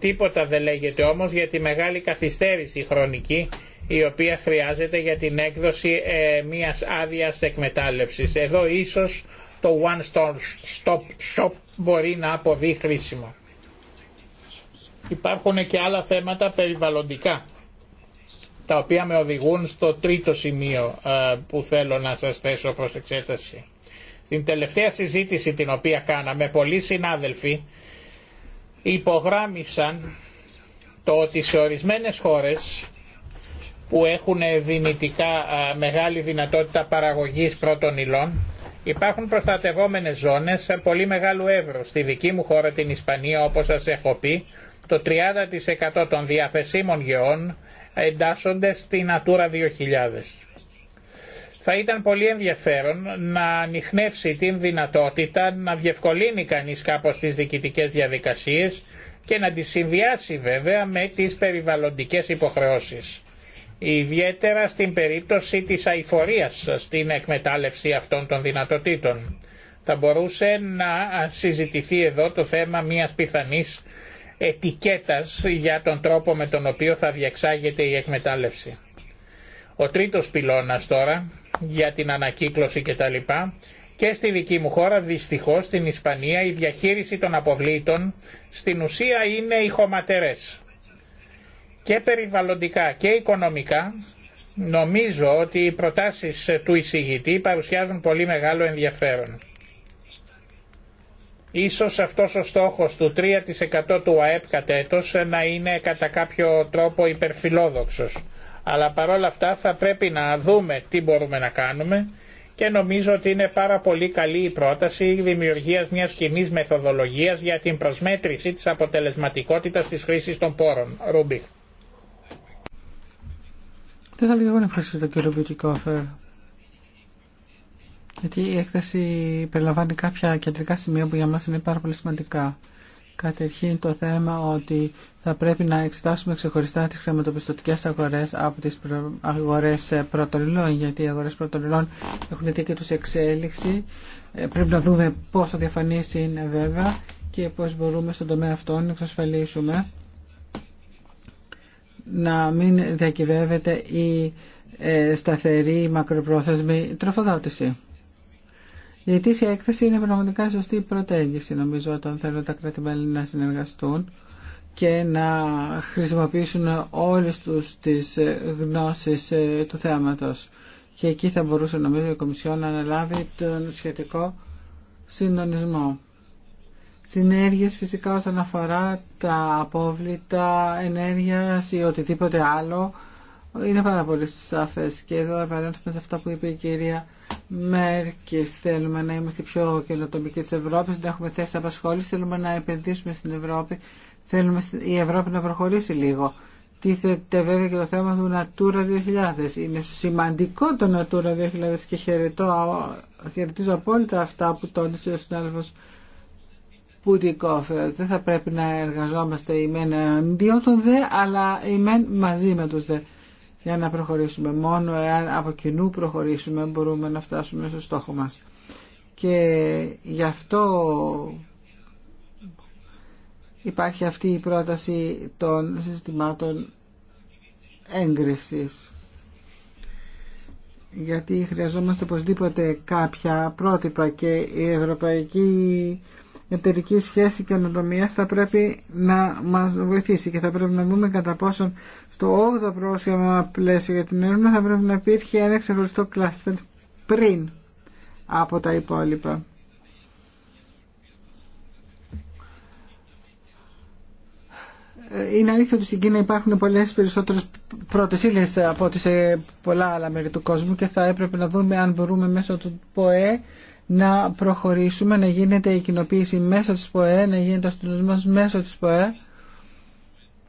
D: Τίποτα δεν λέγεται όμως για τη μεγάλη καθυστέρηση χρονική η οποία χρειάζεται για την έκδοση ε, μιας άδειας εκμετάλλευσης. Εδώ ίσως το One Stop Shop μπορεί να αποβεί χρήσιμο υπάρχουν και άλλα θέματα περιβαλλοντικά τα οποία με οδηγούν στο τρίτο σημείο ε, που θέλω να σας θέσω προς εξέταση. Στην τελευταία συζήτηση την οποία κάναμε πολλοί συνάδελφοι υπογράμμισαν το ότι σε ορισμένες χώρες που έχουν δυνητικά ε, μεγάλη δυνατότητα παραγωγής πρώτων υλών υπάρχουν προστατευόμενες ζώνες πολύ μεγάλου εύρο. Στη δική μου χώρα την Ισπανία όπως σας έχω πει το 30% των διαθεσίμων γεών εντάσσονται στην Natura 2000. Θα ήταν πολύ ενδιαφέρον να ανοιχνεύσει την δυνατότητα να διευκολύνει κανείς κάπως τις διοικητικές διαδικασίες και να τις συνδυάσει βέβαια με τις περιβαλλοντικές υποχρεώσεις. Ιδιαίτερα στην περίπτωση της αηφορίας στην εκμετάλλευση αυτών των δυνατοτήτων. Θα μπορούσε να συζητηθεί εδώ το θέμα μιας πιθανής ετικέτας για τον τρόπο με τον οποίο θα διεξάγεται η εκμετάλλευση. Ο τρίτος πυλώνας τώρα για την ανακύκλωση λοιπά Και στη δική μου χώρα δυστυχώς στην Ισπανία η διαχείριση των αποβλήτων στην ουσία είναι οι χωματερές. Και περιβαλλοντικά και οικονομικά νομίζω ότι οι προτάσεις του εισηγητή παρουσιάζουν πολύ μεγάλο ενδιαφέρον. Ίσως αυτός ο στόχος του 3% του ΑΕΠ κατ' έτος να είναι κατά κάποιο τρόπο υπερφιλόδοξος. Αλλά παρόλα αυτά θα πρέπει να δούμε τι μπορούμε να κάνουμε και νομίζω ότι είναι πάρα πολύ καλή η πρόταση δημιουργίας μιας κοινή μεθοδολογίας για την προσμέτρηση της αποτελεσματικότητας της χρήσης των πόρων. Ρούμπιχ.
A: Δεν θα να ευχαριστήσω τον κύριο γιατί η έκθεση περιλαμβάνει κάποια κεντρικά σημεία που για μας είναι πάρα πολύ σημαντικά. Καταρχήν το θέμα ότι θα πρέπει να εξετάσουμε ξεχωριστά τις χρηματοπιστωτικές αγορές από τις αγορές ε, πρωτολυλών, γιατί οι αγορές πρωτολυλών έχουν δίκαιο τους εξέλιξη. Ε, πρέπει να δούμε πόσο διαφανής είναι βέβαια και πώς μπορούμε στον τομέα αυτό να εξασφαλίσουμε να μην διακυβεύεται η ε, σταθερή μακροπρόθεσμη τροφοδότηση. Η ετήσια έκθεση είναι πραγματικά σωστή προτέγγιση, νομίζω, όταν θέλουν τα κράτη-μέλη να συνεργαστούν και να χρησιμοποιήσουν όλες τους τις γνώσεις ε, του θέματος. Και εκεί θα μπορούσε, νομίζω, η Κομισιόν να αναλάβει τον σχετικό συντονισμό. Συνέργειες φυσικά όσον αφορά τα απόβλητα ενέργειας ή οτιδήποτε άλλο είναι πάρα πολύ ενέργεια, η κυρία Μέρκε θέλουμε να είμαστε πιο καινοτομικοί τη Ευρώπη, να έχουμε θέσει απασχόληση, θέλουμε να επενδύσουμε στην Ευρώπη, θέλουμε η Ευρώπη να προχωρήσει λίγο. Τίθεται βέβαια και το θέμα του Natura 2000. Είναι σημαντικό το Natura 2000 και χαιρετώ, χαιρετίζω απόλυτα αυτά που τόνισε ο συνάδελφο Πουτικόφ. Δεν θα πρέπει να εργαζόμαστε ημέν αντίον των δε, αλλά μεν μαζί με του δε για να προχωρήσουμε. Μόνο εάν από κοινού προχωρήσουμε μπορούμε να φτάσουμε στο στόχο μας. Και γι' αυτό υπάρχει αυτή η πρόταση των συστημάτων έγκρισης. Γιατί χρειαζόμαστε οπωσδήποτε κάποια πρότυπα και η Ευρωπαϊκή εταιρική σχέση και ονοτομία θα πρέπει να μας βοηθήσει και θα πρέπει να δούμε κατά πόσον στο 8ο πρόσχημα πλαίσιο για την έρευνα θα πρέπει να υπήρχε ένα ξεχωριστό κλάστερ πριν από τα υπόλοιπα. Είναι αλήθεια ότι στην Κίνα υπάρχουν πολλέ περισσότερε πρώτε ύλε από ό,τι σε πολλά άλλα μέρη του κόσμου και θα έπρεπε να δούμε αν μπορούμε μέσω του ΠΟΕ να προχωρήσουμε, να γίνεται η κοινοποίηση μέσω της ΠΟΕ, να γίνεται ο συντονισμός μέσω της ΠΟΕ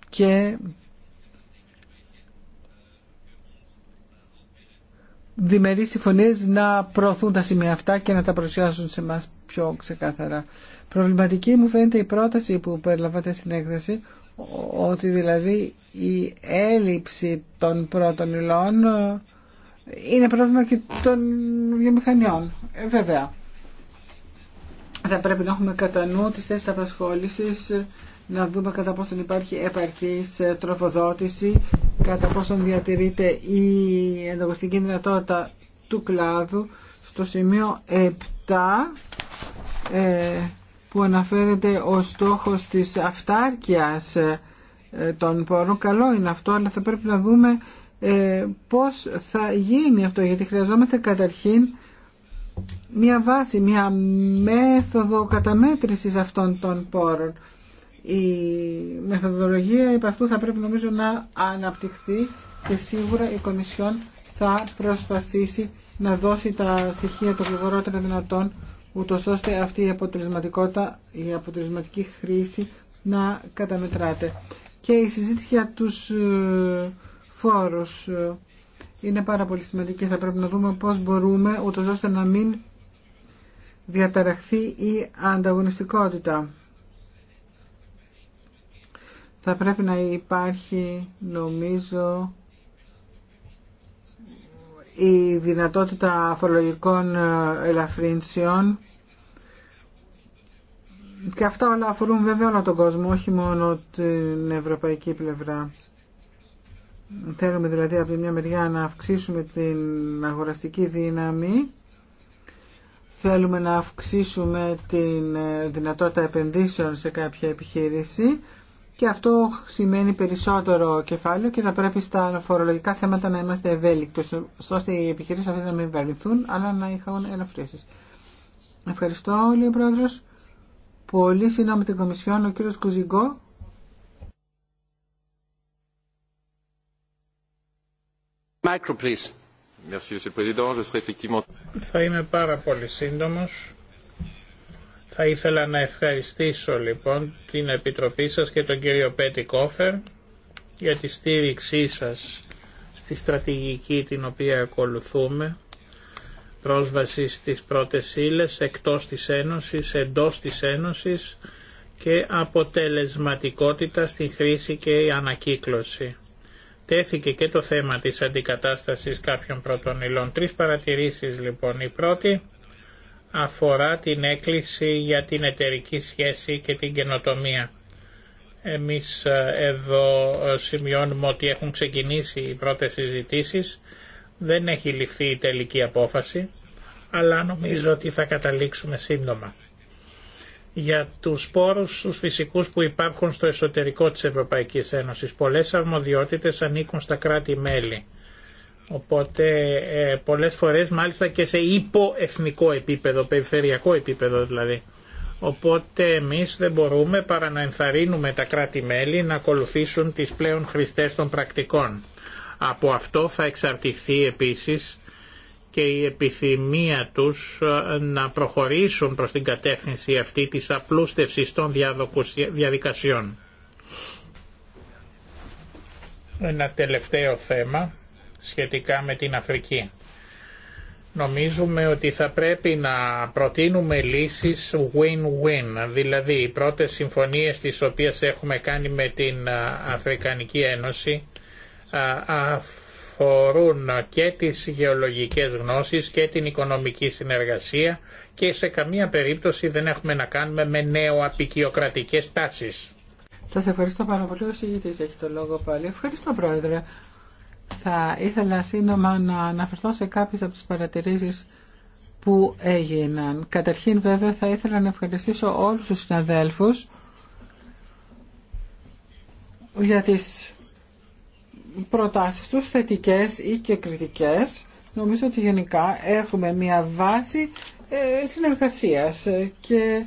A: και διμερεί συμφωνίες να προωθούν τα σημεία αυτά και να τα παρουσιάσουν σε μας πιο ξεκάθαρα. Προβληματική μου φαίνεται η πρόταση που περιλαμβάνεται στην έκθεση, ότι δηλαδή η έλλειψη των πρώτων υλών είναι πρόβλημα και των βιομηχανιών. Ε, βέβαια. Θα πρέπει να έχουμε κατά νου τις θέσεις απασχόλησης, να δούμε κατά πόσον υπάρχει επαρκής τροφοδότηση, κατά πόσον διατηρείται η ενταγωστική δυνατότητα του κλάδου. Στο σημείο 7 ε, που αναφέρεται ο στόχος της αυτάρκειας ε, των πόρων, καλό είναι αυτό, αλλά θα πρέπει να δούμε ε, πώς θα γίνει αυτό γιατί χρειαζόμαστε καταρχήν μια βάση, μια μέθοδο καταμέτρησης αυτών των πόρων. Η μεθοδολογία υπ' αυτού θα πρέπει νομίζω να αναπτυχθεί και σίγουρα η Κομισιόν θα προσπαθήσει να δώσει τα στοιχεία το γρηγορότερα δυνατόν ούτω ώστε αυτή η αποτελεσματικότητα, η αποτελεσματική χρήση να καταμετράται. Και η συζήτηση για τους ε, Φόρος Είναι πάρα πολύ σημαντική. Θα πρέπει να δούμε πώς μπορούμε ούτως ώστε να μην διαταραχθεί η ανταγωνιστικότητα. Θα πρέπει να υπάρχει, νομίζω, η δυνατότητα αφορολογικών ελαφρύνσεων και αυτά όλα αφορούν βέβαια όλο τον κόσμο, όχι μόνο την ευρωπαϊκή πλευρά. Θέλουμε δηλαδή από μια μεριά να αυξήσουμε την αγοραστική δύναμη, θέλουμε να αυξήσουμε την ε, δυνατότητα επενδύσεων σε κάποια επιχείρηση και αυτό σημαίνει περισσότερο κεφάλαιο και θα πρέπει στα φορολογικά θέματα να είμαστε ευέλικτοι, ώστε οι επιχειρήσει αυτές να μην βαρνηθούν, αλλά να είχαν ελαφρύσεις. Ευχαριστώ, λέει ο Πολύ σύντομα την Κομισιόν, ο κύριος Κουζιγκό.
D: Θα είμαι πάρα πολύ σύντομος. Θα ήθελα να ευχαριστήσω λοιπόν την Επιτροπή σας και τον κύριο Πέτη Κόφερ για τη στήριξή σας στη στρατηγική την οποία ακολουθούμε πρόσβαση στις πρώτες ύλες εκτός της Ένωσης, εντός της Ένωσης και αποτελεσματικότητα στην χρήση και η ανακύκλωση τέθηκε και το θέμα της αντικατάστασης κάποιων πρώτων υλών. Τρεις παρατηρήσεις λοιπόν. Η πρώτη αφορά την έκκληση για την εταιρική σχέση και την καινοτομία. Εμείς ε, εδώ ε, σημειώνουμε ότι έχουν ξεκινήσει οι πρώτες συζητήσεις, δεν έχει ληφθεί η τελική απόφαση, αλλά νομίζω ότι θα καταλήξουμε σύντομα για τους σπόρους τους φυσικούς που υπάρχουν στο εσωτερικό της Ευρωπαϊκής Ένωσης. Πολλές αρμοδιότητες ανήκουν στα κράτη-μέλη. Οπότε ε, πολλές φορές μάλιστα και σε υποεθνικό επίπεδο, περιφερειακό επίπεδο δηλαδή. Οπότε εμείς δεν μπορούμε παρά να ενθαρρύνουμε τα κράτη-μέλη να ακολουθήσουν τις πλέον χρηστές των πρακτικών. Από αυτό θα εξαρτηθεί επίσης και η επιθυμία τους ε, να προχωρήσουν προς την κατεύθυνση αυτή της απλούστευσης των διαδικασιών. Ένα τελευταίο θέμα σχετικά με την Αφρική. Νομίζουμε ότι θα πρέπει να προτείνουμε λύσεις win-win, δηλαδή οι πρώτες συμφωνίες τις οποίες έχουμε κάνει με την ε, Αφρικανική Ένωση ε, αφορούν και τις γεωλογικές γνώσεις και την οικονομική συνεργασία και σε καμία περίπτωση δεν έχουμε να κάνουμε με νεο νεοαπικιοκρατικές τάσεις.
A: Σας ευχαριστώ πάρα πολύ. Ο συγητής έχει το λόγο πάλι. Ευχαριστώ Πρόεδρε. Θα ήθελα σύνομα να αναφερθώ σε κάποιες από τις παρατηρήσεις που έγιναν. Καταρχήν βέβαια θα ήθελα να ευχαριστήσω όλους τους συναδέλφους για τις προτάσεις τους θετικές ή και κριτικές. Νομίζω ότι γενικά έχουμε μια βάση ε, συνεργασίας ε, και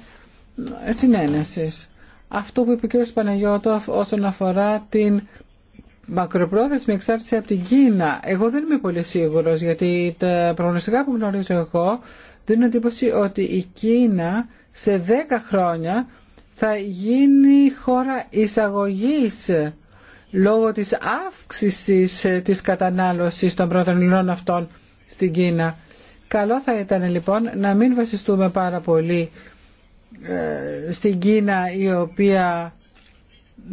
A: ε, συνένεσης. Αυτό που είπε ο κ. Παναγιώτοφ όσον αφορά την μακροπρόθεσμη εξάρτηση από την Κίνα. Εγώ δεν είμαι πολύ σίγουρος γιατί τα προγνωστικά που γνωρίζω εγώ δίνουν εντύπωση ότι η Κίνα σε 10 χρόνια θα γίνει χώρα εισαγωγής λόγω της αύξησης ε, της κατανάλωσης των πρώτων υλών αυτών στην Κίνα. Καλό θα ήταν λοιπόν να μην βασιστούμε πάρα πολύ ε, στην Κίνα η οποία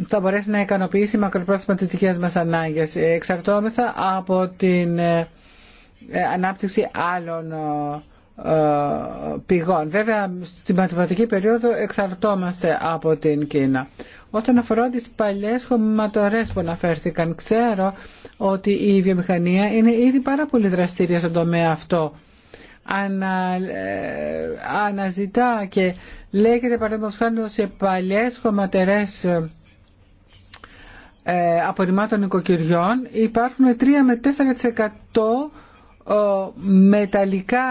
A: θα μπορέσει να ικανοποιήσει μακροπρόθεσμα τις δικές μας ανάγκες. Ε, εξαρτώμεθα από την ανάπτυξη άλλων πηγών. Βέβαια, στη μαθηματική περίοδο εξαρτόμαστε από την Κίνα όσον αφορά τις παλιές χωματορές που αναφέρθηκαν. Ξέρω ότι η βιομηχανία είναι ήδη πάρα πολύ δραστήρια στον τομέα αυτό. Ε, αναζητά και λέγεται παραδείγματος χάρη σε παλιές χωματερές ε, ε απορριμμάτων οικοκυριών υπάρχουν 3 με 4% μεταλλικά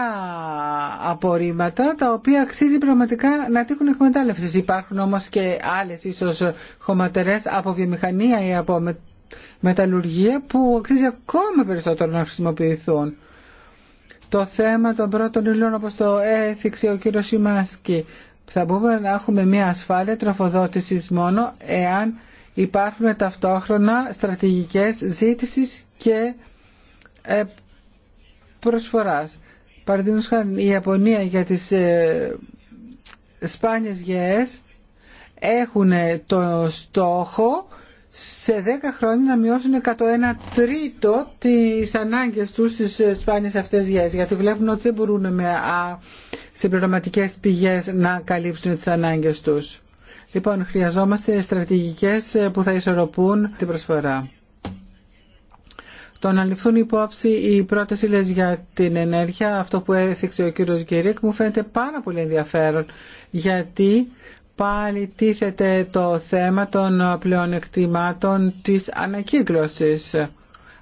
A: απορρίμματα τα οποία αξίζει πραγματικά να τύχουν εκμετάλλευση. Υπάρχουν όμως και άλλες ίσως χωματερές από βιομηχανία ή από μεταλλουργία που αξίζει ακόμα περισσότερο να χρησιμοποιηθούν. Το θέμα των πρώτων υλών όπως το έθιξε ο κύριος Σιμάσκι θα μπορούμε να έχουμε μια ασφάλεια τροφοδότησης μόνο εάν υπάρχουν ταυτόχρονα στρατηγικές ζήτησης και ε, προσφοράς. Παραδείγματος χάρη η Ιαπωνία για τις ε, σπάνιες γεές έχουν το στόχο σε 10 χρόνια να μειώσουν κατά ένα τρίτο τις ανάγκες τους στις ε, σπάνιες αυτές γεές γιατί βλέπουν ότι δεν μπορούν με α, συμπληρωματικές πηγές να καλύψουν τις ανάγκες τους. Λοιπόν, χρειαζόμαστε στρατηγικές ε, που θα ισορροπούν την προσφορά. Το να ληφθούν υπόψη οι πρώτε για την ενέργεια, αυτό που έθιξε ο κύριος Γκυρίκ, μου φαίνεται πάρα πολύ ενδιαφέρον, γιατί πάλι τίθεται το θέμα των πλεονεκτημάτων της ανακύκλωσης.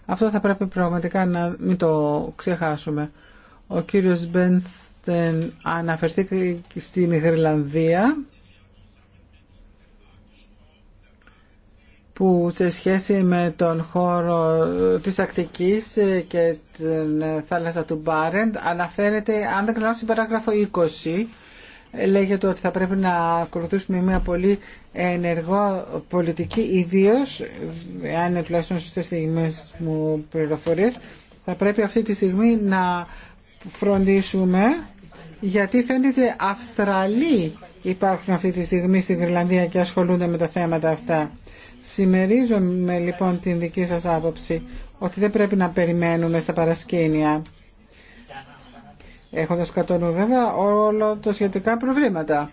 A: Αυτό θα πρέπει πραγματικά να μην το ξεχάσουμε. Ο κύριος Μπένστεν αναφερθεί στην Γρυλανδία που σε σχέση με τον χώρο ε, της Ακτικής ε, και την ε, θάλασσα του Μπάρεντ αναφέρεται, αν δεν κλανώ στην παράγραφο 20, λέγεται ότι θα πρέπει να ακολουθήσουμε μια πολύ ενεργό πολιτική, ιδίω αν είναι τουλάχιστον σωστές στιγμές μου πληροφορίες, θα πρέπει αυτή τη στιγμή να φροντίσουμε γιατί φαίνεται Αυστραλοί υπάρχουν αυτή τη στιγμή στην Γρυλανδία και ασχολούνται με τα θέματα αυτά. Συμμερίζομαι λοιπόν την δική σας άποψη ότι δεν πρέπει να περιμένουμε στα παρασκήνια έχοντας κατ' βέβαια όλα τα σχετικά προβλήματα.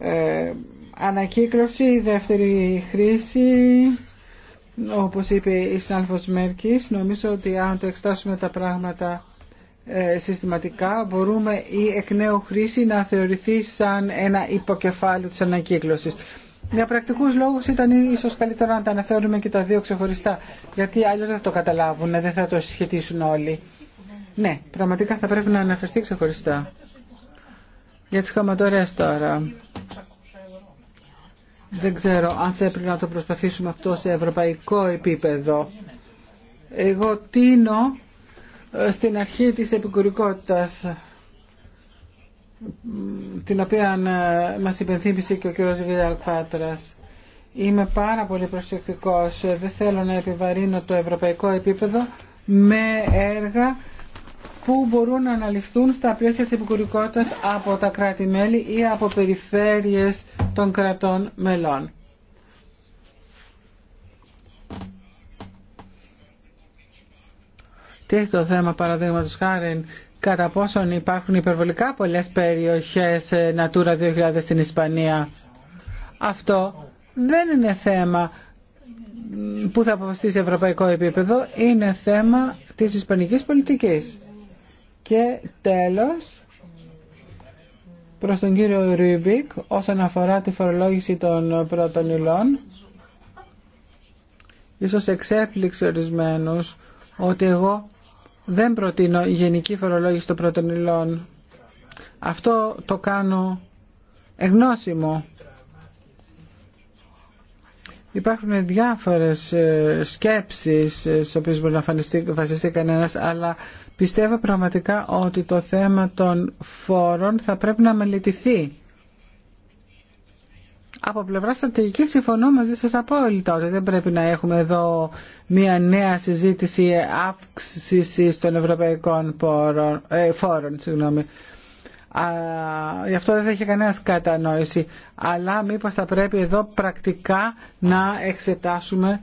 A: Ε, ανακύκλωση, δεύτερη χρήση, όπως είπε η Σανφο Μέρκης, νομίζω ότι αν το εξτάσουμε τα πράγματα ε, συστηματικά μπορούμε η εκ νέου χρήση να θεωρηθεί σαν ένα υποκεφάλαιο της ανακύκλωσης. Για πρακτικού λόγους ήταν ίσως καλύτερο να τα αναφέρουμε και τα δύο ξεχωριστά, γιατί αλλιώ δεν θα το καταλάβουν, δεν θα το συσχετήσουν όλοι. Ναι, πραγματικά θα πρέπει να αναφερθεί ξεχωριστά. Για τι χαματορές τώρα. Δεν ξέρω αν θα έπρεπε να το προσπαθήσουμε αυτό σε ευρωπαϊκό επίπεδο. Εγώ τίνω ε, στην αρχή της επικουρικότητας την οποία ε, μας υπενθύμισε και ο κ. Βιδάλ Είμαι πάρα πολύ προσεκτικός. Δεν θέλω να επιβαρύνω το ευρωπαϊκό επίπεδο με έργα που μπορούν να αναλυφθούν στα πλαίσια της επικουρικότητας από τα κράτη-μέλη ή από περιφέρειες των κρατών μελών. Τι έχει το θέμα παραδείγματος χάρη κατά πόσον υπάρχουν υπερβολικά πολλές περιοχές ε, Natura 2000 στην Ισπανία. Αυτό δεν είναι θέμα που θα αποφασίσει σε ευρωπαϊκό επίπεδο, είναι θέμα της ισπανικής πολιτικής. Και τέλος, προς τον κύριο Ρουιμπίκ, όσον αφορά τη φορολόγηση των πρώτων υλών, ίσως εξέπληξε ορισμένους ότι εγώ δεν προτείνω γενική φορολόγηση των πρώτων Αυτό το κάνω εγνώσιμο. Υπάρχουν διάφορες ε, σκέψεις ε, στις οποίες μπορεί να βασιστεί κανένας, αλλά πιστεύω πραγματικά ότι το θέμα των φόρων θα πρέπει να μελετηθεί από πλευρά στρατηγική συμφωνώ μαζί σας απόλυτα ότι δεν πρέπει να έχουμε εδώ μια νέα συζήτηση αύξηση των ευρωπαϊκών πόρων, ε, φόρων. Συγγνώμη. Α, γι' αυτό δεν θα είχε κανένα κατανόηση. Αλλά μήπως θα πρέπει εδώ πρακτικά να εξετάσουμε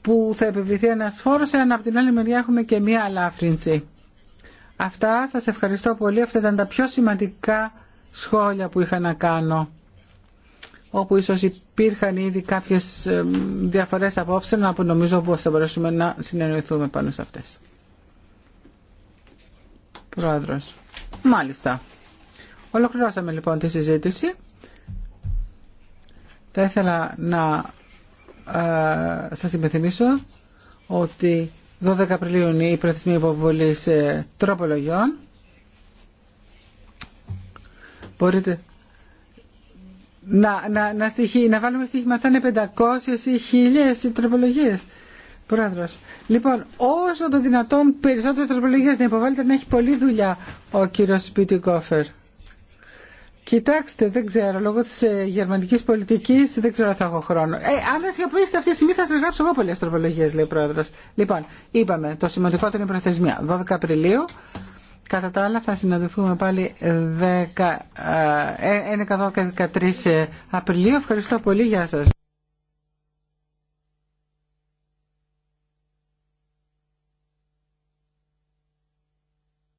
A: που θα επιβληθεί ένας φόρος, αν από την άλλη μεριά έχουμε και μία αλάφρυνση. Αυτά, σας ευχαριστώ πολύ. Αυτά ήταν τα πιο σημαντικά σχόλια που είχα να κάνω όπου ίσως υπήρχαν ήδη κάποιες διαφορές απόψεων, από νομίζω πως θα μπορέσουμε να συνεννοηθούμε πάνω σε αυτές. Πρόεδρος. Μάλιστα. Ολοκληρώσαμε λοιπόν τη συζήτηση. Θα ήθελα να ε, σας υπενθυμίσω ότι 12 Απριλίου είναι η προθεσμία υποβολής ε, τροπολογιών. Μπορείτε να, να, να, στοιχεί, να βάλουμε στοίχημα θα είναι 500 ή 1000 τροπολογίες. Πρόεδρος. Λοιπόν, όσο το δυνατόν περισσότερες τροπολογίες να υποβάλλεται να έχει πολλή δουλειά ο κύριος Σπιτιγκόφερ Κοιτάξτε, δεν ξέρω, λόγω της ε, γερμανικής πολιτικής δεν ξέρω αν θα έχω χρόνο. Ε, αν δεν σιωπήσετε αυτή τη στιγμή θα σας γράψω εγώ πολλές τροπολογίες, λέει ο Πρόεδρος. Λοιπόν, είπαμε, το σημαντικότερο είναι η προθεσμία. 12 Απριλίου, Κατά τα άλλα θα συναντηθούμε πάλι 11 ε, ε, ε, και 13 Απριλίου. Ευχαριστώ πολύ. Γεια σας.